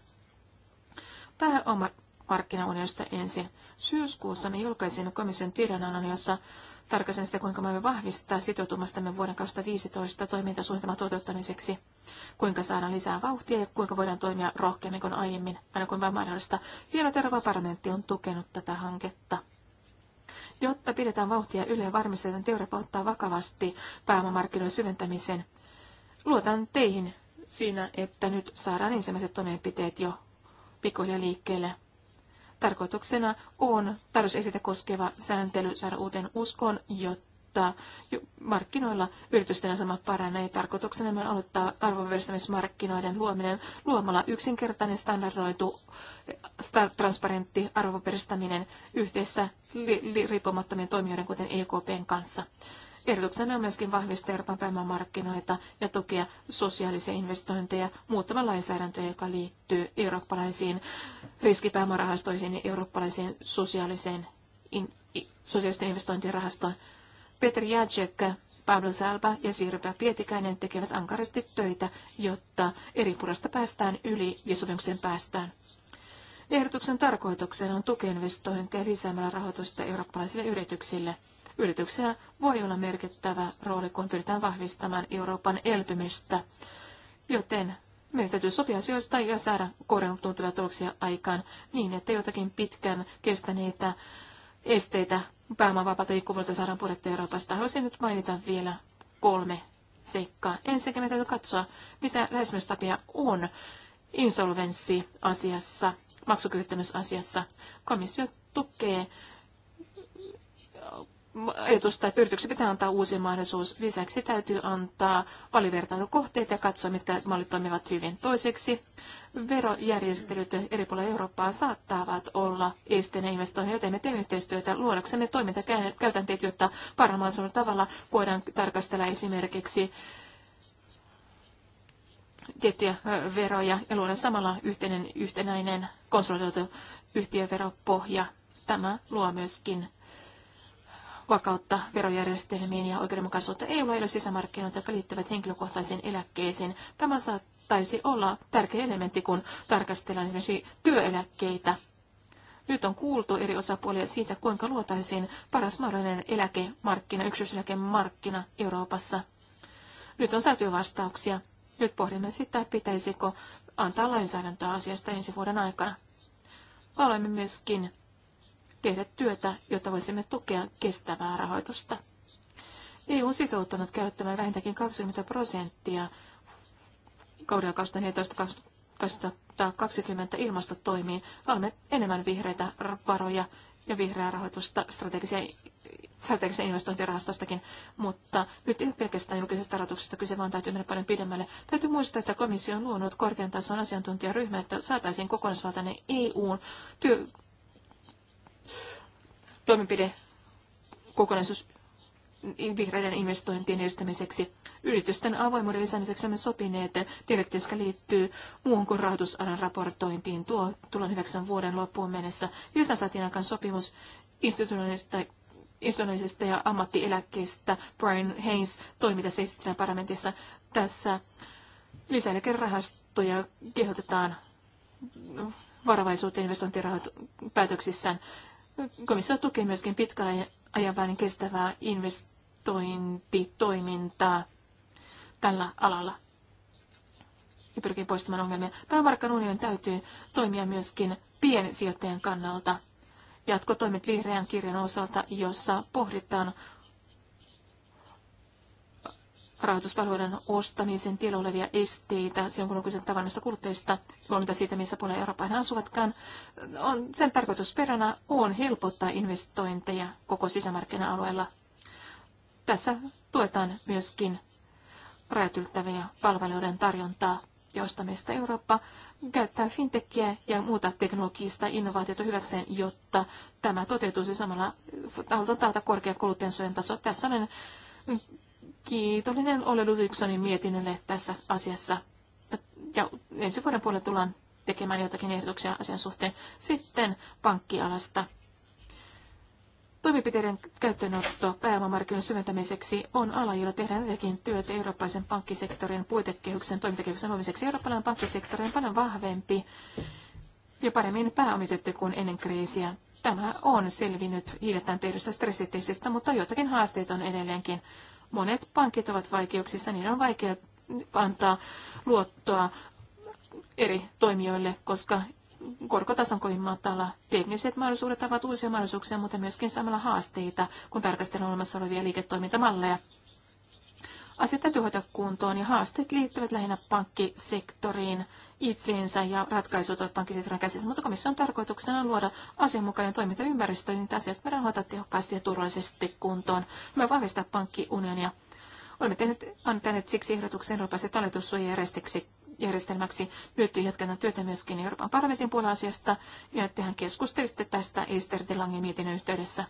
Pääoma, markkinaunionista ensin. Syyskuussa me julkaisin komission tiedonannon, jossa tarkasin sitä, kuinka voimme vahvistaa sitoutumastamme vuoden 2015 toimintasuunnitelman toteuttamiseksi, kuinka saadaan lisää vauhtia ja kuinka voidaan toimia rohkeammin kuin aiemmin, aina kuin vain mahdollista. Hieroterva parlamentti on tukenut tätä hanketta. Jotta pidetään vauhtia yle ja varmistetaan, Eurooppa ottaa vakavasti pääomamarkkinoiden syventämisen, luotan teihin siinä, että nyt saadaan ensimmäiset toimenpiteet jo pikkuhiljaa liikkeelle. Tarkoituksena on tarjousesitä koskeva sääntely saada uuteen uskoon, jotta markkinoilla yritysten asema paranee. Tarkoituksena on aloittaa arvonperistämismarkkinoiden luominen luomalla yksinkertainen standardoitu transparentti arvonperistäminen yhdessä riippumattomien toimijoiden, kuten EKPn kanssa. Ehdotuksena on myöskin vahvistaa Euroopan pääomamarkkinoita ja tukea sosiaalisia investointeja Muutama lainsäädäntö, joka liittyy eurooppalaisiin riskipääomarahastoihin ja eurooppalaisiin sosiaaliseen in, sosiaalisten rahastoon. Petri Jacek, Pablo Salba ja Sirpa Pietikäinen tekevät ankarasti töitä, jotta eri purasta päästään yli ja sopimuksen päästään. Ehdotuksen tarkoituksena on tukea investointeja lisäämällä rahoitusta eurooppalaisille yrityksille – Yrityksellä voi olla merkittävä rooli, kun pyritään vahvistamaan Euroopan elpymistä, joten meidän täytyy sopia asioista ja saada korjan tuntuvia tuloksia aikaan niin, että jotakin pitkän kestäneitä esteitä pääoman vapaata liikkuvuutta saadaan purettua Euroopasta. Haluaisin nyt mainita vielä kolme seikkaa. Ensinnäkin me täytyy katsoa, mitä lähestymistapia on insolvenssiasiassa, maksukyvyttömyysasiassa. Komissio tukee ajatusta, että yrityksen pitää antaa uusi mahdollisuus. Lisäksi täytyy antaa valivertailukohteita ja katsoa, mitkä mallit toimivat hyvin. Toiseksi verojärjestelyt eri puolilla Eurooppaa saattavat olla esteenä investoinnin, joten me teemme yhteistyötä luodaksemme toimintakäytänteet, jotta parhaimmalla tavalla voidaan tarkastella esimerkiksi tiettyjä veroja ja luoda samalla yhteinen, yhtenäinen konsolidoitu yhtiöveropohja. Tämä luo myöskin vakautta verojärjestelmiin ja oikeudenmukaisuutta e ei ole sisämarkkinoita, jotka liittyvät henkilökohtaisiin eläkkeisiin. Tämä saattaisi olla tärkeä elementti, kun tarkastellaan esimerkiksi työeläkkeitä. Nyt on kuultu eri osapuolia siitä, kuinka luotaisiin paras mahdollinen eläkemarkkina, yksityiseläkemarkkina Euroopassa. Nyt on saatu vastauksia. Nyt pohdimme sitä, pitäisikö antaa lainsäädäntöä asiasta ensi vuoden aikana. Olemme myöskin tehdä työtä, jotta voisimme tukea kestävää rahoitusta. EU on sitoutunut käyttämään vähintäänkin 20 prosenttia kaudella 2014-2020 ilmastotoimiin. Olemme enemmän vihreitä varoja ja vihreää rahoitusta strategisia strategisen investointirahastostakin, mutta nyt ei ole pelkästään julkisesta rahoituksesta kyse, vaan täytyy mennä paljon pidemmälle. Täytyy muistaa, että komissio on luonut korkean tason asiantuntijaryhmä, että saataisiin kokonaisvaltainen EUn työ, toimenpide kokonaisuus vihreiden investointien estämiseksi. Yritysten avoimuuden lisäämiseksi olemme sopineet direktiivistä liittyy muuhun kuin rahoitusalan raportointiin tuo tulon yhdeksän vuoden loppuun mennessä. Ilta saatiin aikaan sopimus instituutioista institutionaalisesta ja ammattieläkkeestä. Brian Haynes toimii tässä esittelen parlamentissa. Tässä lisäeläkerahastoja kehotetaan varovaisuuteen päätöksissään. Komissio tukee myöskin pitkäajan kestävää investointitoimintaa tällä alalla ja pyrkii poistamaan ongelmia. Päämarkkan unionin täytyy toimia myöskin piensijoittajan kannalta. Jatkotoimet vihreän kirjan osalta, jossa pohditaan rahoituspalveluiden ostamisen tiellä olevia esteitä, se on kun kyse tavallisista kuluttajista, huomenta siitä, missä puolella Euroopan asuvatkaan. On, sen tarkoitusperänä on helpottaa investointeja koko sisämarkkina-alueella. Tässä tuetaan myöskin rajat ylittäviä palveluiden tarjontaa ja ostamista. Eurooppa käyttää fintechiä ja muuta teknologista innovaatiota hyväkseen, jotta tämä toteutuisi samalla halutaan taata korkea kuluttajansuojan taso. Tässä olen kiitollinen olen Ludvigsonin mietinnölle tässä asiassa. Ja ensi vuoden puolella tullaan tekemään jotakin ehdotuksia asian suhteen. Sitten pankkialasta. Toimenpiteiden käyttöönotto pääomamarkkinoiden syventämiseksi on ala, jolla tehdään edelleenkin työtä eurooppalaisen pankkisektorin puitekehyksen toimintakehyksen luomiseksi. Eurooppalainen pankkisektori on paljon vahvempi ja paremmin pääomitettu kuin ennen kriisiä. Tämä on selvinnyt hiljattain tehdystä stressitestistä, mutta joitakin haasteita on edelleenkin. Monet pankit ovat vaikeuksissa, niin on vaikea antaa luottoa eri toimijoille, koska korkotason kovin matala. Tekniset mahdollisuudet ovat uusia mahdollisuuksia, mutta myöskin samalla haasteita, kun tarkastellaan olemassa olevia liiketoimintamalleja. Asiat täytyy hoitaa kuntoon ja haasteet liittyvät lähinnä pankkisektoriin itseensä ja ratkaisut ovat pankkisektorin käsissä, mutta komission tarkoituksena on luoda asianmukainen toimintaympäristö, niin asiat voidaan hoitaa tehokkaasti ja turvallisesti kuntoon. Me vahvistaa pankkiunionia. Olemme tehneet, antaneet siksi ehdotuksen Euroopassa talletussuojajärjestelmäksi järjestelmäksi. Nyt jatketaan työtä myöskin Euroopan parlamentin puolella asiasta ja tehän keskustelitte tästä Ester Delangin mietinnön yhteydessä.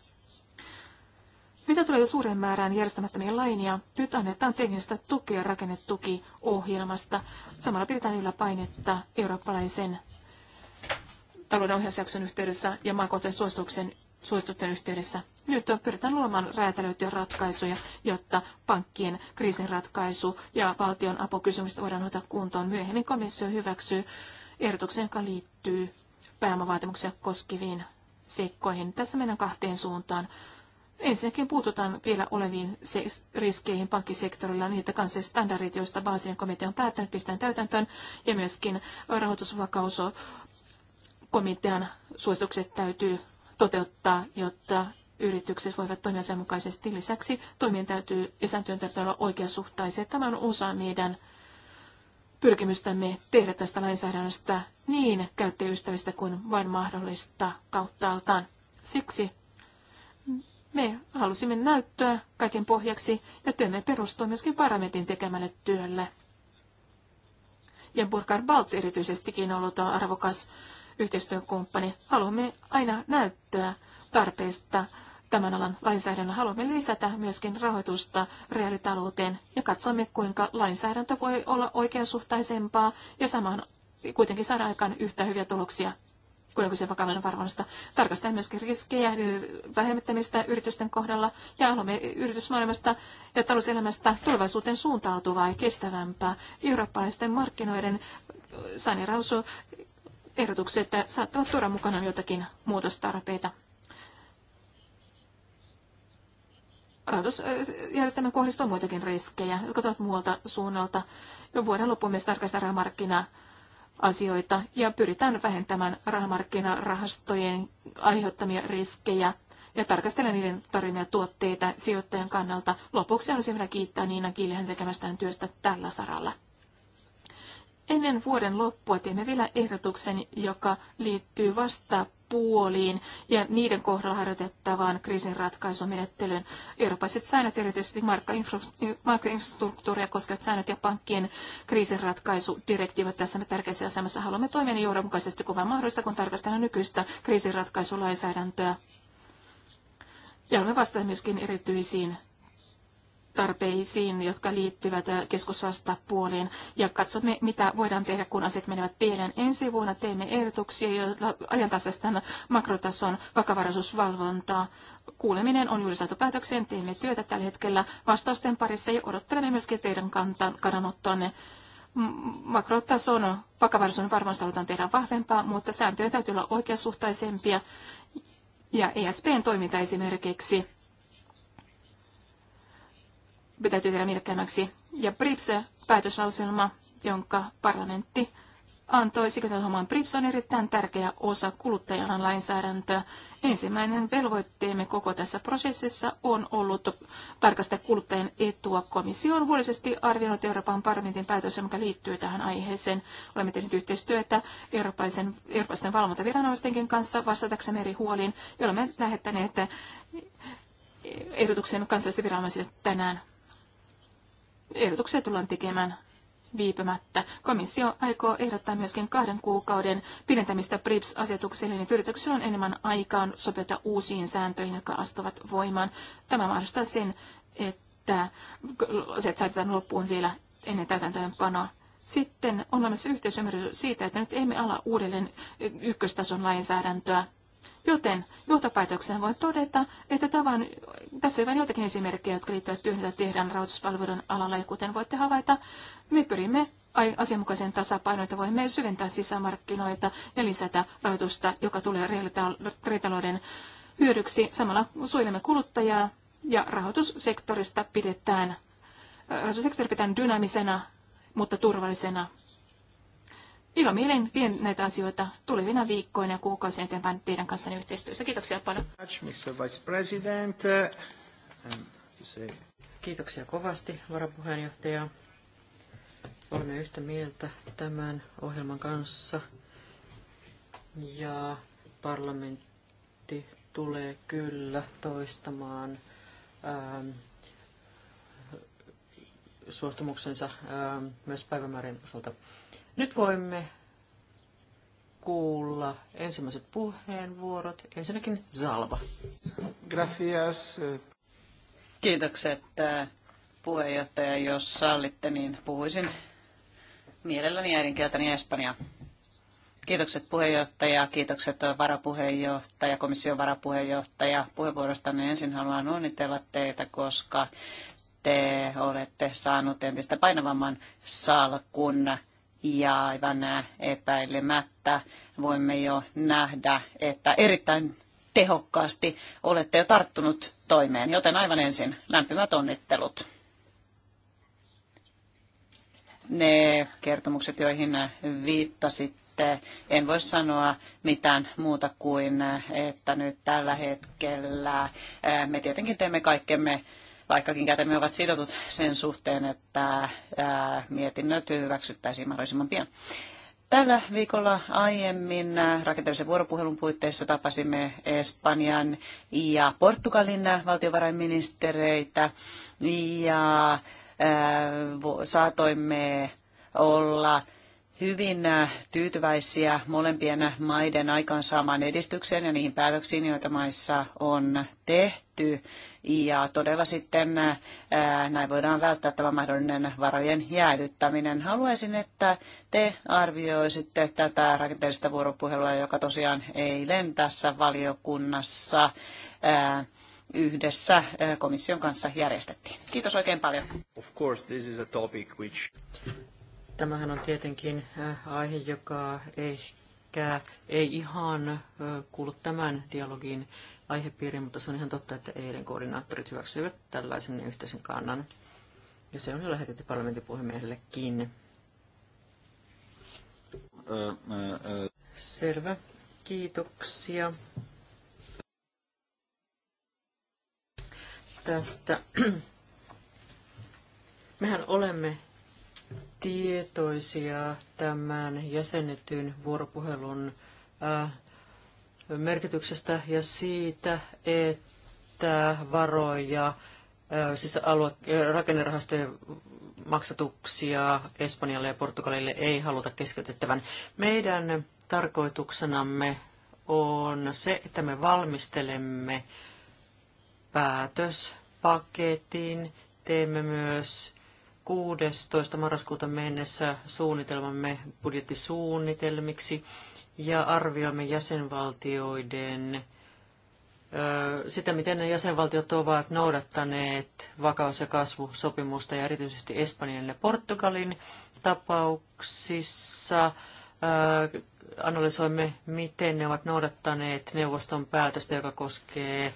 Mitä tulee suuren määrään järjestämättömiä lainia, nyt annetaan teknistä tukea rakennetukiohjelmasta. Samalla pidetään yllä painetta eurooppalaisen talouden ohjausjakson yhteydessä ja maakohtaisen suosituksen suositusten yhteydessä. Nyt on pyritään luomaan räätälöityjä ratkaisuja, jotta pankkien ratkaisu ja valtion apukysymykset voidaan hoitaa kuntoon. Myöhemmin komissio hyväksyy ehdotuksen, joka liittyy pääomavaatimuksia koskeviin seikkoihin. Tässä mennään kahteen suuntaan. Ensinnäkin puututaan vielä oleviin riskeihin pankkisektorilla, niitä kanssa standardit, joista Baasin komitea on päättänyt pistää täytäntöön, ja myöskin rahoitusvakauskomitean suositukset täytyy toteuttaa, jotta yritykset voivat toimia sen mukaisesti. Lisäksi toimien täytyy ja sääntöjen täytyy olla oikeasuhtaisia. Tämä on osa meidän pyrkimystämme tehdä tästä lainsäädännöstä niin käyttäjäystävistä kuin vain mahdollista kauttaaltaan. Siksi me halusimme näyttöä kaiken pohjaksi ja työmme perustuu myöskin parametin tekemälle työlle. Ja Burkhard Baltz erityisestikin on ollut arvokas yhteistyökumppani. Haluamme aina näyttöä tarpeesta tämän alan lainsäädännön. Haluamme lisätä myöskin rahoitusta reaalitalouteen ja katsomme, kuinka lainsäädäntö voi olla oikeasuhtaisempaa ja samaan kuitenkin saada aikaan yhtä hyviä tuloksia kun kyse vakavan varmuudesta. Tarkastetaan myöskin riskejä vähemmättämistä yritysten kohdalla ja haluamme yritysmaailmasta ja talouselämästä tulevaisuuteen suuntautuvaa ja kestävämpää. Eurooppalaisten markkinoiden äh, saneerausu ehdotukset saattavat tuoda mukana jotakin muutostarpeita. Rahoitusjärjestelmän kohdistuu muitakin riskejä, jotka tulevat muualta suunnalta. Jo vuoden loppuun myös tarkastetaan markkinaa asioita ja pyritään vähentämään rahamarkkinarahastojen aiheuttamia riskejä ja tarkastella niiden tarjoamia tuotteita sijoittajan kannalta. Lopuksi haluaisin vielä kiittää Niina Kiilihän tekemästään työstä tällä saralla. Ennen vuoden loppua teemme vielä ehdotuksen, joka liittyy puoliin ja niiden kohdalla harjoitettavaan kriisinratkaisumenettelyyn. Eurooppaiset säännöt, erityisesti markkainfrastruktuuria koskevat säännöt ja pankkien kriisinratkaisudirektiivit tässä me tärkeässä asemassa. Haluamme toimia niin johdonmukaisesti kuin vain mahdollista, kun tarkastella nykyistä kriisinratkaisulainsäädäntöä. Ja olemme vastaamme myöskin erityisiin tarpeisiin, jotka liittyvät äh, keskusvastapuoliin, ja katsomme, mitä voidaan tehdä, kun asiat menevät pieleen. Ensi vuonna teemme ehdotuksia, joilla ajantasaistetaan makrotason vakavaraisuusvalvontaa. Kuuleminen on juuri saatu päätökseen, teemme työtä tällä hetkellä vastausten parissa ja odottelemme myöskin teidän kantan, kannanottoanne makrotason vakavaraisuuden varmasti halutaan tehdä vahvempaa, mutta sääntöjen täytyy olla oikeasuhtaisempia ja ESPn toiminta esimerkiksi pitäytyy tehdä mielekkäämmäksi. Ja Pripse päätöslauselma jonka parlamentti antoi sikatasomaan BRIPS on erittäin tärkeä osa kuluttajan lainsäädäntöä. Ensimmäinen velvoitteemme koko tässä prosessissa on ollut tarkastaa kuluttajan etua. Komissio on huolisesti arvioinut Euroopan parlamentin päätös, joka liittyy tähän aiheeseen. Olemme tehneet yhteistyötä eurooppaisen, eurooppaisten valvontaviranomaistenkin kanssa vastataksemme eri huoliin, joilla me lähettäneet ehdotuksen kansallisille viranomaisille tänään Ehdotuksia tullaan tekemään viipymättä. Komissio aikoo ehdottaa myöskin kahden kuukauden pidentämistä PRIPS-asetukselle, niin yrityksillä on enemmän aikaa sopeuttaa uusiin sääntöihin, jotka astuvat voimaan. Tämä mahdollistaa sen, että asiat saatetaan loppuun vielä ennen täytäntöönpanoa. Sitten on olemassa yhteisymmärrys siitä, että nyt emme ala uudelleen ykköstason lainsäädäntöä Joten johtopäätöksen voi todeta, että tavan, tässä on vain joitakin esimerkkejä, jotka liittyvät työhön, jota tehdään rahoituspalvelun alalla. Ja kuten voitte havaita, me pyrimme asianmukaisen tasapainoon, että voimme syventää sisämarkkinoita ja lisätä rahoitusta, joka tulee reitalouden hyödyksi. Samalla suojelemme kuluttajaa ja rahoitussektorista pidetään, rahoitussektori pidetään dynaamisena, mutta turvallisena ilo mielin vien näitä asioita tulevina viikkoina ja kuukausien eteenpäin teidän kanssanne yhteistyössä. Kiitoksia paljon. Kiitoksia kovasti, varapuheenjohtaja. Olemme yhtä mieltä tämän ohjelman kanssa ja parlamentti tulee kyllä toistamaan ähm, suostumuksensa ähm, myös päivämäärien osalta. Nyt voimme kuulla ensimmäiset puheenvuorot. Ensinnäkin Zalba. Gracias. Kiitokset äh, puheenjohtaja. Jos sallitte, niin puhuisin mielelläni äidinkieltäni Espanjaa. Kiitokset puheenjohtaja, kiitokset äh, varapuheenjohtaja, komission varapuheenjohtaja. Puheenvuorostanne ensin haluan onnitella teitä, koska te olette saanut entistä painavamman salkun ja aivan epäilemättä voimme jo nähdä, että erittäin tehokkaasti olette jo tarttunut toimeen, joten aivan ensin lämpimät onnittelut. Ne kertomukset, joihin viittasitte, en voi sanoa mitään muuta kuin, että nyt tällä hetkellä me tietenkin teemme kaikkemme vaikkakin kätemme ovat sidotut sen suhteen, että mietinnöt hyväksyttäisiin mahdollisimman pian. Tällä viikolla aiemmin rakenteellisen vuoropuhelun puitteissa tapasimme Espanjan ja Portugalin valtiovarainministereitä ja saatoimme olla hyvin äh, tyytyväisiä molempien maiden aikaansaamaan edistykseen ja niihin päätöksiin, joita maissa on tehty. Ja todella sitten äh, näin voidaan välttää tämä mahdollinen varojen jäädyttäminen. Haluaisin, että te arvioisitte tätä rakenteellista vuoropuhelua, joka tosiaan eilen tässä valiokunnassa äh, yhdessä komission kanssa järjestettiin. Kiitos oikein paljon. Of course, this is a topic which... Tämähän on tietenkin äh, aihe, joka ehkä ei ihan äh, kuulu tämän dialogin aihepiiriin, mutta se on ihan totta, että eilen koordinaattorit hyväksyivät tällaisen yhteisen kannan. Ja se on jo lähetetty parlamentin puhemiehellekin. Selvä. Kiitoksia. Tästä. Mehän olemme tietoisia tämän jäsennetyn vuoropuhelun äh, merkityksestä ja siitä, että varoja, äh, siis alue, äh, rakennerahastojen maksatuksia Espanjalle ja Portugalille ei haluta keskeytettävän. Meidän tarkoituksenamme on se, että me valmistelemme päätöspaketin, teemme myös 16. marraskuuta mennessä suunnitelmamme budjettisuunnitelmiksi ja arvioimme jäsenvaltioiden sitä, miten ne jäsenvaltiot ovat noudattaneet vakaus- ja kasvusopimusta ja erityisesti Espanjan ja Portugalin tapauksissa. Analysoimme, miten ne ovat noudattaneet neuvoston päätöstä, joka koskee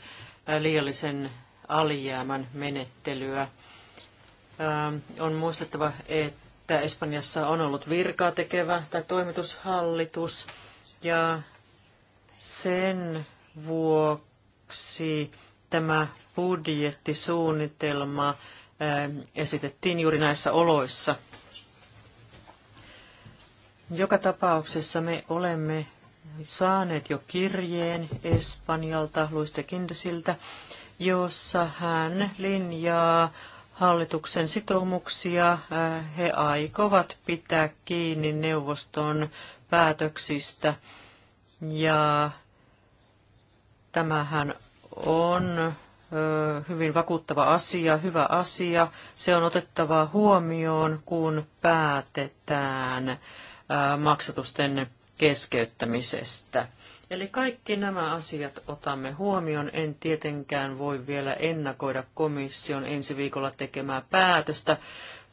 liiallisen alijäämän menettelyä on muistettava, että Espanjassa on ollut virkaa tekevä tai toimitushallitus ja sen vuoksi tämä budjettisuunnitelma esitettiin juuri näissä oloissa. Joka tapauksessa me olemme saaneet jo kirjeen Espanjalta Luis de Kindesiltä, jossa hän linjaa hallituksen sitoumuksia. Äh, he aikovat pitää kiinni neuvoston päätöksistä ja tämähän on äh, hyvin vakuuttava asia, hyvä asia. Se on otettava huomioon, kun päätetään äh, maksatusten keskeyttämisestä. Eli kaikki nämä asiat otamme huomioon. En tietenkään voi vielä ennakoida komission ensi viikolla tekemää päätöstä,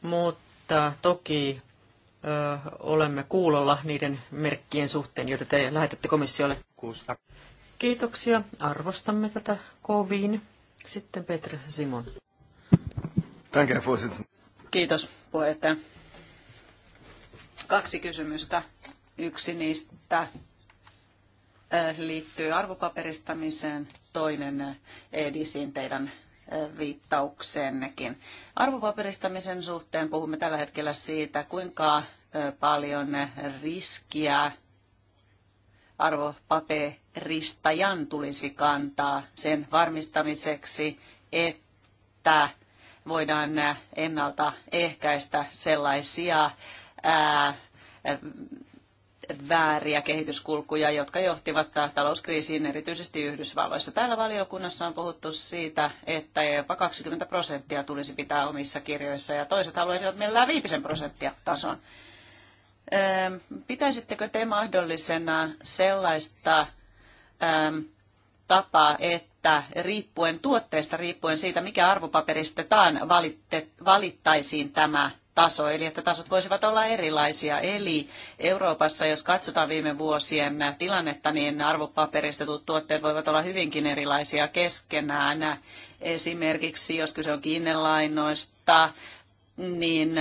mutta toki ö, olemme kuulolla niiden merkkien suhteen, joita te lähetätte komissiolle. Kiitoksia. Arvostamme tätä kovin. Sitten Petra Simon. Kiitos puheenjohtaja. Kaksi kysymystä. Yksi niistä liittyy arvopaperistamiseen, toinen eh, edisiin teidän eh, viittauksennekin. Arvopaperistamisen suhteen puhumme tällä hetkellä siitä, kuinka eh, paljon riskiä arvopaperistajan tulisi kantaa sen varmistamiseksi, että voidaan ennaltaehkäistä sellaisia ää, vääriä kehityskulkuja, jotka johtivat talouskriisiin erityisesti Yhdysvalloissa. Täällä valiokunnassa on puhuttu siitä, että jopa 20 prosenttia tulisi pitää omissa kirjoissa ja toiset haluaisivat mielellään 5 prosenttia tason. Pitäisittekö te mahdollisena sellaista tapaa, että riippuen tuotteesta, riippuen siitä, mikä arvopaperistetaan, valittaisiin tämä taso, eli että tasot voisivat olla erilaisia. Eli Euroopassa, jos katsotaan viime vuosien tilannetta, niin arvopaperistetut tuotteet voivat olla hyvinkin erilaisia keskenään. Esimerkiksi jos kyse on kiinnelainoista, niin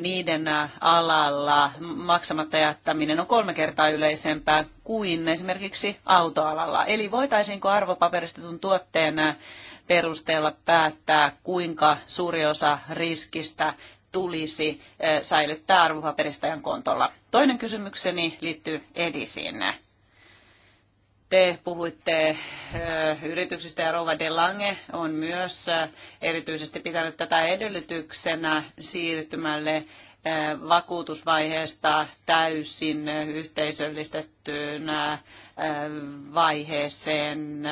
niiden alalla maksamatta jättäminen on kolme kertaa yleisempää kuin esimerkiksi autoalalla. Eli voitaisiinko arvopaperistetun tuotteen perusteella päättää, kuinka suuri osa riskistä tulisi eh, säilyttää arvopaperistajan kontolla. Toinen kysymykseni liittyy edisiin. Te puhuitte eh, yrityksistä ja Rova de Lange on myös eh, erityisesti pitänyt tätä edellytyksenä siirtymälle vakuutusvaiheesta täysin yhteisöllistettyyn vaiheeseen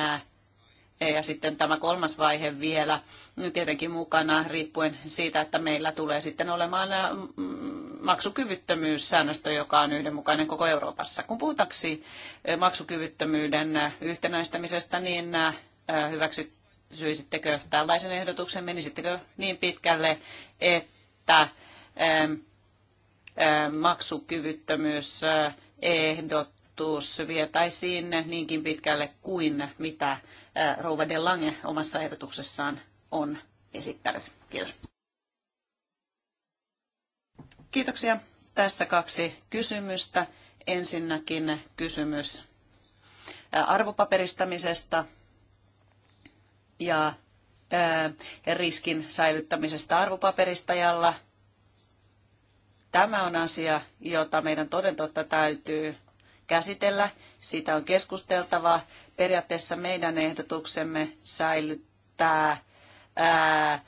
ja sitten tämä kolmas vaihe vielä tietenkin mukana riippuen siitä, että meillä tulee sitten olemaan maksukyvyttömyyssäännöstö, joka on yhdenmukainen koko Euroopassa. Kun puhutaksi maksukyvyttömyyden yhtenäistämisestä, niin hyväksyisittekö tällaisen ehdotuksen, menisittekö niin pitkälle, että maksukyvyttömyysehdot ehdotus vietäisiin niinkin pitkälle kuin mitä Rouva de Lange omassa ehdotuksessaan on esittänyt. Kiitos. Kiitoksia. Tässä kaksi kysymystä. Ensinnäkin kysymys arvopaperistamisesta ja riskin säilyttämisestä arvopaperistajalla. Tämä on asia, jota meidän toden totta täytyy käsitellä. Siitä on keskusteltava. Periaatteessa meidän ehdotuksemme säilyttää ää,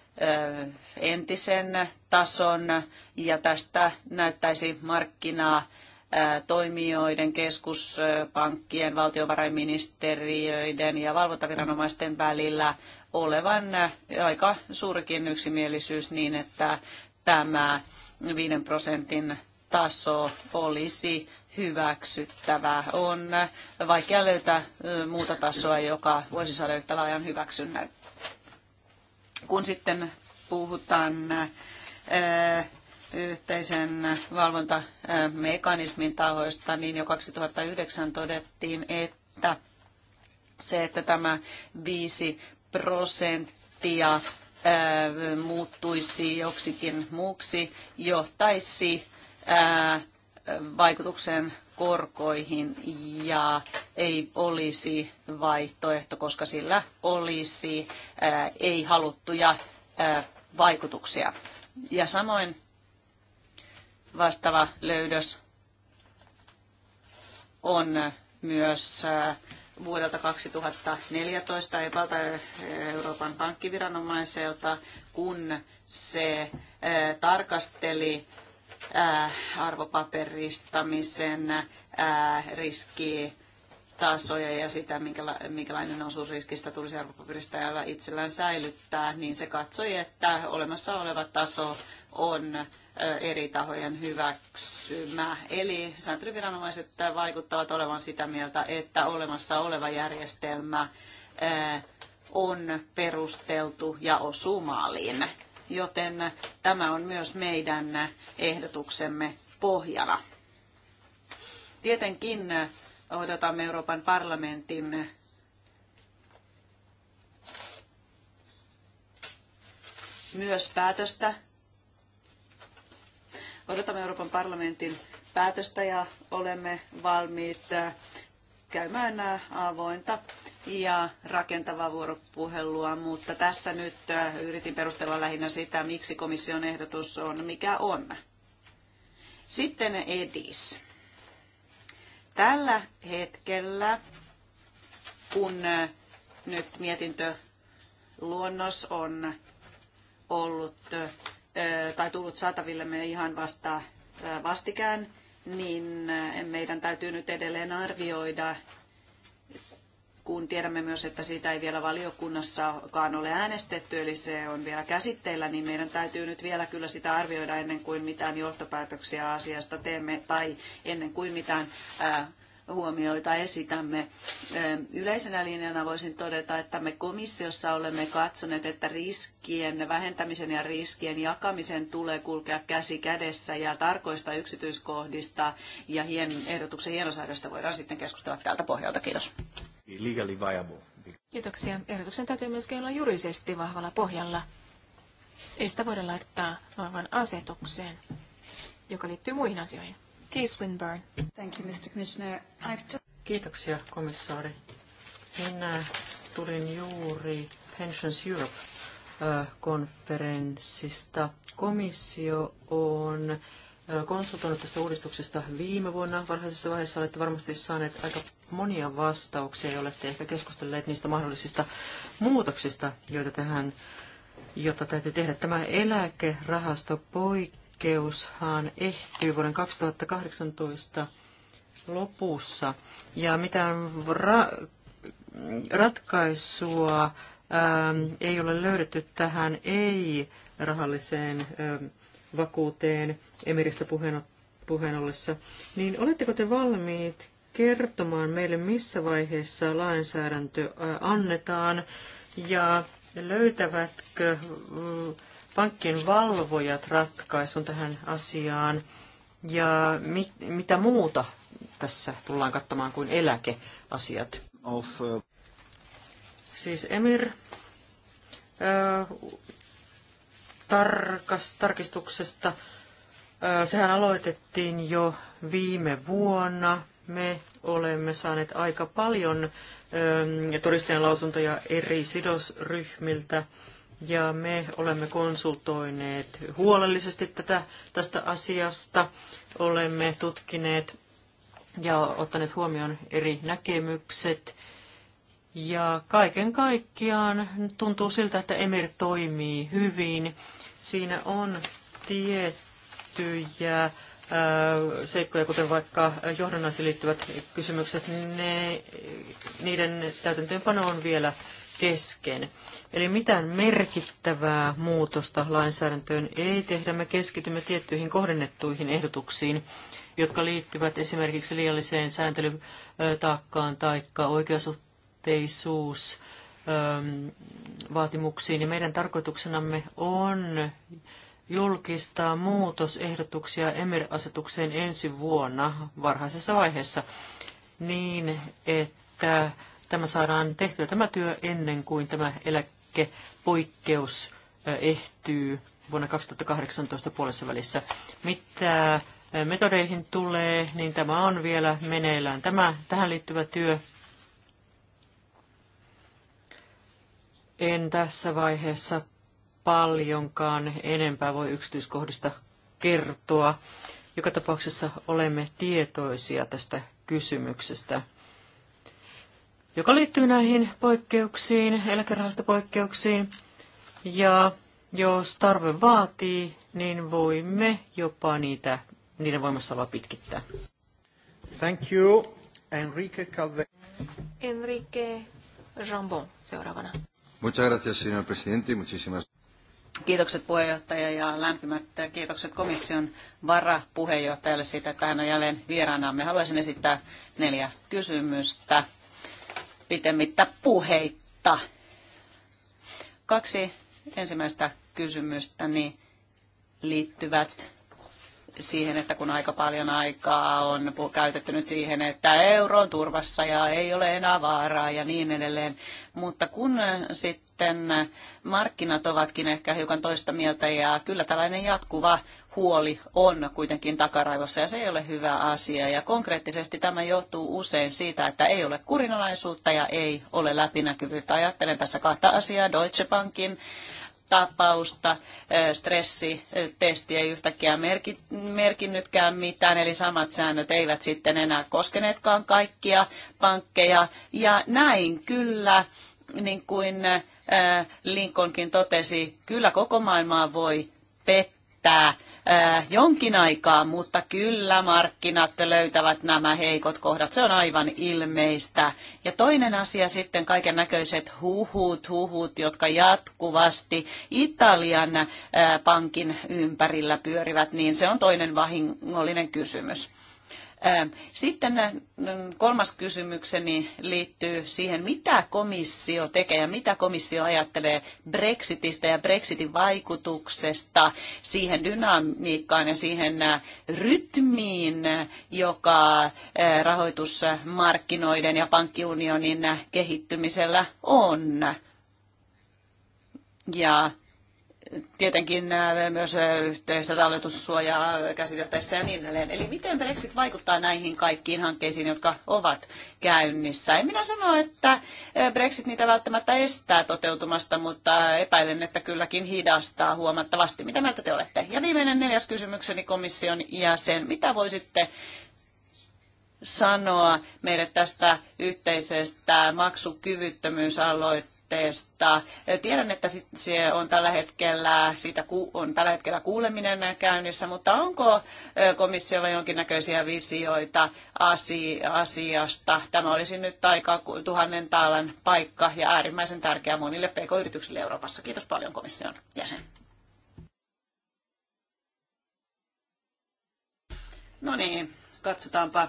entisen tason ja tästä näyttäisi markkinaa toimijoiden, keskuspankkien, valtiovarainministeriöiden ja valvontaviranomaisten välillä olevan aika suurikin yksimielisyys niin, että tämä 5 prosentin taso olisi hyväksyttävää. On vaikea löytää muuta tasoa, joka voisi saada yhtä laajan hyväksynnän. Kun sitten puhutaan yhteisen valvontamekanismin tahoista, niin jo 2009 todettiin, että se, että tämä 5 prosenttia muuttuisi joksikin muuksi, johtaisi vaikutukseen korkoihin ja ei olisi vaihtoehto, koska sillä olisi ei-haluttuja vaikutuksia. Ja samoin vastaava löydös on myös vuodelta 2014 EPALta Euroopan pankkiviranomaiselta, kun se tarkasteli Äh, arvopaperistamisen äh, riskitasoja ja sitä, minkälainen osuus riskistä tulisi arvopaperistajalla itsellään säilyttää, niin se katsoi, että olemassa oleva taso on äh, eri tahojen hyväksymä. Eli sääntelyviranomaiset vaikuttavat olevan sitä mieltä, että olemassa oleva järjestelmä on perusteltu ja osuu maaliin joten tämä on myös meidän ehdotuksemme pohjana. Tietenkin odotamme Euroopan parlamentin myös päätöstä. Odotamme Euroopan parlamentin päätöstä ja olemme valmiit käymään avointa ja rakentavaa vuoropuhelua, mutta tässä nyt äh, yritin perustella lähinnä sitä, miksi komission ehdotus on mikä on. Sitten EDIS. Tällä hetkellä, kun äh, nyt mietintöluonnos on ollut äh, tai tullut saataville me ihan vasta vastikään, niin meidän täytyy nyt edelleen arvioida kun tiedämme myös, että siitä ei vielä valiokunnassakaan ole äänestetty, eli se on vielä käsitteillä, niin meidän täytyy nyt vielä kyllä sitä arvioida ennen kuin mitään johtopäätöksiä asiasta teemme tai ennen kuin mitään huomioita esitämme. Yleisenä linjana voisin todeta, että me komissiossa olemme katsoneet, että riskien vähentämisen ja riskien jakamisen tulee kulkea käsi kädessä ja tarkoista yksityiskohdista ja hien, ehdotuksen hienosäädöstä voidaan sitten keskustella tältä pohjalta. Kiitos legally viable. Kiitoksia. Ehdotuksen täytyy myös olla juridisesti vahvalla pohjalla. Ei sitä voida laittaa vahvan asetukseen, joka liittyy muihin asioihin. Keith Winburn. Thank you, Mr. Commissioner. I've just... Kiitoksia, komissaari. Minä tulin juuri Pensions Europe-konferenssista. Komissio on konsultoinut tästä uudistuksesta viime vuonna. Varhaisessa vaiheessa olette varmasti saaneet aika monia vastauksia ja olette ehkä keskustelleet niistä mahdollisista muutoksista, joita tähän, jota täytyy tehdä. Tämä eläkerahastopoikkeushan ehtyy vuoden 2018 lopussa ja mitään ra- ratkaisua ää, ähm, ei ole löydetty tähän ei-rahalliseen ähm, vakuuteen. Emiristä puheen, puheen ollessa, niin oletteko te valmiit kertomaan meille, missä vaiheessa lainsäädäntö annetaan ja löytävätkö mm, pankkien valvojat ratkaisun tähän asiaan ja mit, mitä muuta tässä tullaan katsomaan kuin eläkeasiat? Of, uh... Siis Emir, tarkas, tarkistuksesta Sehän aloitettiin jo viime vuonna. Me olemme saaneet aika paljon todistajan lausuntoja eri sidosryhmiltä ja me olemme konsultoineet huolellisesti tätä, tästä asiasta. Olemme tutkineet ja ottaneet huomioon eri näkemykset. Ja kaiken kaikkiaan tuntuu siltä, että Emir toimii hyvin. Siinä on tietty tiettyjä seikkoja, kuten vaikka johdannaisiin liittyvät kysymykset, ne, niiden täytäntöönpano on vielä kesken. Eli mitään merkittävää muutosta lainsäädäntöön ei tehdä. Me keskitymme tiettyihin kohdennettuihin ehdotuksiin, jotka liittyvät esimerkiksi liialliseen sääntelytaakkaan tai oikeasuhteisuus vaatimuksiin. Ja meidän tarkoituksenamme on julkistaa muutosehdotuksia Emir-asetukseen ensi vuonna varhaisessa vaiheessa niin, että tämä saadaan tehtyä tämä työ ennen kuin tämä eläkepoikkeus ehtyy vuonna 2018 puolessa välissä. Mitä metodeihin tulee, niin tämä on vielä meneillään tämä, tähän liittyvä työ. En tässä vaiheessa paljonkaan enempää voi yksityiskohdista kertoa. Joka tapauksessa olemme tietoisia tästä kysymyksestä, joka liittyy näihin poikkeuksiin, eläkerahastopoikkeuksiin. Ja jos tarve vaatii, niin voimme jopa niitä, niiden voimassaoloa pitkittää. Thank you, Enrique Calve. Enrique Jambon seuraavana. Muchas gracias, señor presidente. Muchísimas gracias. Kiitokset puheenjohtaja ja lämpimät kiitokset komission varapuheenjohtajalle siitä, että hän on jälleen vieraanaamme. Haluaisin esittää neljä kysymystä pitemmittä puheitta. Kaksi ensimmäistä kysymystä niin liittyvät siihen, että kun aika paljon aikaa on käytetty nyt siihen, että euro on turvassa ja ei ole enää vaaraa ja niin edelleen. Mutta kun sitten sitten markkinat ovatkin ehkä hiukan toista mieltä ja kyllä tällainen jatkuva huoli on kuitenkin takaraivossa ja se ei ole hyvä asia. Ja konkreettisesti tämä johtuu usein siitä, että ei ole kurinalaisuutta ja ei ole läpinäkyvyyttä. Ajattelen tässä kahta asiaa, Deutsche Bankin tapausta, stressitesti ei yhtäkkiä merki, merkinnytkään mitään, eli samat säännöt eivät sitten enää koskeneetkaan kaikkia pankkeja. Ja näin kyllä, niin kuin Äh, Lincolnkin totesi, kyllä koko maailmaa voi pettää äh, jonkin aikaa, mutta kyllä markkinat löytävät nämä heikot kohdat. Se on aivan ilmeistä. Ja toinen asia sitten kaiken näköiset huhut, huhut, jotka jatkuvasti Italian äh, pankin ympärillä pyörivät, niin se on toinen vahingollinen kysymys. Ähm, sitten äh, kolmas kysymykseni liittyy siihen, mitä komissio tekee ja mitä komissio ajattelee Brexitistä ja Brexitin vaikutuksesta siihen dynamiikkaan ja siihen äh, rytmiin, joka äh, rahoitusmarkkinoiden ja pankkiunionin kehittymisellä on. Ja tietenkin myös yhteistä talletussuojaa käsiteltäessä ja niin edelleen. Eli miten Brexit vaikuttaa näihin kaikkiin hankkeisiin, jotka ovat käynnissä? En minä sano, että Brexit niitä välttämättä estää toteutumasta, mutta epäilen, että kylläkin hidastaa huomattavasti. Mitä mieltä te olette? Ja viimeinen neljäs kysymykseni komission jäsen. Mitä voisitte sanoa meille tästä yhteisestä maksukyvyttömyysaloitteesta? aloitteesta. Tiedän, että se on tällä hetkellä, siitä on tällä hetkellä kuuleminen käynnissä, mutta onko komissiolla jonkinnäköisiä visioita asiasta? Tämä olisi nyt aika tuhannen taalan paikka ja äärimmäisen tärkeä monille pk-yrityksille Euroopassa. Kiitos paljon komission jäsen. No niin, katsotaanpa.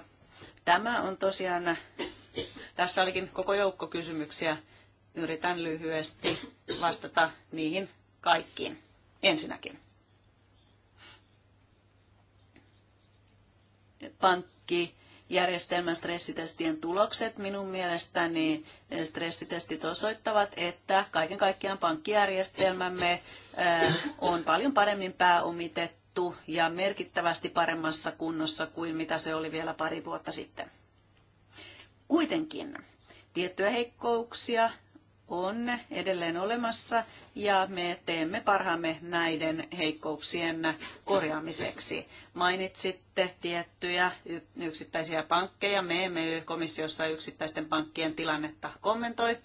Tämä on tosiaan, tässä olikin koko joukko kysymyksiä Yritän lyhyesti vastata niihin kaikkiin. Ensinnäkin. Pankki järjestelmän stressitestien tulokset minun mielestäni eh, stressitestit osoittavat, että kaiken kaikkiaan pankkijärjestelmämme eh, on paljon paremmin pääomitettu ja merkittävästi paremmassa kunnossa kuin mitä se oli vielä pari vuotta sitten. Kuitenkin tiettyjä heikkouksia on edelleen olemassa ja me teemme parhaamme näiden heikkouksien korjaamiseksi. Mainitsitte tiettyjä yksittäisiä pankkeja. Me emme komissiossa yksittäisten pankkien tilannetta kommentoi.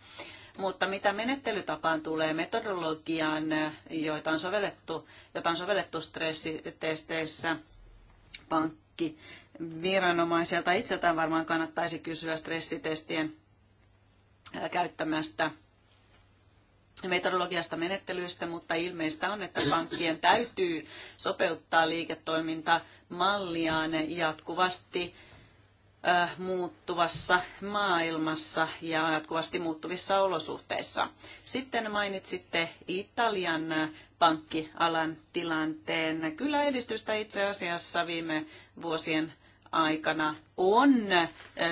Mutta mitä menettelytapaan tulee metodologiaan, joita on sovellettu, jota on sovellettu stressitesteissä pankkiviranomaiselta itseltään varmaan kannattaisi kysyä stressitestien käyttämästä metodologiasta menettelyistä, mutta ilmeistä on, että pankkien täytyy sopeuttaa liiketoimintamalliaan jatkuvasti muuttuvassa maailmassa ja jatkuvasti muuttuvissa olosuhteissa. Sitten mainitsitte Italian pankkialan tilanteen. Kyllä edistystä itse asiassa viime vuosien aikana on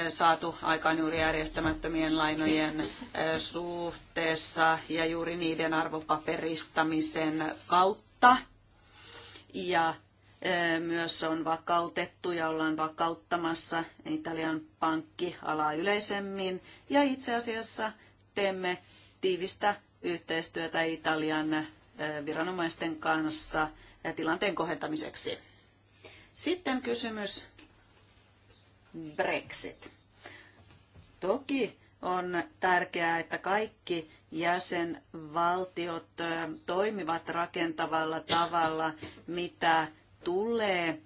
saatu aikaan juuri järjestämättömien lainojen suhteessa ja juuri niiden arvopaperistamisen kautta. Ja myös on vakautettu ja ollaan vakauttamassa Italian pankkialaa yleisemmin. Ja itse asiassa teemme tiivistä yhteistyötä Italian viranomaisten kanssa tilanteen kohentamiseksi. Sitten kysymys Brexit. Toki on tärkeää, että kaikki jäsenvaltiot toimivat rakentavalla tavalla, mitä tulee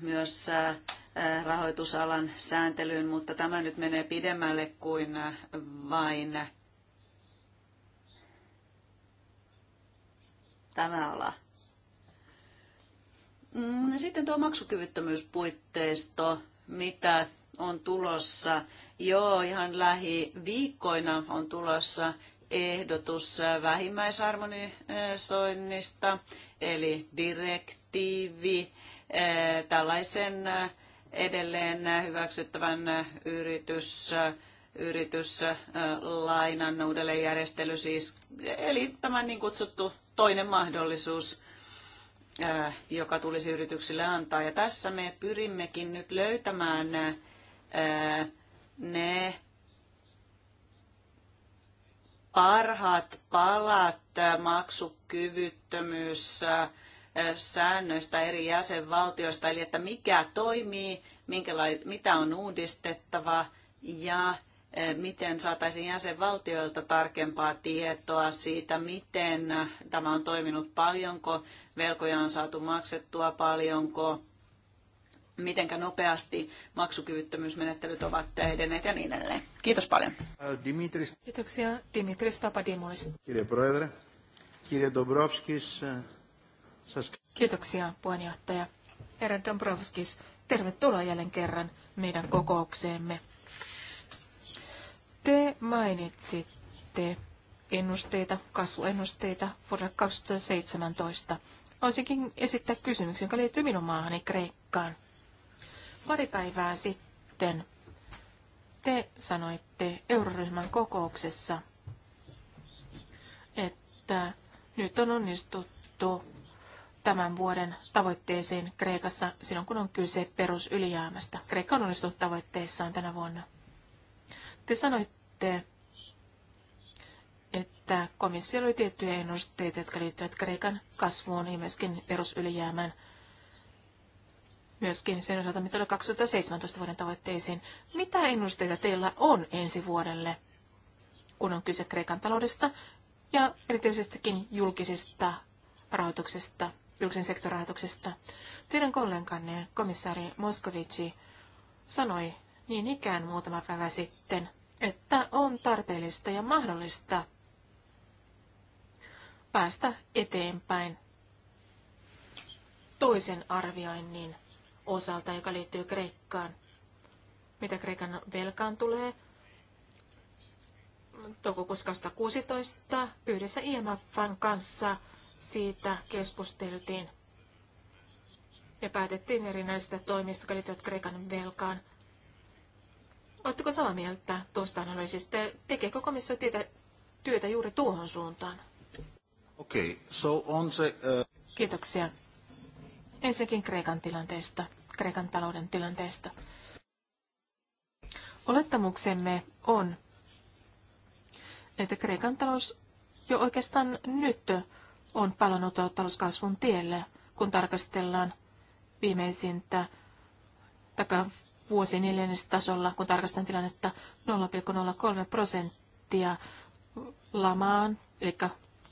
myös rahoitusalan sääntelyyn, mutta tämä nyt menee pidemmälle kuin vain tämä ala. Mm, sitten tuo maksukyvyttömyyspuitteisto mitä on tulossa. Joo, ihan lähiviikkoina on tulossa ehdotus vähimmäisharmonisoinnista, eli direktiivi eh, tällaisen eh, edelleen hyväksyttävän eh, yritys yrityslainan uudelleenjärjestely siis, eli tämä niin kutsuttu toinen mahdollisuus Äh, joka tulisi yrityksille antaa. Ja tässä me pyrimmekin nyt löytämään äh, ne parhaat palat äh, maksukyvyttömyys säännöistä eri jäsenvaltioista, eli että mikä toimii, mitä on uudistettava ja Eh, miten saataisiin jäsenvaltioilta tarkempaa tietoa siitä, miten tämä on toiminut, paljonko velkoja on saatu maksettua, paljonko, miten nopeasti maksukyvyttömyysmenettelyt ovat edenneet ja niin edelleen. Kiitos paljon. Eh, Dimitris. Kiitoksia. Dimitris Papadimoulis. Kirja Proedre. Kirja Dobrovskis. Eh, Kiitoksia puheenjohtaja. Herra Dombrovskis, tervetuloa jälleen kerran meidän kokoukseemme. Te mainitsitte ennusteita, kasvuennusteita vuodelle 2017. Olisikin esittää kysymyksen, joka liittyy minun maahani Kreikkaan. Pari päivää sitten te sanoitte euroryhmän kokouksessa, että nyt on onnistuttu tämän vuoden tavoitteisiin Kreikassa silloin, kun on kyse perusylijäämästä. Kreikka on onnistunut tavoitteissaan tänä vuonna. Te sanoitte, että komissio oli tiettyjä ennusteita, jotka liittyvät Kreikan kasvuun ja myöskin perusylijäämään myöskin sen osalta, mitä oli 2017 vuoden tavoitteisiin. Mitä ennusteita teillä on ensi vuodelle, kun on kyse Kreikan taloudesta ja erityisestikin julkisesta rahoituksesta, julkisen sektorin rahoituksesta? Teidän kolleganne, komissaari Moskovici, sanoi niin ikään muutama päivä sitten, että on tarpeellista ja mahdollista päästä eteenpäin toisen arvioinnin osalta, joka liittyy Kreikkaan. Mitä Kreikan velkaan tulee, toukokuussa 2016 yhdessä IMFn kanssa siitä keskusteltiin ja päätettiin erinäistä toimista, jotka liittyvät Kreikan velkaan. Oletteko samaa mieltä tuosta analyysistä? Tekeekö komissio tietä, työtä juuri tuohon suuntaan? Okay, so on se, uh... Kiitoksia. Ensinnäkin Kreikan tilanteesta, Kreikan talouden tilanteesta. Olettamuksemme on, että Kreikan talous jo oikeastaan nyt on palannut talouskasvun tielle, kun tarkastellaan viimeisintä taka vuosineljännestä kun tarkastan tilannetta 0,03 prosenttia lamaan, eli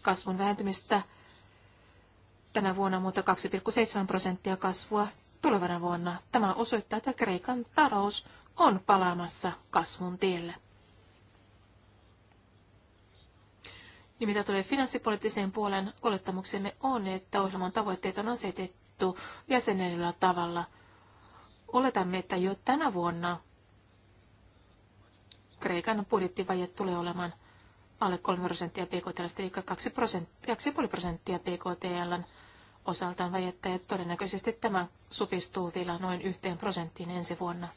kasvun vähentymistä tänä vuonna, mutta 2,7 prosenttia kasvua tulevana vuonna. Tämä osoittaa, että Kreikan talous on palaamassa kasvun tielle. Ja mitä tulee finanssipoliittiseen puolen, olettamuksemme on, että ohjelman tavoitteet on asetettu jäsenellä tavalla – Oletamme, että jo tänä vuonna Kreikan budjettivaje tulee olemaan alle 3 prosenttia BKT, siis eli prosenttia, 2,5 prosenttia BKT osaltaan vajetta, ja todennäköisesti tämä supistuu vielä noin yhteen prosenttiin ensi vuonna.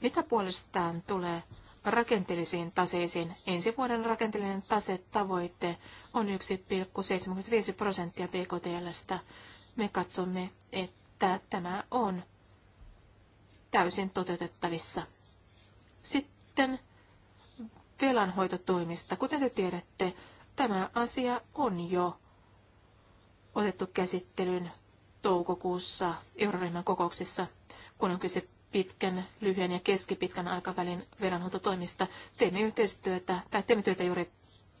Mitä puolestaan tulee rakenteellisiin taseisiin? Ensi vuoden rakenteellinen tasetavoite on 1,75 prosenttia BKT. Me katsomme, että tämä on täysin toteutettavissa. Sitten velanhoitotoimista. Kuten te tiedätte, tämä asia on jo otettu käsittelyyn toukokuussa euroryhmän kokouksessa, kun on kyse pitkän, lyhyen ja keskipitkän aikavälin velanhoitotoimista. Teemme yhteistyötä, tai teemme työtä juuri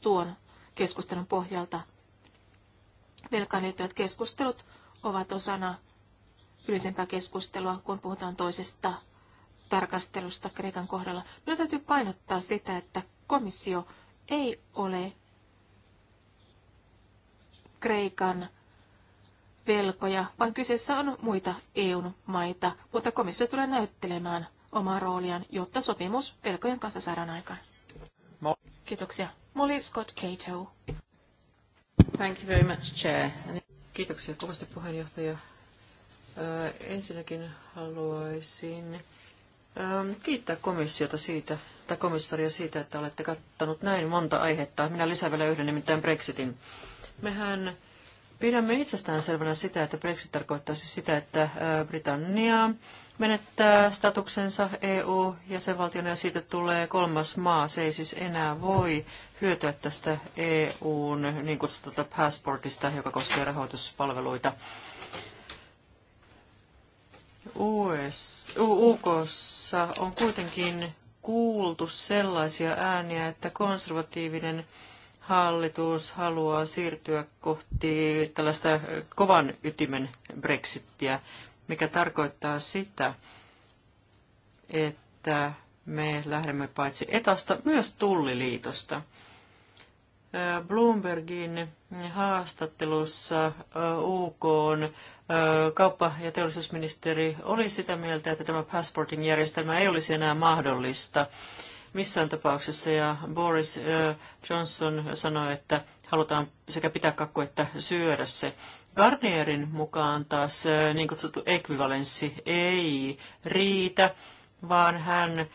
tuon keskustelun pohjalta. Velkaan liittyvät keskustelut ovat osana yleisempää keskustelua, kun puhutaan toisesta tarkastelusta Kreikan kohdalla. Minun täytyy painottaa sitä, että komissio ei ole Kreikan velkoja, vaan kyseessä on muita eu maita, mutta komissio tulee näyttelemään omaa rooliaan, jotta sopimus velkojen kanssa saadaan aikaan. Kiitoksia. Molly Scott Cato. Thank you very much, Chair. Kiitoksia kovasti puheenjohtaja. Ensinnäkin haluaisin kiittää komissiota siitä, tai komissaria siitä, että olette kattanut näin monta aihetta. Minä lisään vielä yhden, nimittäin Brexitin. Mehän pidämme itsestään selvänä sitä, että Brexit tarkoittaisi sitä, että Britannia menettää statuksensa EU-jäsenvaltiona ja siitä tulee kolmas maa. Se ei siis enää voi hyötyä tästä EUn niin kutsutulta passportista, joka koskee rahoituspalveluita. UKssa on kuitenkin kuultu sellaisia ääniä, että konservatiivinen hallitus haluaa siirtyä kohti tällaista kovan ytimen brexittiä, mikä tarkoittaa sitä, että me lähdemme paitsi etasta myös tulliliitosta. Bloombergin haastattelussa UK on kauppa- ja teollisuusministeri oli sitä mieltä, että tämä passportin järjestelmä ei olisi enää mahdollista missään tapauksessa. Ja Boris Johnson sanoi, että halutaan sekä pitää kakku että syödä se. Garnierin mukaan taas niin kutsuttu ekvivalenssi ei riitä, vaan hän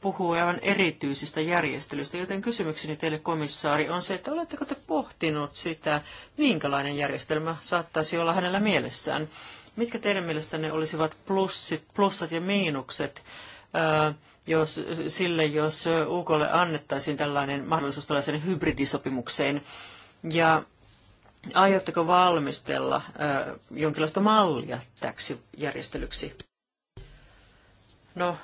puhuu aivan erityisistä järjestelyistä, joten kysymykseni teille komissaari on se, että oletteko te pohtinut sitä, minkälainen järjestelmä saattaisi olla hänellä mielessään? Mitkä teidän mielestänne olisivat plussit, plussat ja miinukset jos, sille, jos UKlle annettaisiin tällainen mahdollisuus tällaiseen hybridisopimukseen? Ja aiotteko valmistella jonkinlaista mallia täksi järjestelyksi? No,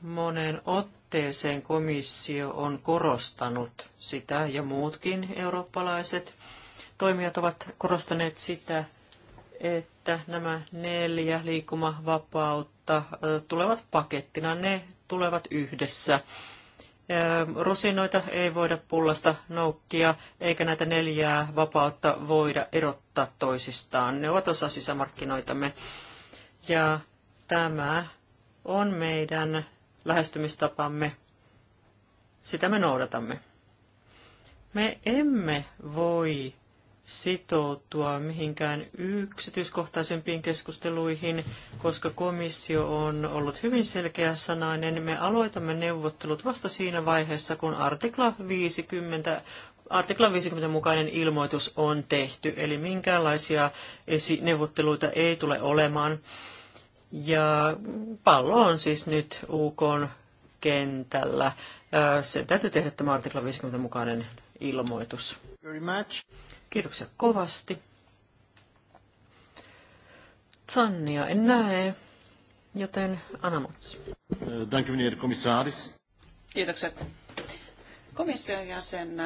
Monen otteeseen komissio on korostanut sitä ja muutkin eurooppalaiset toimijat ovat korostaneet sitä, että nämä neljä liikkumavapautta tulevat pakettina, ne tulevat yhdessä. Rusinoita ei voida pullasta noukkia, eikä näitä neljää vapautta voida erottaa toisistaan. Ne ovat osa sisämarkkinoitamme. Ja tämä on meidän lähestymistapamme. Sitä me noudatamme. Me emme voi sitoutua mihinkään yksityiskohtaisempiin keskusteluihin, koska komissio on ollut hyvin selkeä sanainen. Me aloitamme neuvottelut vasta siinä vaiheessa, kun artikla 50 Artikla 50 mukainen ilmoitus on tehty, eli minkäänlaisia neuvotteluita ei tule olemaan. Ja pallo on siis nyt UK kentällä. Sen täytyy tehdä tämä artikla 50 mukainen ilmoitus. Very much. Kiitoksia kovasti. Sannia en näe, joten Anamats. Danke, meneer commissaris. Kiitokset. Komission jäsen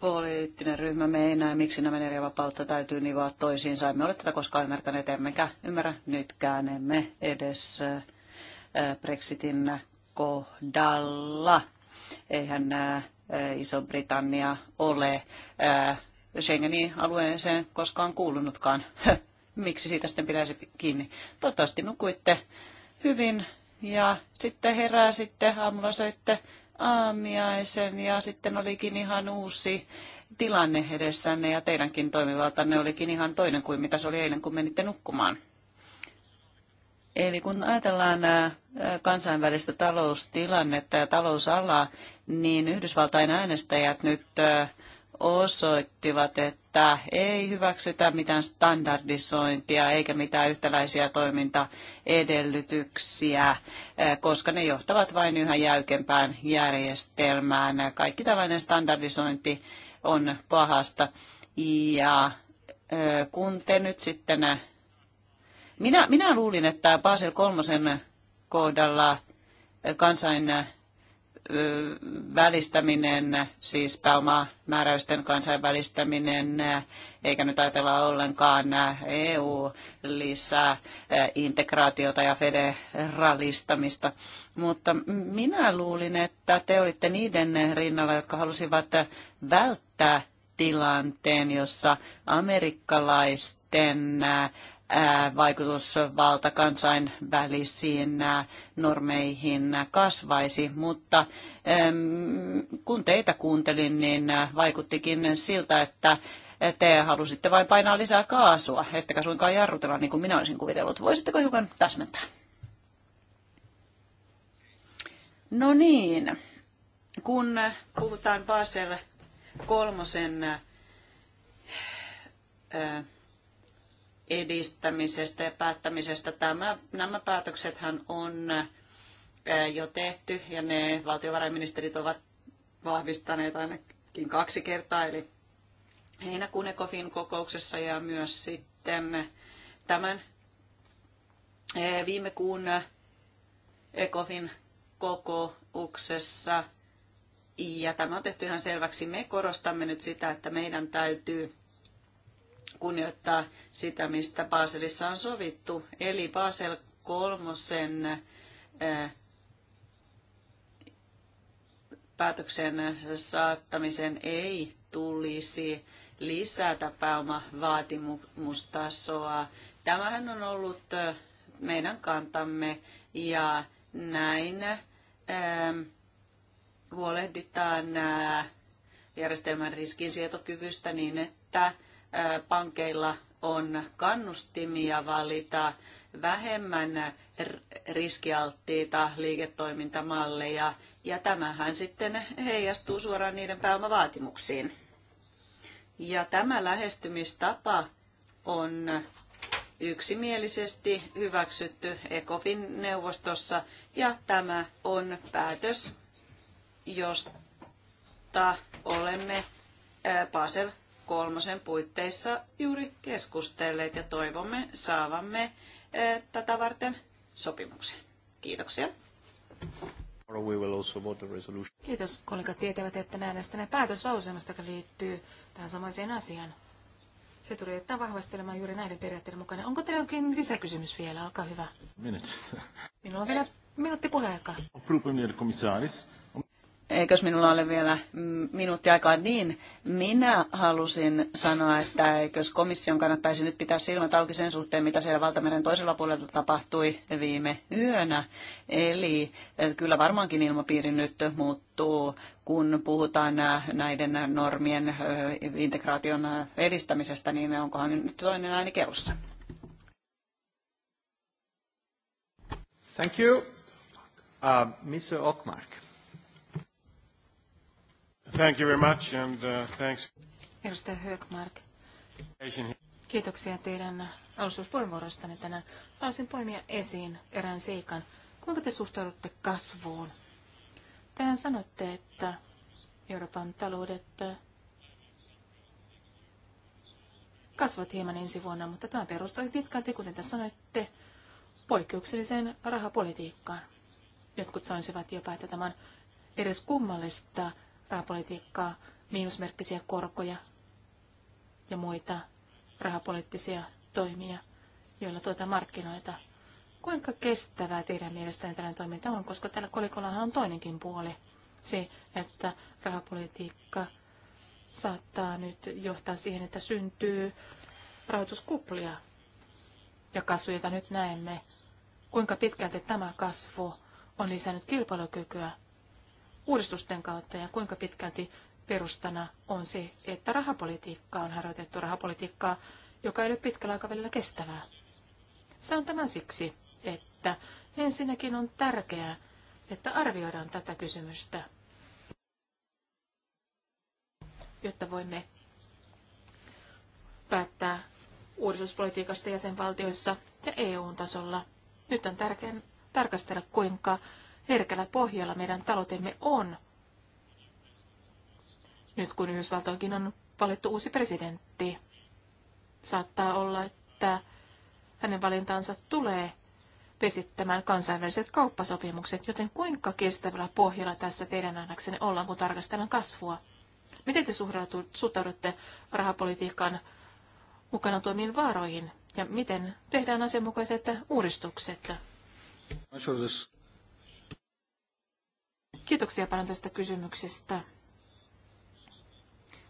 poliittinen ryhmä meinaa, miksi nämä neljä vapautta täytyy nivoa toisiinsa. Emme ole tätä koskaan ymmärtäneet, emmekä ymmärrä nytkään, emme edes Brexitin kohdalla. Eihän Iso-Britannia ole Schengenin alueeseen koskaan kuulunutkaan. Miksi siitä sitten pitäisi kiinni? Toivottavasti nukuitte hyvin ja sitten heräsitte, aamulla söitte aamiaisen ja sitten olikin ihan uusi tilanne edessänne ja teidänkin toimivaltanne olikin ihan toinen kuin mitä se oli eilen, kun menitte nukkumaan. Eli kun ajatellaan kansainvälistä taloustilannetta ja talousalaa, niin Yhdysvaltain äänestäjät nyt osoittivat, että ei hyväksytä mitään standardisointia eikä mitään yhtäläisiä toimintaedellytyksiä, eh, koska ne johtavat vain yhä jäykempään järjestelmään. Kaikki tällainen standardisointi on pahasta. Ja eh, kun te nyt sitten... Eh, minä, minä luulin, että Basel kolmosen kohdalla kansain välistäminen, siis pääomamääräysten kansainvälistäminen, eikä nyt ajatella ollenkaan EU lisää integraatiota ja federalistamista. Mutta minä luulin, että te olitte niiden rinnalla, jotka halusivat välttää tilanteen, jossa amerikkalaisten vaikutusvalta kansainvälisiin normeihin kasvaisi, mutta kun teitä kuuntelin, niin vaikuttikin siltä, että te halusitte vain painaa lisää kaasua, ettekä suinkaan jarrutella niin kuin minä olisin kuvitellut. Voisitteko hiukan täsmentää? No niin, kun puhutaan Basel kolmosen edistämisestä ja päättämisestä. Tämä, nämä päätöksethän on jo tehty ja ne valtiovarainministerit ovat vahvistaneet ainakin kaksi kertaa, eli heinäkuun ECOFIN kokouksessa ja myös sitten tämän viime kuun ECOFIN kokouksessa. Ja tämä on tehty ihan selväksi. Me korostamme nyt sitä, että meidän täytyy kunnioittaa sitä, mistä Baselissa on sovittu. Eli Basel kolmosen eh, päätöksen saattamisen ei tulisi lisätä pääomavaatimustasoa. Tämähän on ollut eh, meidän kantamme ja näin eh, huolehditaan järjestelmän riskinsietokyvystä niin, että pankeilla on kannustimia valita vähemmän riskialttiita liiketoimintamalleja, ja tämähän sitten heijastuu suoraan niiden pääomavaatimuksiin. Ja tämä lähestymistapa on yksimielisesti hyväksytty ECOFIN neuvostossa ja tämä on päätös, josta olemme Basel kolmosen puitteissa juuri keskustelleet ja toivomme saavamme eh, tätä varten sopimuksen. Kiitoksia. Kiitos, kollegat tietävät, että me äänestämme päätöslauselmasta, joka liittyy tähän samaiseen asiaan. Se tuli että vahvastelemaan juuri näiden periaatteiden mukana. Onko teillä jokin lisäkysymys vielä? Olkaa hyvä. Minulla on vielä minuutti puheenjohtaja. Eikös minulla ole vielä minuutti aikaa? Niin, minä halusin sanoa, että eikös komission kannattaisi nyt pitää silmät auki sen suhteen, mitä siellä Valtameren toisella puolella tapahtui viime yönä. Eli eh, kyllä varmaankin ilmapiiri nyt muuttuu, kun puhutaan eh, näiden normien eh, integraation edistämisestä, niin onkohan nyt toinen ääni kerussa? Thank you. Uh, Mr. Ockmark. Thank you very much and uh, thanks. Edustaja Högmark. Kiitoksia teidän alustuspuheenvuorostanne tänään. Haluaisin poimia esiin erään seikan. Kuinka te suhtaudutte kasvuun? Tähän sanotte, että Euroopan taloudet äh, kasvavat hieman ensi vuonna, mutta tämä perustui pitkälti, kuten te sanoitte, poikkeukselliseen rahapolitiikkaan. Jotkut sanoisivat jopa, että tämä on edes kummallista rahapolitiikkaa, miinusmerkkisiä korkoja ja muita rahapoliittisia toimia, joilla tuetaan markkinoita. Kuinka kestävää teidän mielestänne tällainen toiminta on, koska tällä kolikollahan on toinenkin puoli. Se, että rahapolitiikka saattaa nyt johtaa siihen, että syntyy rahoituskuplia ja kasvu, jota nyt näemme. Kuinka pitkälti tämä kasvu on lisännyt kilpailukykyä uudistusten kautta ja kuinka pitkälti perustana on se, että rahapolitiikkaa on harjoitettu rahapolitiikkaa, joka ei ole pitkällä aikavälillä kestävää. Se on tämän siksi, että ensinnäkin on tärkeää, että arvioidaan tätä kysymystä, jotta voimme päättää uudistuspolitiikasta jäsenvaltioissa ja EUn tasolla. Nyt on tärkeää tarkastella, kuinka herkällä pohjalla meidän taloutemme on. Nyt kun Yhdysvaltoinkin on valittu uusi presidentti, saattaa olla, että hänen valintaansa tulee vesittämään kansainväliset kauppasopimukset, joten kuinka kestävällä pohjalla tässä teidän ainaksenne ollaan, kun tarkastellaan kasvua? Miten te suhtaudutte rahapolitiikan mukana tuomiin vaaroihin ja miten tehdään asianmukaiset uudistukset? Kiitoksia paljon tästä kysymyksestä.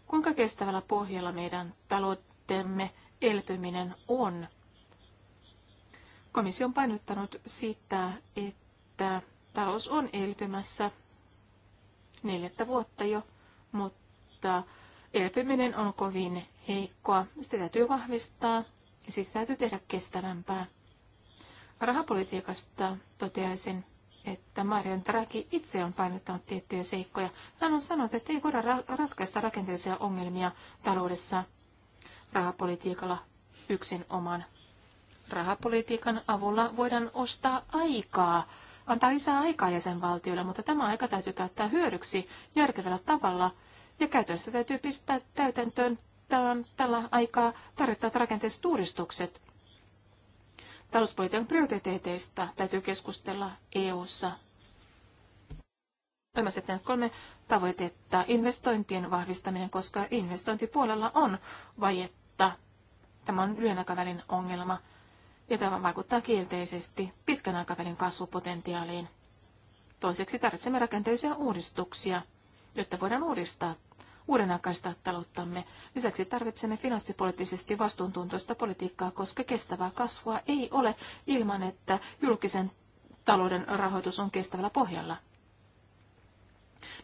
Kuinka kestävällä pohjalla meidän taloutemme elpyminen on? Komissio on painottanut sitä, että talous on elpymässä neljättä vuotta jo, mutta elpyminen on kovin heikkoa. Sitä täytyy vahvistaa ja sitä täytyy tehdä kestävämpää. Rahapolitiikasta toteaisin, että Marian Draghi itse on painottanut tiettyjä seikkoja. Hän on sanonut, että ei voida ra- ratkaista rakenteellisia ongelmia taloudessa rahapolitiikalla yksin oman. Rahapolitiikan avulla voidaan ostaa aikaa, antaa lisää aikaa jäsenvaltioille, mutta tämä aika täytyy käyttää hyödyksi järkevällä tavalla. Ja käytännössä täytyy pistää täytäntöön tällä aikaa tarvittavat rakenteelliset uudistukset talouspolitiikan prioriteeteista täytyy keskustella EU-ssa. Olemme sitten kolme tavoitetta. Investointien vahvistaminen, koska investointipuolella on vajetta. Tämä on lyhyen aikavälin ongelma ja tämä vaikuttaa kielteisesti pitkän aikavälin kasvupotentiaaliin. Toiseksi tarvitsemme rakenteellisia uudistuksia, jotta voidaan uudistaa uudenaikaista talouttamme. Lisäksi tarvitsemme finanssipoliittisesti vastuuntuntoista politiikkaa, koska kestävää kasvua ei ole ilman, että julkisen talouden rahoitus on kestävällä pohjalla.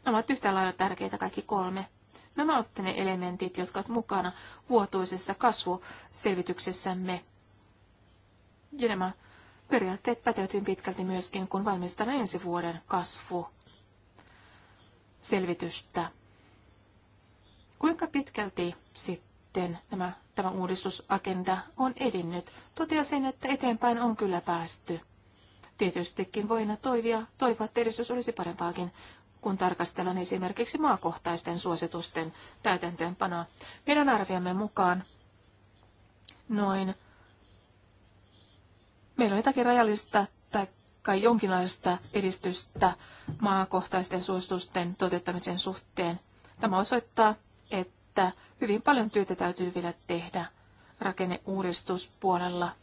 Nämä ovat yhtä lailla tärkeitä kaikki kolme. Nämä ovat ne elementit, jotka ovat mukana vuotuisessa kasvuselvityksessämme. Ja nämä periaatteet päteytyy pitkälti myöskin, kun valmistellaan ensi vuoden kasvu selvitystä. Kuinka pitkälti sitten nämä, tämä uudistusagenda on edinnyt? Toteasin, että eteenpäin on kyllä päästy. Tietystikin voina toivia, toivoa, että edistys olisi parempaakin, kun tarkastellaan esimerkiksi maakohtaisten suositusten täytäntöönpanoa. Meidän arviamme mukaan noin meillä on jotakin rajallista tai kai jonkinlaista edistystä maakohtaisten suositusten toteuttamisen suhteen. Tämä osoittaa, että hyvin paljon työtä täytyy vielä tehdä rakenneuudistuspuolella.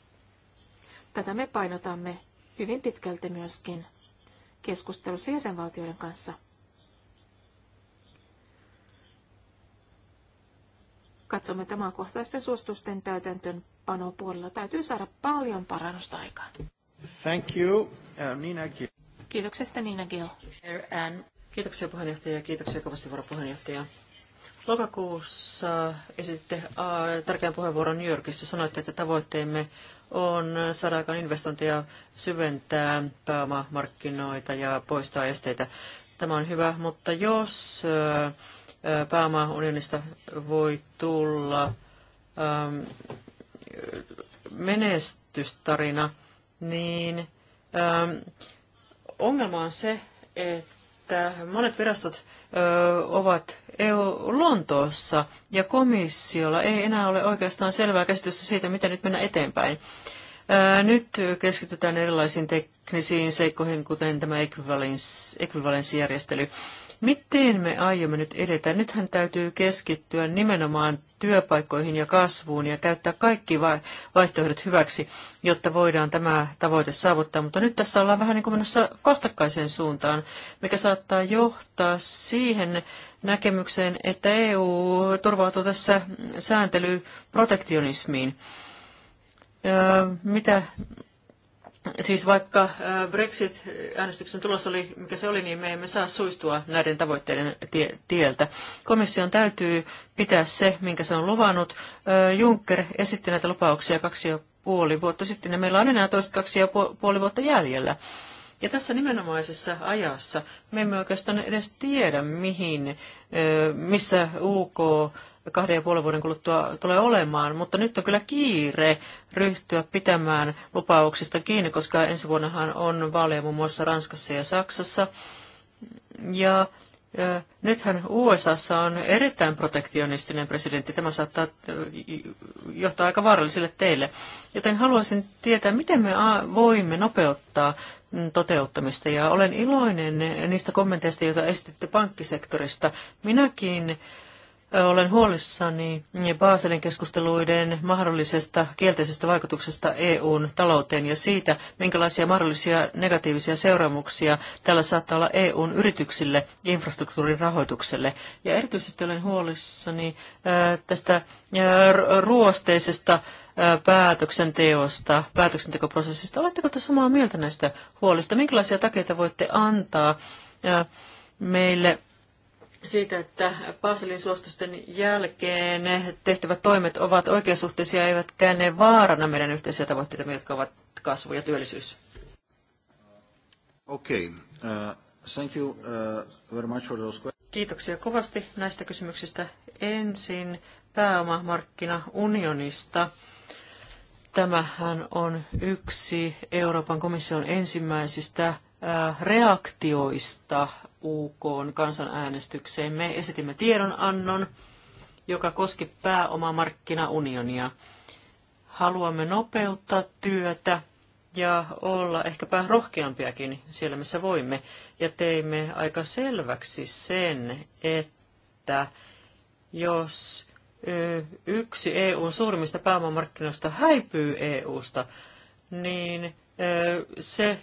Tätä me painotamme hyvin pitkälti myöskin keskustelussa jäsenvaltioiden kanssa. Katsomme tämän kohtaisten suostusten täytäntön panopuolella. Täytyy saada paljon parannusta aikaan. Thank you, uh, Nina Gill. Kiitoksesta Nina Gill. Kiitoksia puheenjohtaja ja kiitoksia kovasti varapuheenjohtaja. Lokakuussa esititte tärkeän puheenvuoron New Yorkissa. Sanoitte, että tavoitteemme on saada aikaan investointeja syventää pääomamarkkinoita ja poistaa esteitä. Tämä on hyvä, mutta jos pääomaunionista voi tulla menestystarina, niin ongelma on se, että monet virastot ovat EU Lontoossa ja komissiolla ei enää ole oikeastaan selvää käsitystä siitä, miten nyt mennä eteenpäin. Nyt keskitytään erilaisiin teknisiin seikkoihin, kuten tämä ekvivalenssijärjestely. Miten me aiomme nyt edetä? Nythän täytyy keskittyä nimenomaan työpaikkoihin ja kasvuun ja käyttää kaikki vaihtoehdot hyväksi, jotta voidaan tämä tavoite saavuttaa. Mutta nyt tässä ollaan vähän niin kuin menossa vastakkaiseen suuntaan, mikä saattaa johtaa siihen näkemykseen, että EU turvautuu tässä sääntelyprotektionismiin. Mitä Siis vaikka äh, Brexit-äänestyksen äh, tulos oli, mikä se oli, niin me emme saa suistua näiden tavoitteiden tie- tieltä. Komission täytyy pitää se, minkä se on luvannut. Äh, Juncker esitti näitä lupauksia kaksi ja puoli vuotta sitten, ja meillä on enää toista kaksi ja puoli vuotta jäljellä. Ja tässä nimenomaisessa ajassa me emme oikeastaan edes tiedä, mihin, missä UK kahden ja puolen vuoden kuluttua tulee olemaan, mutta nyt on kyllä kiire ryhtyä pitämään lupauksista kiinni, koska ensi vuonnahan on vaaleja muun muassa Ranskassa ja Saksassa. Ja ja nythän USA on erittäin protektionistinen presidentti. Tämä saattaa johtaa aika vaarallisille teille. Joten haluaisin tietää, miten me voimme nopeuttaa mm, toteuttamista. Ja olen iloinen niistä kommenteista, joita esititte pankkisektorista. Minäkin olen huolissani Baselin keskusteluiden mahdollisesta kielteisestä vaikutuksesta EUn talouteen ja siitä, minkälaisia mahdollisia negatiivisia seuraamuksia tällä saattaa olla EUn yrityksille ja infrastruktuurin rahoitukselle. Ja erityisesti olen huolissani tästä ruosteisesta päätöksenteosta, päätöksentekoprosessista. Oletteko te samaa mieltä näistä huolista? Minkälaisia takeita voitte antaa meille siitä, että Baselin suostusten jälkeen tehtävät toimet ovat oikeasuhteisia eivätkä ne vaarana meidän yhteisiä tavoitteita, jotka ovat kasvu ja työllisyys. Okay. Uh, thank you, uh, very much for those questions. Kiitoksia kovasti näistä kysymyksistä. Ensin pääomamarkkinaunionista. Tämähän on yksi Euroopan komission ensimmäisistä uh, reaktioista UK kansanäänestykseen. Me esitimme tiedonannon, joka koski pääomamarkkinaunionia. Haluamme nopeuttaa työtä ja olla ehkäpä rohkeampiakin siellä, missä voimme. Ja teimme aika selväksi sen, että jos yksi EUn suurimmista pääomamarkkinoista häipyy EUsta, niin se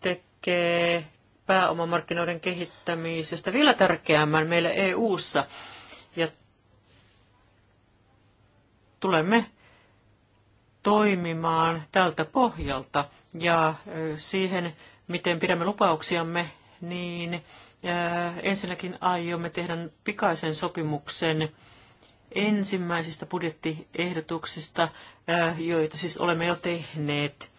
tekee pääomamarkkinoiden kehittämisestä vielä tärkeämmän meille EU:ssa ja tulemme toimimaan tältä pohjalta ja siihen, miten pidämme lupauksiamme, niin ensinnäkin aiomme tehdä pikaisen sopimuksen ensimmäisistä budjettiehdotuksista, joita siis olemme jo tehneet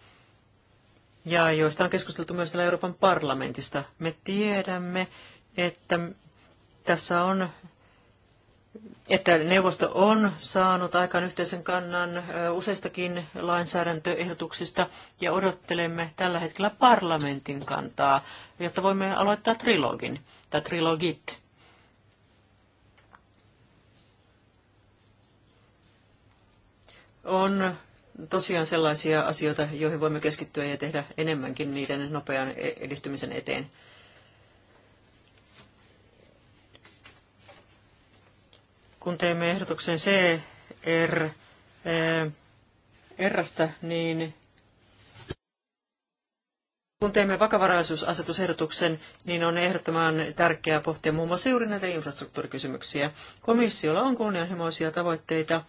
ja joista on keskusteltu myös täällä Euroopan parlamentista. Me tiedämme, että tässä on että neuvosto on saanut aikaan yhteisen kannan useistakin lainsäädäntöehdotuksista ja odottelemme tällä hetkellä parlamentin kantaa, jotta voimme aloittaa trilogin tai trilogit. On tosiaan sellaisia asioita, joihin voimme keskittyä ja tehdä enemmänkin niiden nopean e- edistymisen eteen. Kun teemme ehdotuksen CR, R, e, niin kun teemme vakavaraisuusasetusehdotuksen, niin on ehdottoman tärkeää pohtia muun muassa juuri näitä infrastruktuurikysymyksiä. Komissiolla on kunnianhimoisia tavoitteita,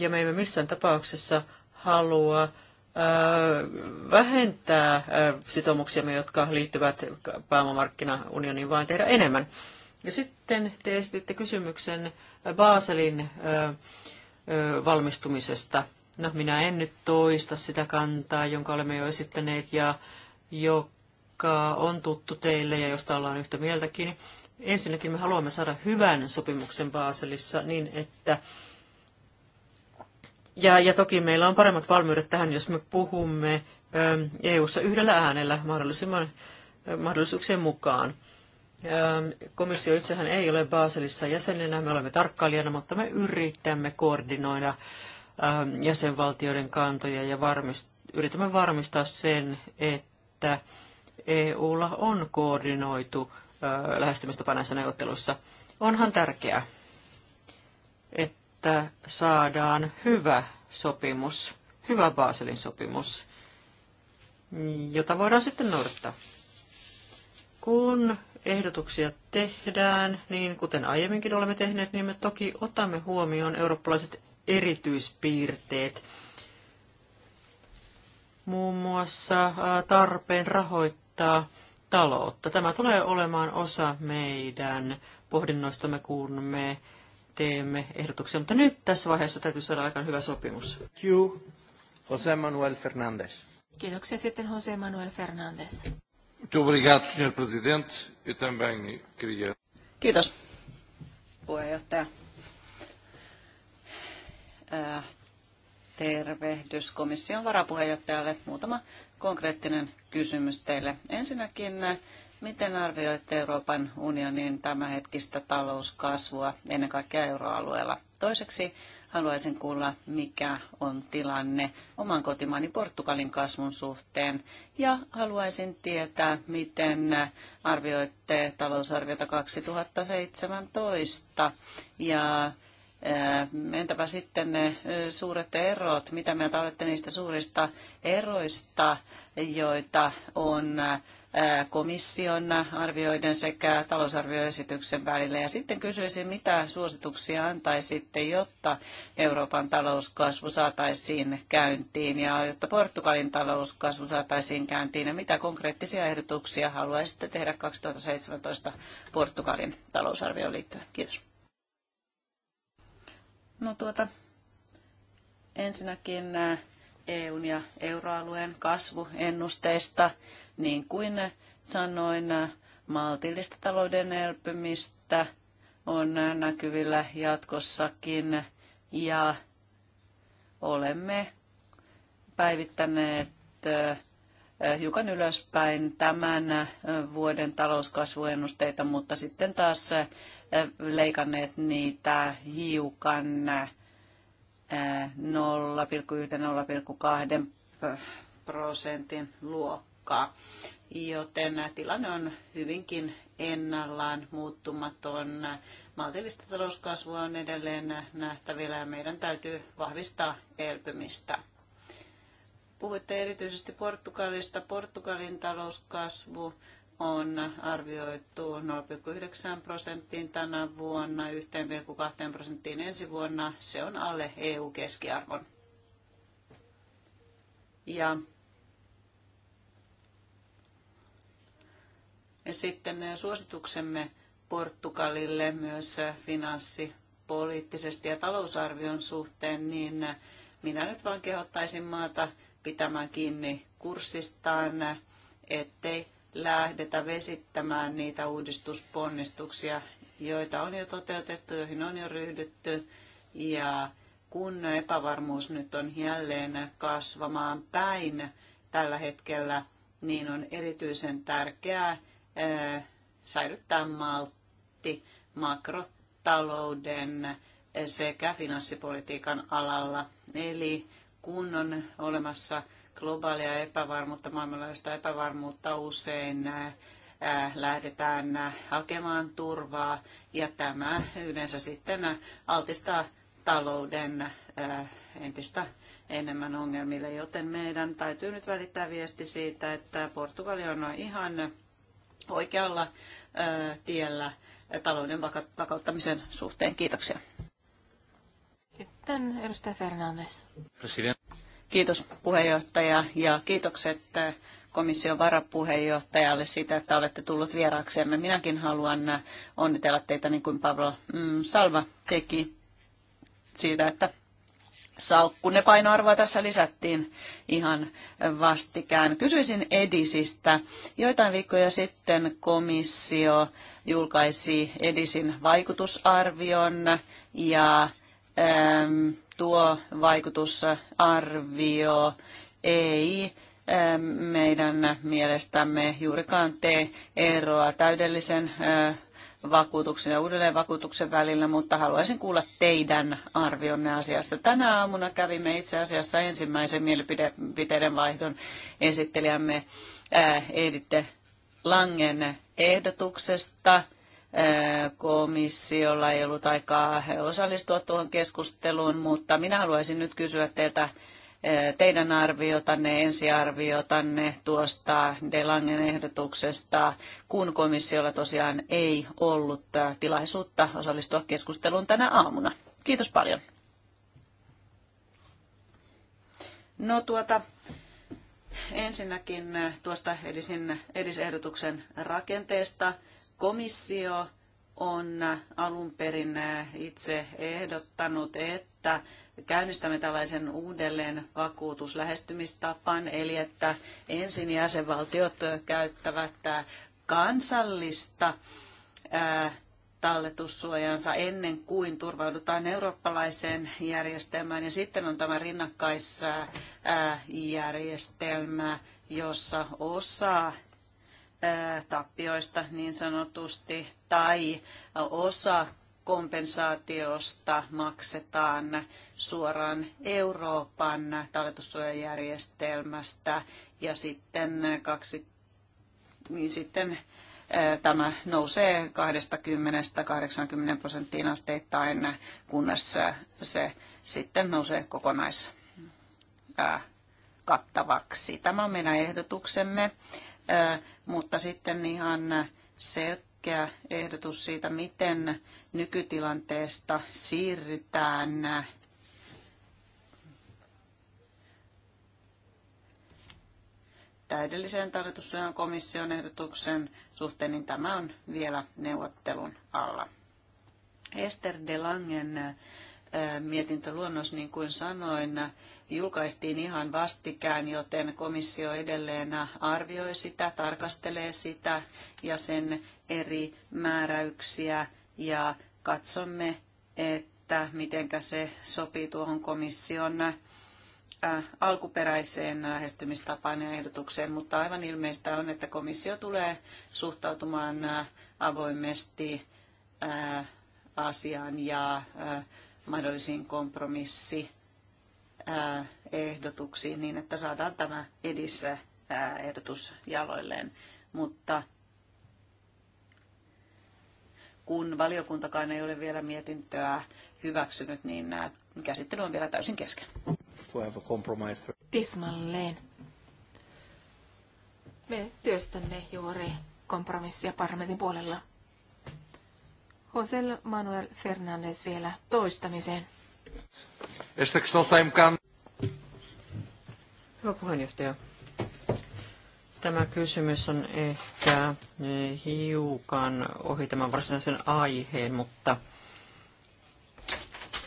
ja me emme missään tapauksessa halua vähentää sitoumuksiamme, jotka liittyvät pääomamarkkinaunioniin, vaan tehdä enemmän. Ja sitten te esititte kysymyksen Baselin valmistumisesta. No, minä en nyt toista sitä kantaa, jonka olemme jo esittäneet, ja joka on tuttu teille ja josta ollaan yhtä mieltäkin. Ensinnäkin me haluamme saada hyvän sopimuksen Baaselissa niin, että ja, ja toki meillä on paremmat valmiudet tähän, jos me puhumme ähm, EU-ssa yhdellä äänellä mahdollisimman, äh, mahdollisuuksien mukaan. Ähm, komissio itsehän ei ole Baselissa jäsenenä, me olemme tarkkailijana, mutta me yritämme koordinoida ähm, jäsenvaltioiden kantoja ja varmist, yritämme varmistaa sen, että että EUlla on koordinoitu lähestymistapa näissä neuvotteluissa. Onhan tärkeää, että saadaan hyvä sopimus, hyvä Baselin sopimus, jota voidaan sitten noudattaa. Kun ehdotuksia tehdään, niin kuten aiemminkin olemme tehneet, niin me toki otamme huomioon eurooppalaiset erityispiirteet muun muassa äh, tarpeen rahoittaa taloutta. Tämä tulee olemaan osa meidän pohdinnoistamme, kun me teemme ehdotuksia. Mutta nyt tässä vaiheessa täytyy saada aika hyvä sopimus. Thank José Manuel Fernández. Kiitoksia sitten José Manuel Fernández. obrigado, senhor presidente. Eu também queria... Kiitos, puheenjohtaja. Äh, tervehdys komission varapuheenjohtajalle. Muutama konkreettinen kysymys teille. Ensinnäkin, miten arvioitte Euroopan unionin tämänhetkistä talouskasvua ennen kaikkea euroalueella? Toiseksi, haluaisin kuulla, mikä on tilanne oman kotimaani Portugalin kasvun suhteen. Ja haluaisin tietää, miten arvioitte talousarviota 2017 ja Entäpä sitten ne suuret erot? Mitä mieltä olette niistä suurista eroista, joita on komission arvioiden sekä talousarvioesityksen välillä. Ja sitten kysyisin, mitä suosituksia antaisitte, jotta Euroopan talouskasvu saataisiin käyntiin ja jotta Portugalin talouskasvu saataisiin käyntiin ja mitä konkreettisia ehdotuksia haluaisitte tehdä 2017 Portugalin talousarvioon liittyen? Kiitos. No tuota, ensinnäkin äh, EUn ja euroalueen kasvuennusteista, niin kuin sanoin, äh, maltillista talouden elpymistä on äh, näkyvillä jatkossakin ja olemme päivittäneet hiukan ylöspäin tämän vuoden talouskasvuennusteita, mutta sitten taas leikanneet niitä hiukan 0,1-0,2 eh, prosentin luokkaa. Joten tilanne on hyvinkin ennallaan muuttumaton. Maltillista talouskasvua on edelleen nähtävillä ja meidän täytyy vahvistaa elpymistä. Puhuitte erityisesti Portugalista. Portugalin talouskasvu on arvioitu 0,9 prosenttiin tänä vuonna, 1,2 prosenttiin ensi vuonna. Se on alle EU-keskiarvon. Ja ja sitten suosituksemme Portugalille myös finanssipoliittisesti ja talousarvion suhteen, niin minä nyt vaan kehottaisin maata pitämään kiinni kurssistaan, ettei lähdetä vesittämään niitä uudistusponnistuksia, joita on jo toteutettu, joihin on jo ryhdytty. Ja kun epävarmuus nyt on jälleen kasvamaan päin tällä hetkellä, niin on erityisen tärkeää eh, säilyttää maltti makrotalouden eh, sekä finanssipolitiikan alalla. Eli kun on olemassa globaalia epävarmuutta, maailmanlaajuista epävarmuutta usein äh, äh, lähdetään äh, hakemaan turvaa ja tämä yleensä sitten altistaa talouden entistä enemmän ongelmille, joten meidän täytyy nyt välittää viesti siitä, että Portugali on ihan oikealla tiellä talouden vakauttamisen suhteen. Kiitoksia. Sitten edustaja Fernandes. President. Kiitos puheenjohtaja ja kiitokset äh, komission varapuheenjohtajalle siitä, että olette tullut vieraaksemme. Minäkin haluan äh, onnitella teitä niin kuin Pablo mm, Salva teki siitä, että salkkunne painoarvoa tässä lisättiin ihan vastikään. Kysyisin Edisistä. Joitain viikkoja sitten komissio julkaisi Edisin vaikutusarvion ja ähm, tuo vaikutusarvio ei ähm, meidän mielestämme juurikaan tee eroa täydellisen äh, vakuutuksen ja uudelleen vakuutuksen välillä, mutta haluaisin kuulla teidän arvionne asiasta. Tänä aamuna kävimme itse asiassa ensimmäisen mielipiteiden vaihdon esittelijämme äh, Editte Langen ehdotuksesta – komissiolla ei ollut aikaa osallistua tuohon keskusteluun, mutta minä haluaisin nyt kysyä teiltä eh, teidän arviotanne, ensiarviotanne tuosta Delangen ehdotuksesta, kun komissiolla tosiaan ei ollut eh, tilaisuutta osallistua keskusteluun tänä aamuna. Kiitos paljon. No tuota, ensinnäkin eh, tuosta edisin, edisehdotuksen rakenteesta. Komissio on alun perin äh, itse ehdottanut, että käynnistämme tällaisen uudelleen vakuutuslähestymistapaan, eli että ensin jäsenvaltiot käyttävät äh, kansallista äh, talletussuojansa ennen kuin turvaudutaan eurooppalaiseen järjestelmään. Ja sitten on tämä rinnakkaisjärjestelmä, jossa osa tappioista niin sanotusti tai osa kompensaatiosta maksetaan suoraan Euroopan talletussuojajärjestelmästä ja sitten, kaksi, niin sitten tämä nousee 20-80 prosenttiin asteittain, kunnes se sitten nousee kokonaiskattavaksi Tämä on meidän ehdotuksemme mutta sitten ihan selkeä ehdotus siitä, miten nykytilanteesta siirrytään täydelliseen talletussuojan komission ehdotuksen suhteen, niin tämä on vielä neuvottelun alla. Ester de Langen mietintöluonnos, niin kuin sanoin, julkaistiin ihan vastikään, joten komissio edelleen arvioi sitä, tarkastelee sitä ja sen eri määräyksiä ja katsomme, että miten se sopii tuohon komission äh, alkuperäiseen lähestymistapaan ja ehdotukseen, mutta aivan ilmeistä on, että komissio tulee suhtautumaan äh, avoimesti äh, asiaan ja mahdollisiin kompromissi ehdotuksiin niin, että saadaan tämä edissä ehdotus jaloilleen. Mutta kun valiokuntakaan ei ole vielä mietintöä hyväksynyt, niin nämä käsittely on vielä täysin kesken. Tismalleen. Me työstämme juuri kompromissia parlamentin puolella. José Manuel Fernandez vielä toistamiseen. Esta questão sai um bocado... Hyvä puheenjohtaja. Tämä kysymys on ehkä e, hiukan ohi tämän varsinaisen aiheen, mutta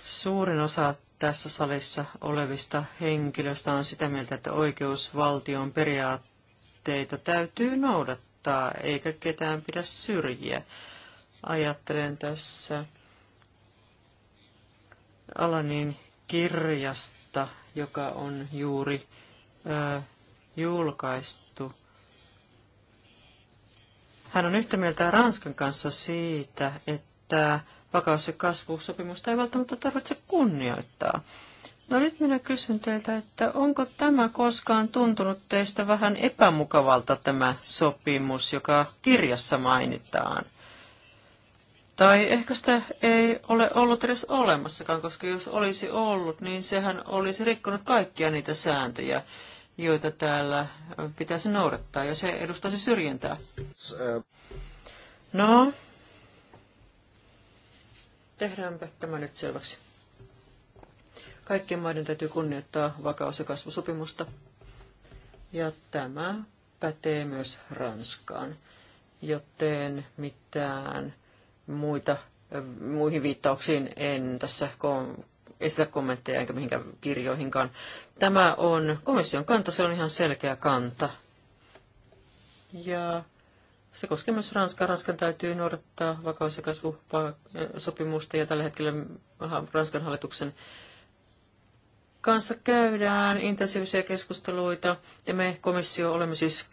suurin osa tässä salissa olevista henkilöistä on sitä mieltä, että oikeusvaltion periaatteita täytyy noudattaa, eikä ketään pidä syrjiä. Ajattelen tässä Alanin kirjasta, joka on juuri ö, julkaistu. Hän on yhtä mieltä Ranskan kanssa siitä, että vakaus- ja kasvusopimusta ei välttämättä tarvitse kunnioittaa. No nyt minä kysyn teiltä, että onko tämä koskaan tuntunut teistä vähän epämukavalta tämä sopimus, joka kirjassa mainitaan? Tai ehkä sitä ei ole ollut edes olemassakaan, koska jos olisi ollut, niin sehän olisi rikkonut kaikkia niitä sääntöjä, joita täällä pitäisi noudattaa, ja se edustaisi syrjintää. No, tehdäänpä tämä nyt selväksi. Kaikkien maiden täytyy kunnioittaa vakaus- ja kasvusopimusta, ja tämä pätee myös Ranskaan, joten mitään Muita, äh, muihin viittauksiin en tässä esitä kommentteja enkä mihinkään kirjoihinkaan. Tämä on komission kanta, se on ihan selkeä kanta. Ja se koskee myös Ranskaa. Ranskan täytyy noudattaa vakaus- ja kasvusopimusta ja tällä hetkellä Ranskan hallituksen kanssa käydään intensiivisiä keskusteluita ja me komissio olemme siis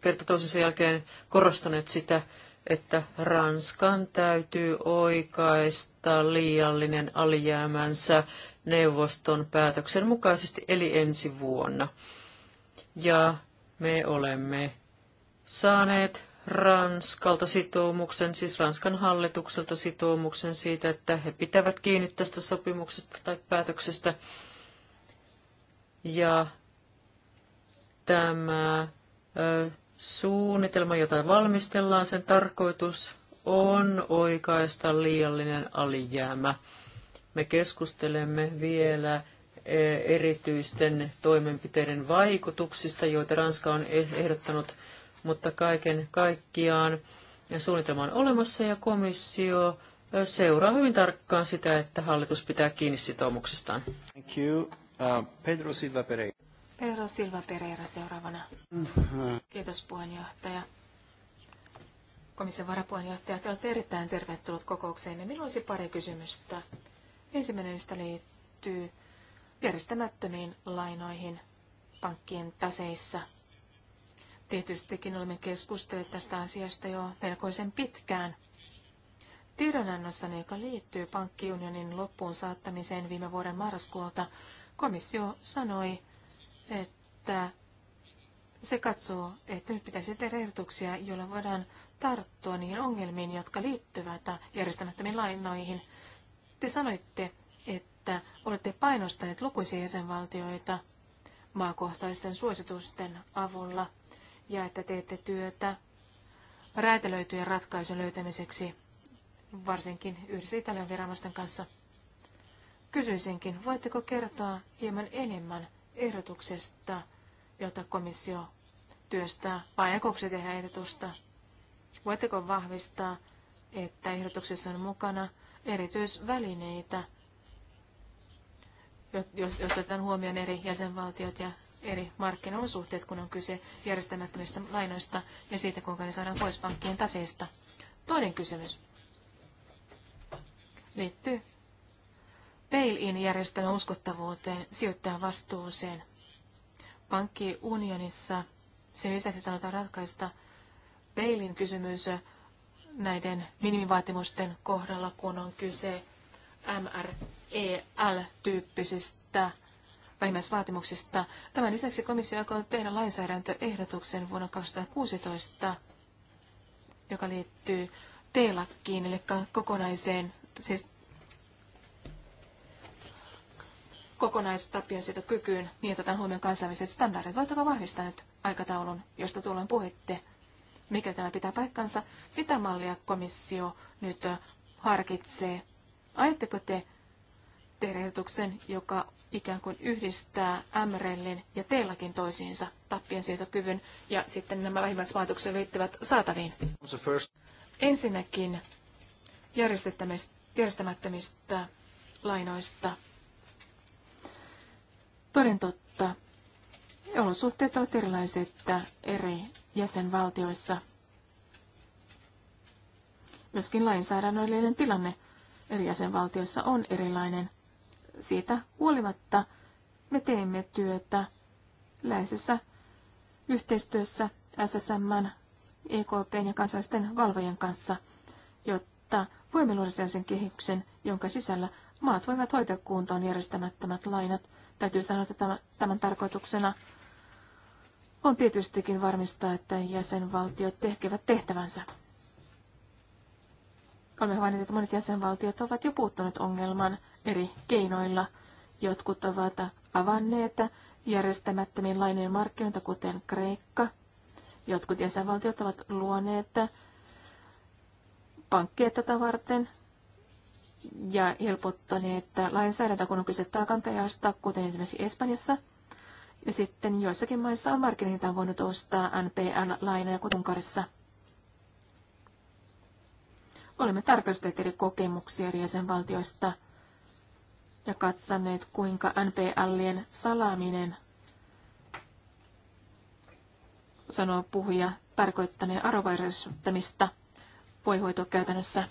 kerta toisensa jälkeen korostaneet sitä, että Ranskan täytyy oikaista liiallinen alijäämänsä neuvoston päätöksen mukaisesti, eli ensi vuonna. Ja me olemme saaneet Ranskalta sitoumuksen, siis Ranskan hallitukselta sitoumuksen siitä, että he pitävät kiinni tästä sopimuksesta tai päätöksestä. Ja tämä ö, Suunnitelma, jota valmistellaan, sen tarkoitus on oikaista liiallinen alijäämä. Me keskustelemme vielä e, erityisten toimenpiteiden vaikutuksista, joita Ranska on eh, ehdottanut, mutta kaiken kaikkiaan suunnitelma on olemassa ja komissio e, seuraa hyvin tarkkaan sitä, että hallitus pitää kiinni sitoumuksistaan. Thank you. Uh, Pedro Silva Pereira. Pedro Silva Pereira seuraavana. Kiitos puheenjohtaja. Komission varapuheenjohtaja, te olette erittäin tervetullut kokoukseen. Minulla olisi pari kysymystä. Ensimmäinen niistä liittyy järjestämättömiin lainoihin pankkien taseissa. Tietystikin olemme keskustelleet tästä asiasta jo melkoisen pitkään. Tiedonannossani, joka liittyy pankkiunionin loppuun saattamiseen viime vuoden marraskuulta, komissio sanoi, että se katsoo, että nyt pitäisi tehdä ehdotuksia, joilla voidaan tarttua niihin ongelmiin, jotka liittyvät järjestämättömiin lainoihin. Te sanoitte, että olette painostaneet lukuisia jäsenvaltioita maakohtaisten suositusten avulla ja että teette työtä räätälöityjen ratkaisun löytämiseksi, varsinkin yhdessä Italian viranomaisten kanssa. Kysyisinkin, voitteko kertoa hieman enemmän ehdotuksesta, jota komissio työstää, vai aikooko se tehdä ehdotusta? Voitteko vahvistaa, että ehdotuksessa on mukana erityisvälineitä, jos, jos otetaan huomioon eri jäsenvaltiot ja eri markkinaosuhteet, kun on kyse järjestämättömistä lainoista ja siitä, kuinka ne saadaan pois pankkien taseista. Toinen kysymys liittyy bail-in-järjestelmän uskottavuuteen, sijoittajan vastuuseen. Pankkiunionissa sen lisäksi tarvitaan ratkaista peilin kysymys näiden minimivaatimusten kohdalla, kun on kyse MREL-tyyppisistä vähimmäisvaatimuksista. Tämän lisäksi komissio aikoo tehdä lainsäädäntöehdotuksen vuonna 2016, joka liittyy T-lakkiin, eli kokonaiseen, siis kokonaistapionsietokykyyn niin otetaan huomioon kansainväliset standardit. Voitteko vahvistaa nyt aikataulun, josta tuolloin puhitte? Mikä tämä pitää paikkansa? Mitä mallia komissio nyt harkitsee? Ajatteko te tehdä ehdotuksen, joka ikään kuin yhdistää MRLin ja teilläkin toisiinsa tappien sietokyvyn ja sitten nämä vähimmäisvaatimukseen liittyvät saataviin. Ensinnäkin järjestämättömistä lainoista. Toden totta, olosuhteet ovat erilaiset eri jäsenvaltioissa. Myöskin lainsäädännöllinen tilanne eri jäsenvaltioissa on erilainen. Siitä huolimatta me teemme työtä läheisessä yhteistyössä SSM, EKT ja kansallisten valvojen kanssa, jotta voimme luoda sellaisen kehyksen, jonka sisällä Maat voivat hoitaa kuntoon järjestämättömät lainat. Täytyy sanoa, että tämän tarkoituksena on tietystikin varmistaa, että jäsenvaltiot tekevät tehtävänsä. Olemme havainneet, että monet jäsenvaltiot ovat jo puuttuneet ongelman eri keinoilla. Jotkut ovat avanneet järjestämättömiin lainojen markkinoita, kuten Kreikka. Jotkut jäsenvaltiot ovat luoneet pankkeja tätä varten ja helpottaneet lainsäädäntöä, kun on kyse taakantajasta, kuten esimerkiksi Espanjassa. Ja sitten joissakin maissa on markkinoita voinut ostaa NPL-lainoja, kuten Unkarissa. Olemme tarkastelleet eri kokemuksia eri jäsenvaltioista ja katsanneet, kuinka NPLien salaaminen, sanoo puhuja, tarkoittaneen arvovaisuuttamista voi hoitua käytännössä.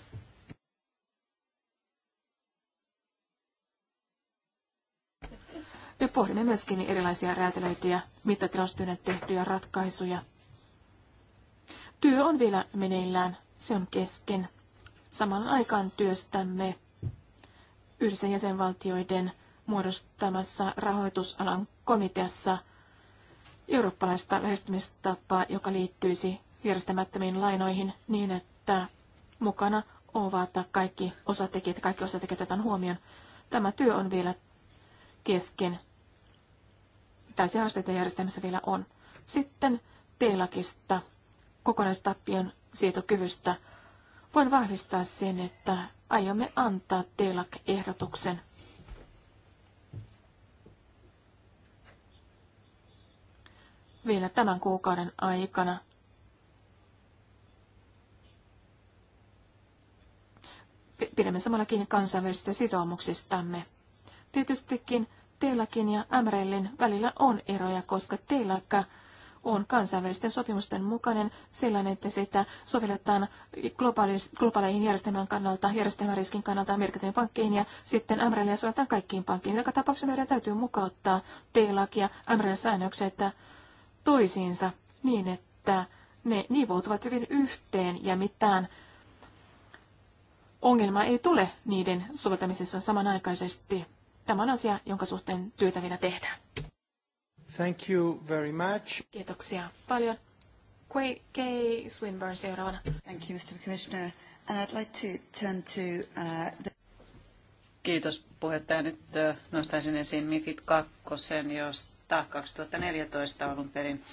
Me pohdimme myöskin erilaisia räätälöityjä mittatilaustyönä tehtyjä ratkaisuja. Työ on vielä meneillään, se on kesken. Samaan aikaan työstämme yhdessä jäsenvaltioiden muodostamassa rahoitusalan komiteassa eurooppalaista lähestymistapaa, joka liittyisi järjestämättömiin lainoihin niin, että mukana ovat kaikki osatekijät, kaikki osatekijät otetaan huomioon. Tämä työ on vielä kesken. Tällaisia haasteita järjestelmässä vielä on. Sitten T-lakista, kokonaistappion sietokyvystä. Voin vahvistaa sen, että aiomme antaa t ehdotuksen Vielä tämän kuukauden aikana. Pidämme samalla kiinni kansainvälisistä sitoumuksistamme. Tietystikin Teillakin ja Amrellin välillä on eroja, koska teilläkka on kansainvälisten sopimusten mukainen sellainen, että sitä sovelletaan globaaleihin järjestelmän kannalta, järjestelmäriskin kannalta merkittäviin pankkeihin ja sitten MRL sovelletaan kaikkiin pankkiin. Joka tapauksessa meidän täytyy mukauttaa t ja MRL-säännökset toisiinsa niin, että ne nivoutuvat hyvin yhteen ja mitään ongelmaa ei tule niiden soveltamisessa samanaikaisesti. Tämä on asia, jonka suhteen työtä vielä tehdään. Thank you very much. Kiitoksia paljon. Kay, K. Swinburne seuraavana. Thank you, Mr. Commissioner. And I'd like to turn to uh, the... Kiitos puheenjohtaja. Nyt uh, nostaisin esiin MIFID 2, josta 2014 alun perin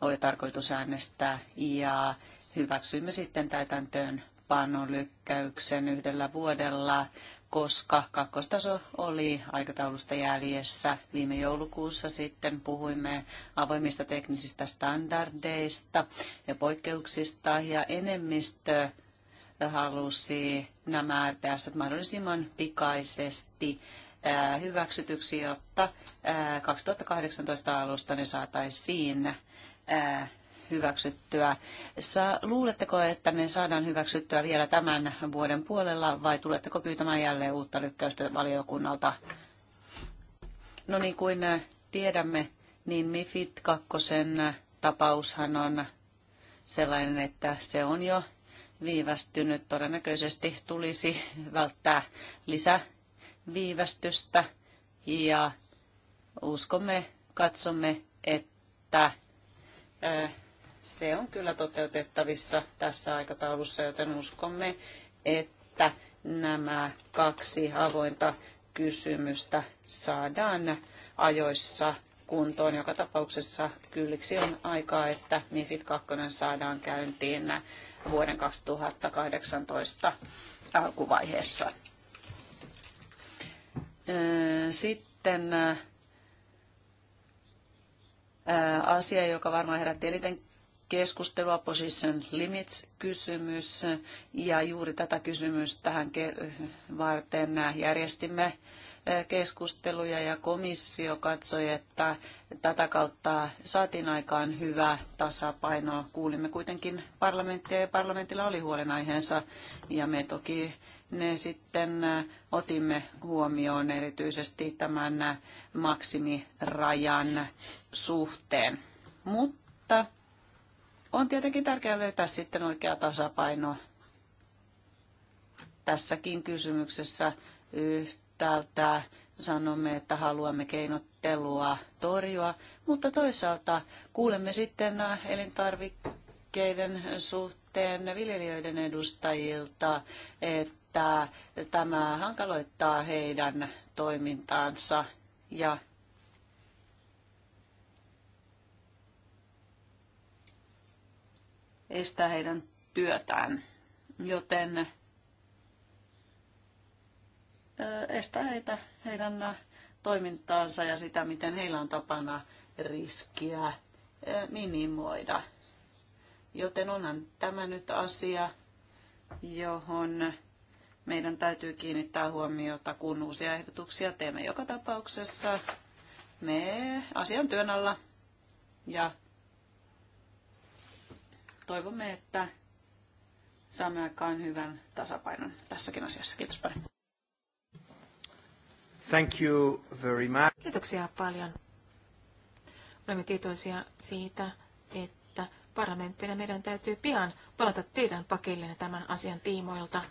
oli tarkoitus äänestää ja hyväksyimme sitten täytäntöön panolykkäyksen yhdellä vuodella koska kakkostaso oli aikataulusta jäljessä. Viime joulukuussa sitten puhuimme avoimista teknisistä standardeista ja poikkeuksista ja enemmistö halusi nämä RTS mahdollisimman pikaisesti hyväksytyksi, jotta 2018 alusta ne saataisiin hyväksyttyä. Sä, luuletteko, että ne saadaan hyväksyttyä vielä tämän vuoden puolella vai tuletteko pyytämään jälleen uutta lykkäystä valiokunnalta? No niin kuin äh, tiedämme, niin MIFID 2 äh, tapaushan on sellainen, että se on jo viivästynyt. Todennäköisesti tulisi välttää lisäviivästystä ja uskomme, katsomme, että äh, se on kyllä toteutettavissa tässä aikataulussa, joten uskomme, että nämä kaksi avointa kysymystä saadaan ajoissa kuntoon. Joka tapauksessa kylliksi on aikaa, että MIFID 2 saadaan käyntiin vuoden 2018 alkuvaiheessa. Öö, sitten öö, asia, joka varmaan herätti eniten keskustelua, position limits kysymys, ja juuri tätä kysymystä tähän varten järjestimme eh, keskusteluja ja komissio katsoi, että tätä kautta saatiin aikaan hyvä tasapaino. Kuulimme kuitenkin parlamenttia ja parlamentilla oli huolenaiheensa ja me toki ne sitten eh, otimme huomioon erityisesti tämän eh, maksimirajan suhteen. Mutta on tietenkin tärkeää löytää sitten oikea tasapaino tässäkin kysymyksessä yhtäältä sanomme, että haluamme keinottelua torjua, mutta toisaalta kuulemme sitten elintarvikkeiden suhteen viljelijöiden edustajilta, että tämä hankaloittaa heidän toimintaansa ja estää heidän työtään, joten estää heitä heidän toimintaansa ja sitä, miten heillä on tapana riskiä minimoida. Joten onhan tämä nyt asia, johon meidän täytyy kiinnittää huomiota, kun uusia ehdotuksia teemme. Joka tapauksessa me asian työn alla ja toivomme, että saamme aikaan hyvän tasapainon tässäkin asiassa. Kiitos paljon. Thank you very much. Kiitoksia paljon. Olemme tietoisia siitä, että parlamenttina meidän täytyy pian palata teidän pakillenne tämän asian tiimoilta.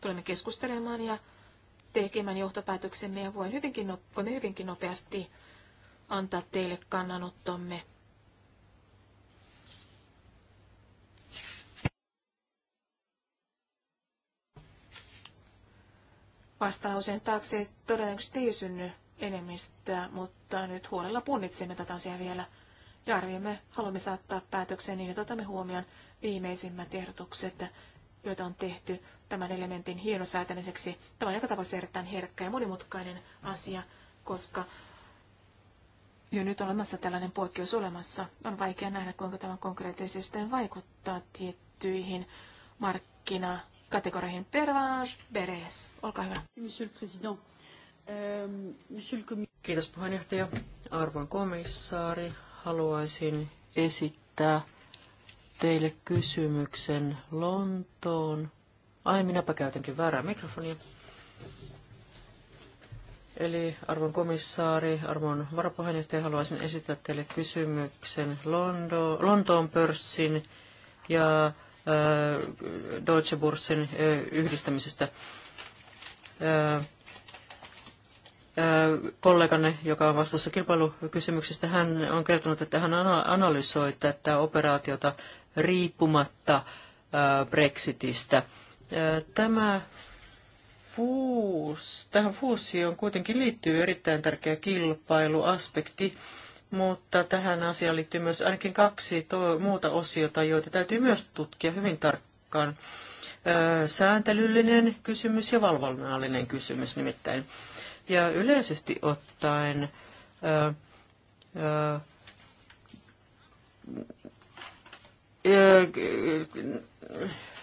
Tulemme keskustelemaan ja tekemään johtopäätöksemme ja hyvinkin, no- voimme hyvinkin nopeasti antaa teille kannanottomme vastalauseen taakse todennäköisesti ei synny enemmistöä, mutta nyt huolella punnitsemme tätä asiaa vielä ja arvioimme, haluamme saattaa päätökseen niin, että otamme huomioon viimeisimmät ehdotukset, joita on tehty tämän elementin hienosäätämiseksi. Tämä on joka tapauksessa erittäin herkkä ja monimutkainen asia, koska jo nyt olemassa tällainen poikkeus olemassa. On vaikea nähdä, kuinka tämä konkreettisesti vaikuttaa tiettyihin markkina kategorioihin. Pervange Beres, olkaa hyvä. Euh, Kiitos puheenjohtaja. Arvon komissaari, haluaisin esittää teille kysymyksen Lontoon. Ai, minäpä käytänkin väärää mikrofonia. Eli arvon komissaari, arvon varapuheenjohtaja, haluaisin esittää teille kysymyksen Lontoon pörssin ja Äh, Deutsche Börsen äh, yhdistämisestä. Äh, kolleganne, joka on vastuussa kilpailukysymyksistä, hän on kertonut, että hän analysoi tätä operaatiota riippumatta Brexitistä. Tämä fuus, tähän fuusioon kuitenkin liittyy erittäin tärkeä kilpailuaspekti mutta tähän asiaan liittyy myös ainakin kaksi muuta osiota, joita täytyy myös tutkia hyvin tarkkaan. Sääntelyllinen kysymys ja valvonnallinen kysymys nimittäin. Ja yleisesti ottaen ö, ö,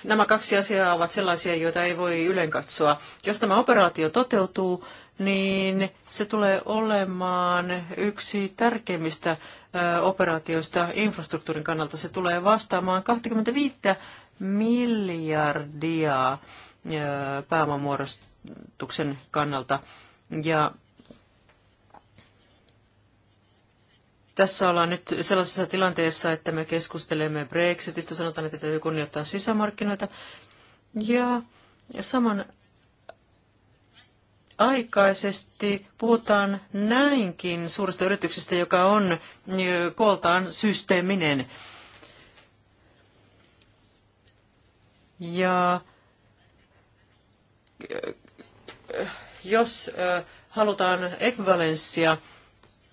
nämä kaksi asiaa ovat sellaisia, joita ei voi ylen katsoa. Jos tämä operaatio toteutuu, niin se tulee olemaan yksi tärkeimmistä operaatioista infrastruktuurin kannalta. Se tulee vastaamaan 25 miljardia pääomamuodostuksen kannalta. Ja tässä ollaan nyt sellaisessa tilanteessa, että me keskustelemme Brexitistä, sanotaan, että täytyy kunnioittaa sisämarkkinoita. Ja saman aikaisesti puhutaan näinkin suuresta yrityksestä, joka on kooltaan systeeminen. Ja jos halutaan ekvivalenssia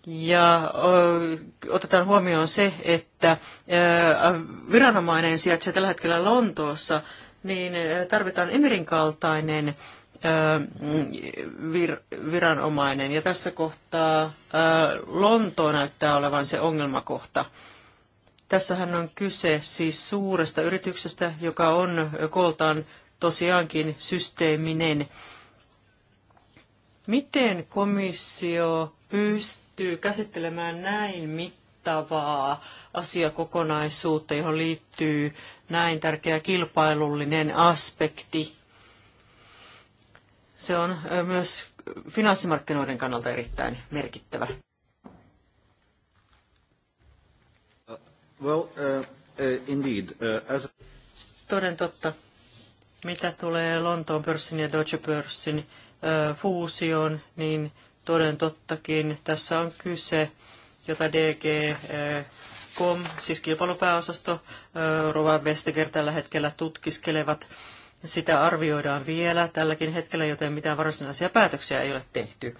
ja otetaan huomioon se, että viranomainen sijaitsee tällä hetkellä Lontoossa, niin tarvitaan Emirin kaltainen vir- viranomainen. Ja tässä kohtaa Lonto näyttää olevan se ongelmakohta. Tässähän on kyse siis suuresta yrityksestä, joka on koltaan tosiaankin systeeminen. Miten komissio pystyy käsittelemään näin mittavaa asiakokonaisuutta, johon liittyy näin tärkeä kilpailullinen aspekti? Se on myös finanssimarkkinoiden kannalta erittäin merkittävä. Uh, well, uh, uh, indeed, uh, as... Toden totta. Mitä tulee Lontoon pörssin ja Deutsche pörssin uh, fuusioon, niin toden tottakin tässä on kyse, jota DG uh, Com, siis kilpailupääosasto, uh, Rova Vestager tällä hetkellä tutkiskelevat. Uh, sitä arvioidaan vielä tälläkin hetkellä, joten mitään varsinaisia päätöksiä ei ole tehty.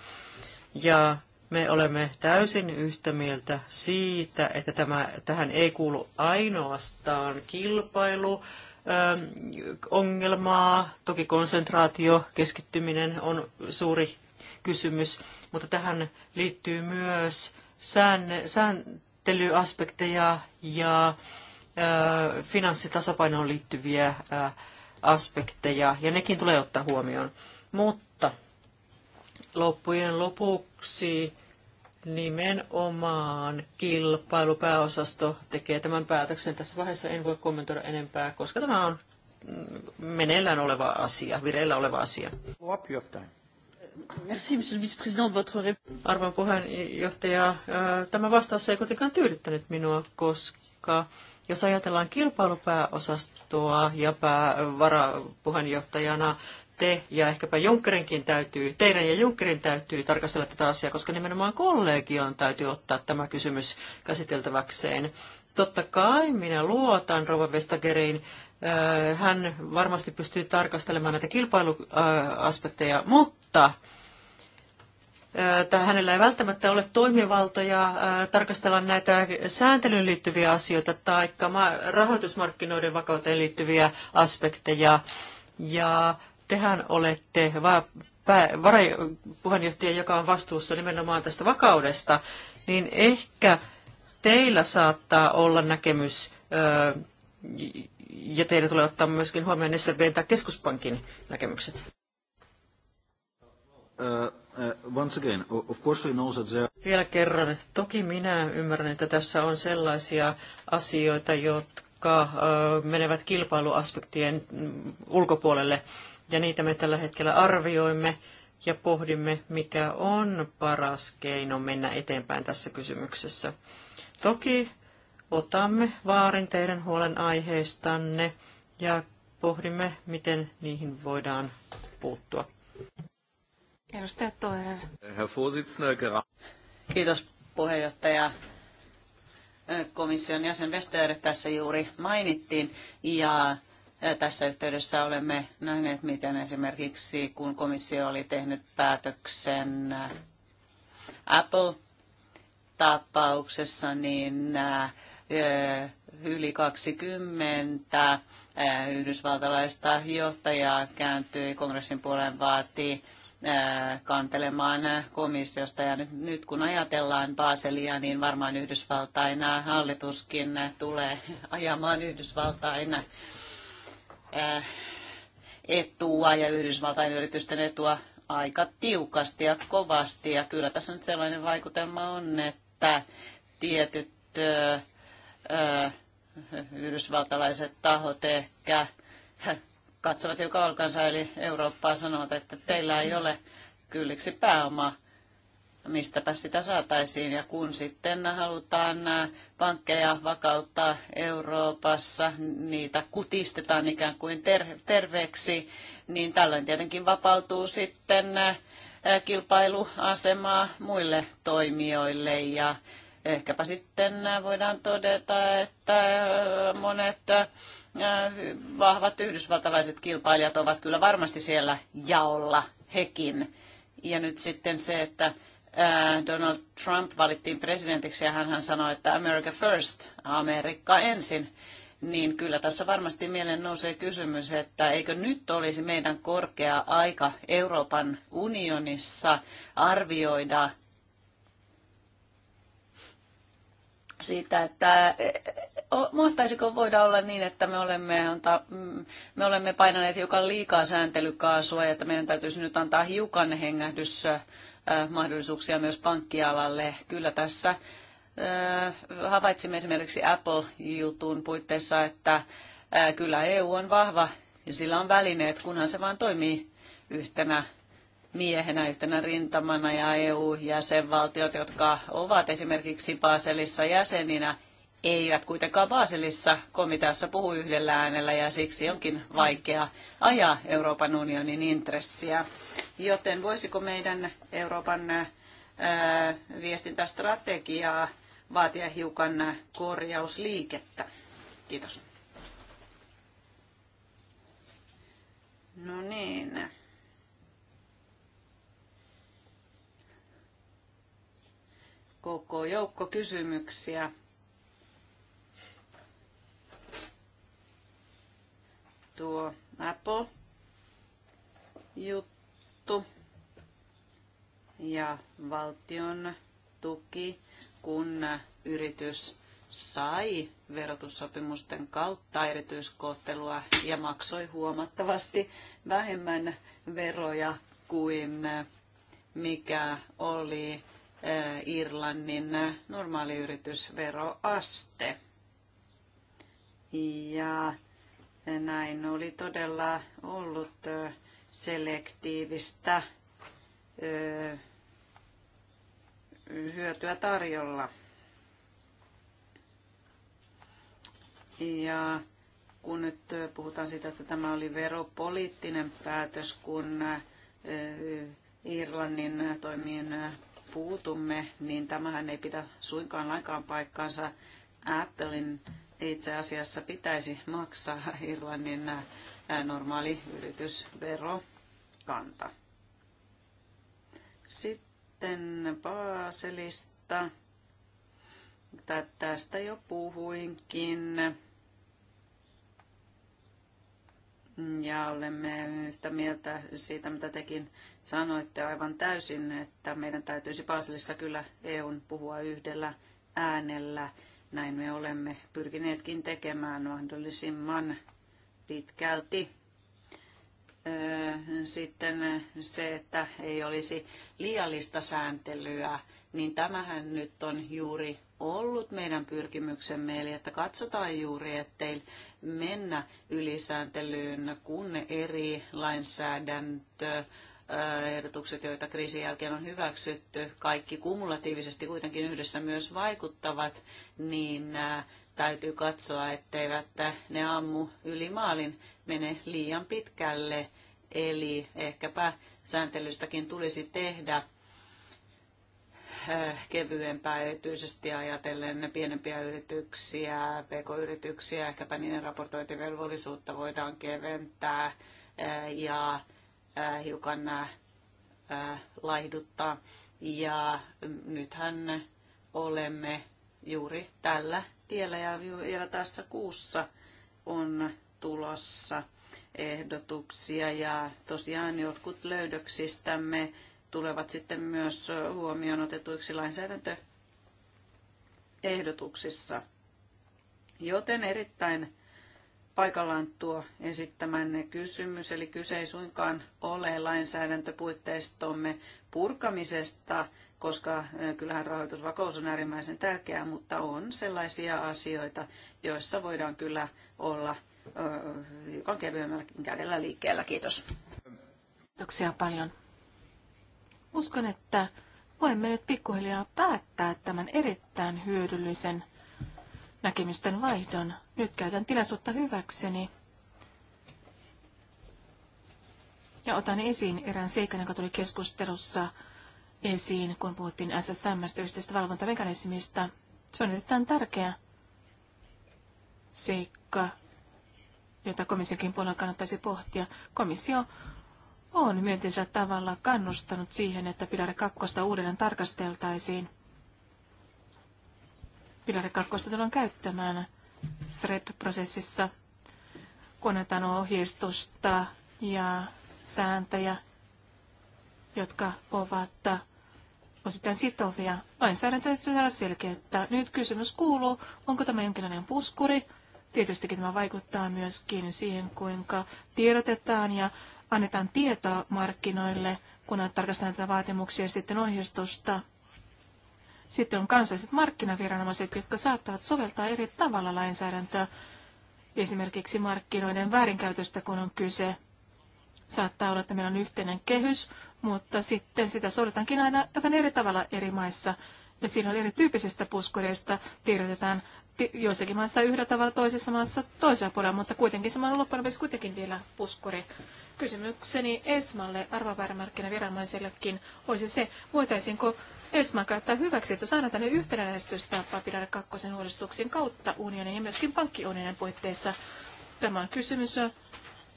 Ja me olemme täysin yhtä mieltä siitä, että tämä, tähän ei kuulu ainoastaan kilpailu, ähm, ongelmaa. Toki konsentraatio, keskittyminen on suuri kysymys, mutta tähän liittyy myös sääntelyaspekteja ja äh, finanssitasapainoon liittyviä äh, aspekteja, ja nekin tulee ottaa huomioon. Mutta loppujen lopuksi nimenomaan kilpailupääosasto tekee tämän päätöksen. Tässä vaiheessa en voi kommentoida enempää, koska tämä on meneillään oleva asia, vireillä oleva asia. Merci, votre Arvon puheenjohtaja, tämä vastaus ei kuitenkaan tyydyttänyt minua, koska jos ajatellaan kilpailupääosastoa ja päävarapuheenjohtajana te ja ehkäpä Junckerinkin täytyy, teidän ja Junckerin täytyy tarkastella tätä asiaa, koska nimenomaan kollegion täytyy ottaa tämä kysymys käsiteltäväkseen. Totta kai minä luotan Rova Vestagerin. Äh, hän varmasti pystyy tarkastelemaan näitä kilpailuaspekteja, mutta tai hänellä ei välttämättä ole toimivaltoja tarkastella näitä sääntelyyn liittyviä asioita tai rahoitusmarkkinoiden vakauteen liittyviä aspekteja. Ja tehän olette varapuheenjohtaja, joka on vastuussa nimenomaan tästä vakaudesta, niin ehkä teillä saattaa olla näkemys, ja teidän tulee ottaa myöskin huomioon SRBn tai keskuspankin näkemykset. Uh Uh, once again, of course we know that there... Vielä kerran. Toki minä ymmärrän, että tässä on sellaisia asioita, jotka menevät kilpailuaspektien mm, ulkopuolelle, ja niitä me tällä hetkellä arvioimme ja pohdimme, mikä on paras keino mennä eteenpäin tässä kysymyksessä. Toki otamme vaarin teidän aiheistanne ja pohdimme, miten niihin voidaan puuttua. Edustaja Toirer. Herr Vorsitzender, Kiitos puheenjohtaja. Komission jäsen Vestager tässä juuri mainittiin ja tässä yhteydessä olemme nähneet, miten esimerkiksi kun komissio oli tehnyt päätöksen Apple-tapauksessa, niin eh, yli 20 eh, yhdysvaltalaista johtajaa kääntyi kongressin puoleen vaatii Äh, kantelemaan komissiosta. Ja nyt, nyt kun ajatellaan Baselia, niin varmaan Yhdysvaltain hallituskin tulee ajamaan Yhdysvaltain äh, etua ja Yhdysvaltain yritysten etua aika tiukasti ja kovasti. Ja kyllä tässä nyt sellainen vaikutelma on, että tietyt ö, äh, ö, yhdysvaltalaiset tahot ehkä katsovat joka olkansa eli Eurooppaa sanovat, että teillä ei ole kylliksi pääomaa mistäpä sitä saataisiin. Ja kun sitten halutaan pankkeja vakauttaa Euroopassa, niitä kutistetaan ikään kuin terveeksi, niin tällöin tietenkin vapautuu sitten kilpailuasemaa muille toimijoille ja Ehkäpä sitten voidaan todeta, että monet vahvat yhdysvaltalaiset kilpailijat ovat kyllä varmasti siellä jaolla hekin. Ja nyt sitten se, että Donald Trump valittiin presidentiksi ja hän sanoi, että America first, Amerikka ensin, niin kyllä tässä varmasti mieleen nousee kysymys, että eikö nyt olisi meidän korkea aika Euroopan unionissa arvioida siitä, että e, mahtaisiko voida olla niin, että me olemme, anta, mm, me olemme painaneet hiukan liikaa sääntelykaasua ja että meidän täytyisi nyt antaa hiukan hengähdysmahdollisuuksia myös pankkialalle. Kyllä tässä havaitsimme esimerkiksi Apple-jutun puitteissa, että kyllä EU on vahva ja sillä on välineet, kunhan se vaan toimii yhtenä miehenä yhtenä rintamana ja EU-jäsenvaltiot, jotka ovat esimerkiksi Baselissa jäseninä, eivät kuitenkaan Baselissa komiteassa puhu yhdellä äänellä ja siksi onkin vaikea ajaa Euroopan unionin intressiä. Joten voisiko meidän Euroopan ää, viestintästrategiaa vaatia hiukan korjausliikettä? Kiitos. No niin. koko joukko kysymyksiä. Tuo Apple-juttu ja valtion tuki, kun yritys sai verotussopimusten kautta erityiskohtelua ja maksoi huomattavasti vähemmän veroja kuin mikä oli Irlannin normaali yritysveroaste. Ja näin oli todella ollut selektiivistä hyötyä tarjolla. Ja kun nyt puhutaan siitä, että tämä oli veropoliittinen päätös, kun Irlannin toimien puutumme, niin tämähän ei pidä suinkaan lainkaan paikkaansa. Applein itse asiassa pitäisi maksaa Irlannin äh, normaali yritysverokanta. Sitten Baselista. Tästä jo puhuinkin. ja olemme yhtä mieltä siitä, mitä tekin sanoitte aivan täysin, että meidän täytyisi Baselissa kyllä EUn puhua yhdellä äänellä. Näin me olemme pyrkineetkin tekemään mahdollisimman pitkälti. Sitten se, että ei olisi liiallista sääntelyä, niin tämähän nyt on juuri ollut meidän pyrkimyksemme, eli että katsotaan juuri, ettei mennä ylisääntelyyn, kun eri lainsäädäntö äh, ehdotukset, joita kriisin jälkeen on hyväksytty, kaikki kumulatiivisesti kuitenkin yhdessä myös vaikuttavat, niin äh, täytyy katsoa, etteivät ne ammu yli maalin mene liian pitkälle. Eli ehkäpä sääntelystäkin tulisi tehdä Äh, kevyempää, erityisesti ajatellen pienempiä yrityksiä, pk-yrityksiä, ehkäpä niiden raportointivelvollisuutta voidaan keventää äh, ja äh, hiukan laihduttaa. Ja mm, nythän olemme juuri tällä tiellä ja vielä tässä kuussa on tulossa ehdotuksia ja tosiaan jotkut löydöksistämme tulevat sitten myös huomioon otetuiksi lainsäädäntöehdotuksissa. Joten erittäin paikallaan tuo esittämänne kysymys, eli kyse ei suinkaan ole lainsäädäntöpuitteistomme purkamisesta, koska kyllähän rahoitusvakaus on äärimmäisen tärkeää, mutta on sellaisia asioita, joissa voidaan kyllä olla hiukan kevyemmälläkin kädellä liikkeellä. Kiitos. Kiitoksia paljon. Uskon, että voimme nyt pikkuhiljaa päättää tämän erittäin hyödyllisen näkemysten vaihdon. Nyt käytän tilaisuutta hyväkseni ja otan esiin erään seikan, joka tuli keskustelussa esiin, kun puhuttiin SSMstä, yhteisestä valvontamekanismista. Se on erittäin tärkeä seikka, jota komissiokin puolella kannattaisi pohtia. Komissio on myönteisellä tavalla kannustanut siihen, että Pilari 2 uudelleen tarkasteltaisiin. Pilari 2 tullaan käyttämään SREP-prosessissa, kun ohjeistusta ja sääntöjä, jotka ovat osittain sitovia. Lainsäädäntö täytyy saada selkeyttä. Nyt kysymys kuuluu, onko tämä jonkinlainen puskuri? Tietystikin tämä vaikuttaa myöskin siihen, kuinka tiedotetaan ja annetaan tietoa markkinoille, kun tarkastetaan tätä vaatimuksia ja sitten ohjeistusta. Sitten on kansalliset markkinaviranomaiset, jotka saattavat soveltaa eri tavalla lainsäädäntöä. Esimerkiksi markkinoiden väärinkäytöstä, kun on kyse. Saattaa olla, että meillä on yhteinen kehys, mutta sitten sitä soveltaankin aina aivan eri tavalla eri maissa. Ja siinä on erityyppisistä puskureista tiedotetaan joissakin maissa yhdellä tavalla, toisessa maassa toisella puolella, mutta kuitenkin samalla loppujen lopuksi kuitenkin vielä puskuri Kysymykseni Esmalle, arvopäärämarkkinaviranomaisillekin, olisi se, voitaisiinko Esma käyttää hyväksi, että saadaan tänne yhtenäistystapa Pilar kakkosen uudistuksen kautta unionin ja myöskin pankkiunionin puitteissa. Tämä on kysymys,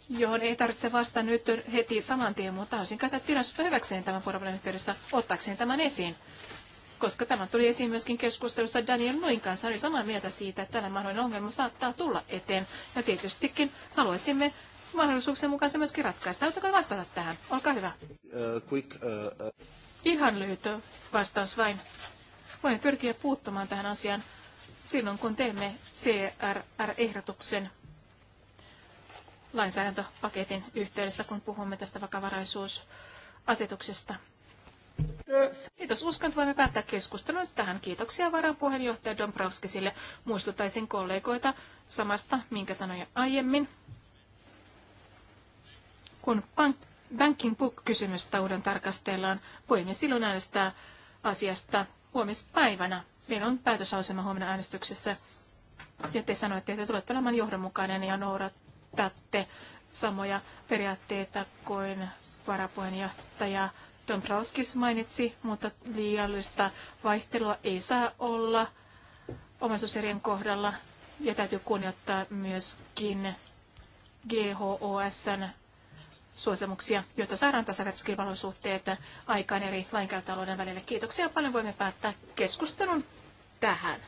johon ei tarvitse vastata nyt heti saman tien, mutta haluaisin käyttää tilaisuutta hyväkseen tämän vuoropuolen yhteydessä, ottaakseen tämän esiin. Koska tämä tuli esiin myöskin keskustelussa Daniel Noin kanssa, oli samaa mieltä siitä, että tällainen mahdollinen ongelma saattaa tulla eteen. Ja tietystikin haluaisimme mahdollisuuksien mukaan se myöskin ratkaista. Haluatteko vastata tähän? Olkaa hyvä. Uh, quick, uh, uh. Ihan lyhyt vastaus vain. Voin pyrkiä puuttumaan tähän asiaan silloin, kun teemme CRR-ehdotuksen lainsäädäntöpaketin yhteydessä, kun puhumme tästä vakavaraisuusasetuksesta. Kiitos. Uskon, että voimme päättää keskustelun tähän. Kiitoksia puheenjohtaja Dombrovskisille. Muistuttaisin kollegoita samasta, minkä sanoin aiemmin. Kun pank, banking book-kysymystä uuden tarkastellaan, voimme silloin äänestää asiasta huomispäivänä. Meillä on päätösasema huomenna äänestyksessä. Ja te sanoitte, että tulette olemaan johdonmukainen ja noudatatte samoja periaatteita kuin varapuheenjohtaja Dombrovskis mainitsi, mutta liiallista vaihtelua ei saa olla omaisuuserien kohdalla ja täytyy kunnioittaa myöskin GHOSn suosimuksia, joita saadaan tasakatskivalon suhteet aikaan eri lainkäyttöalueiden välille Kiitoksia paljon. Voimme päättää keskustelun tähän.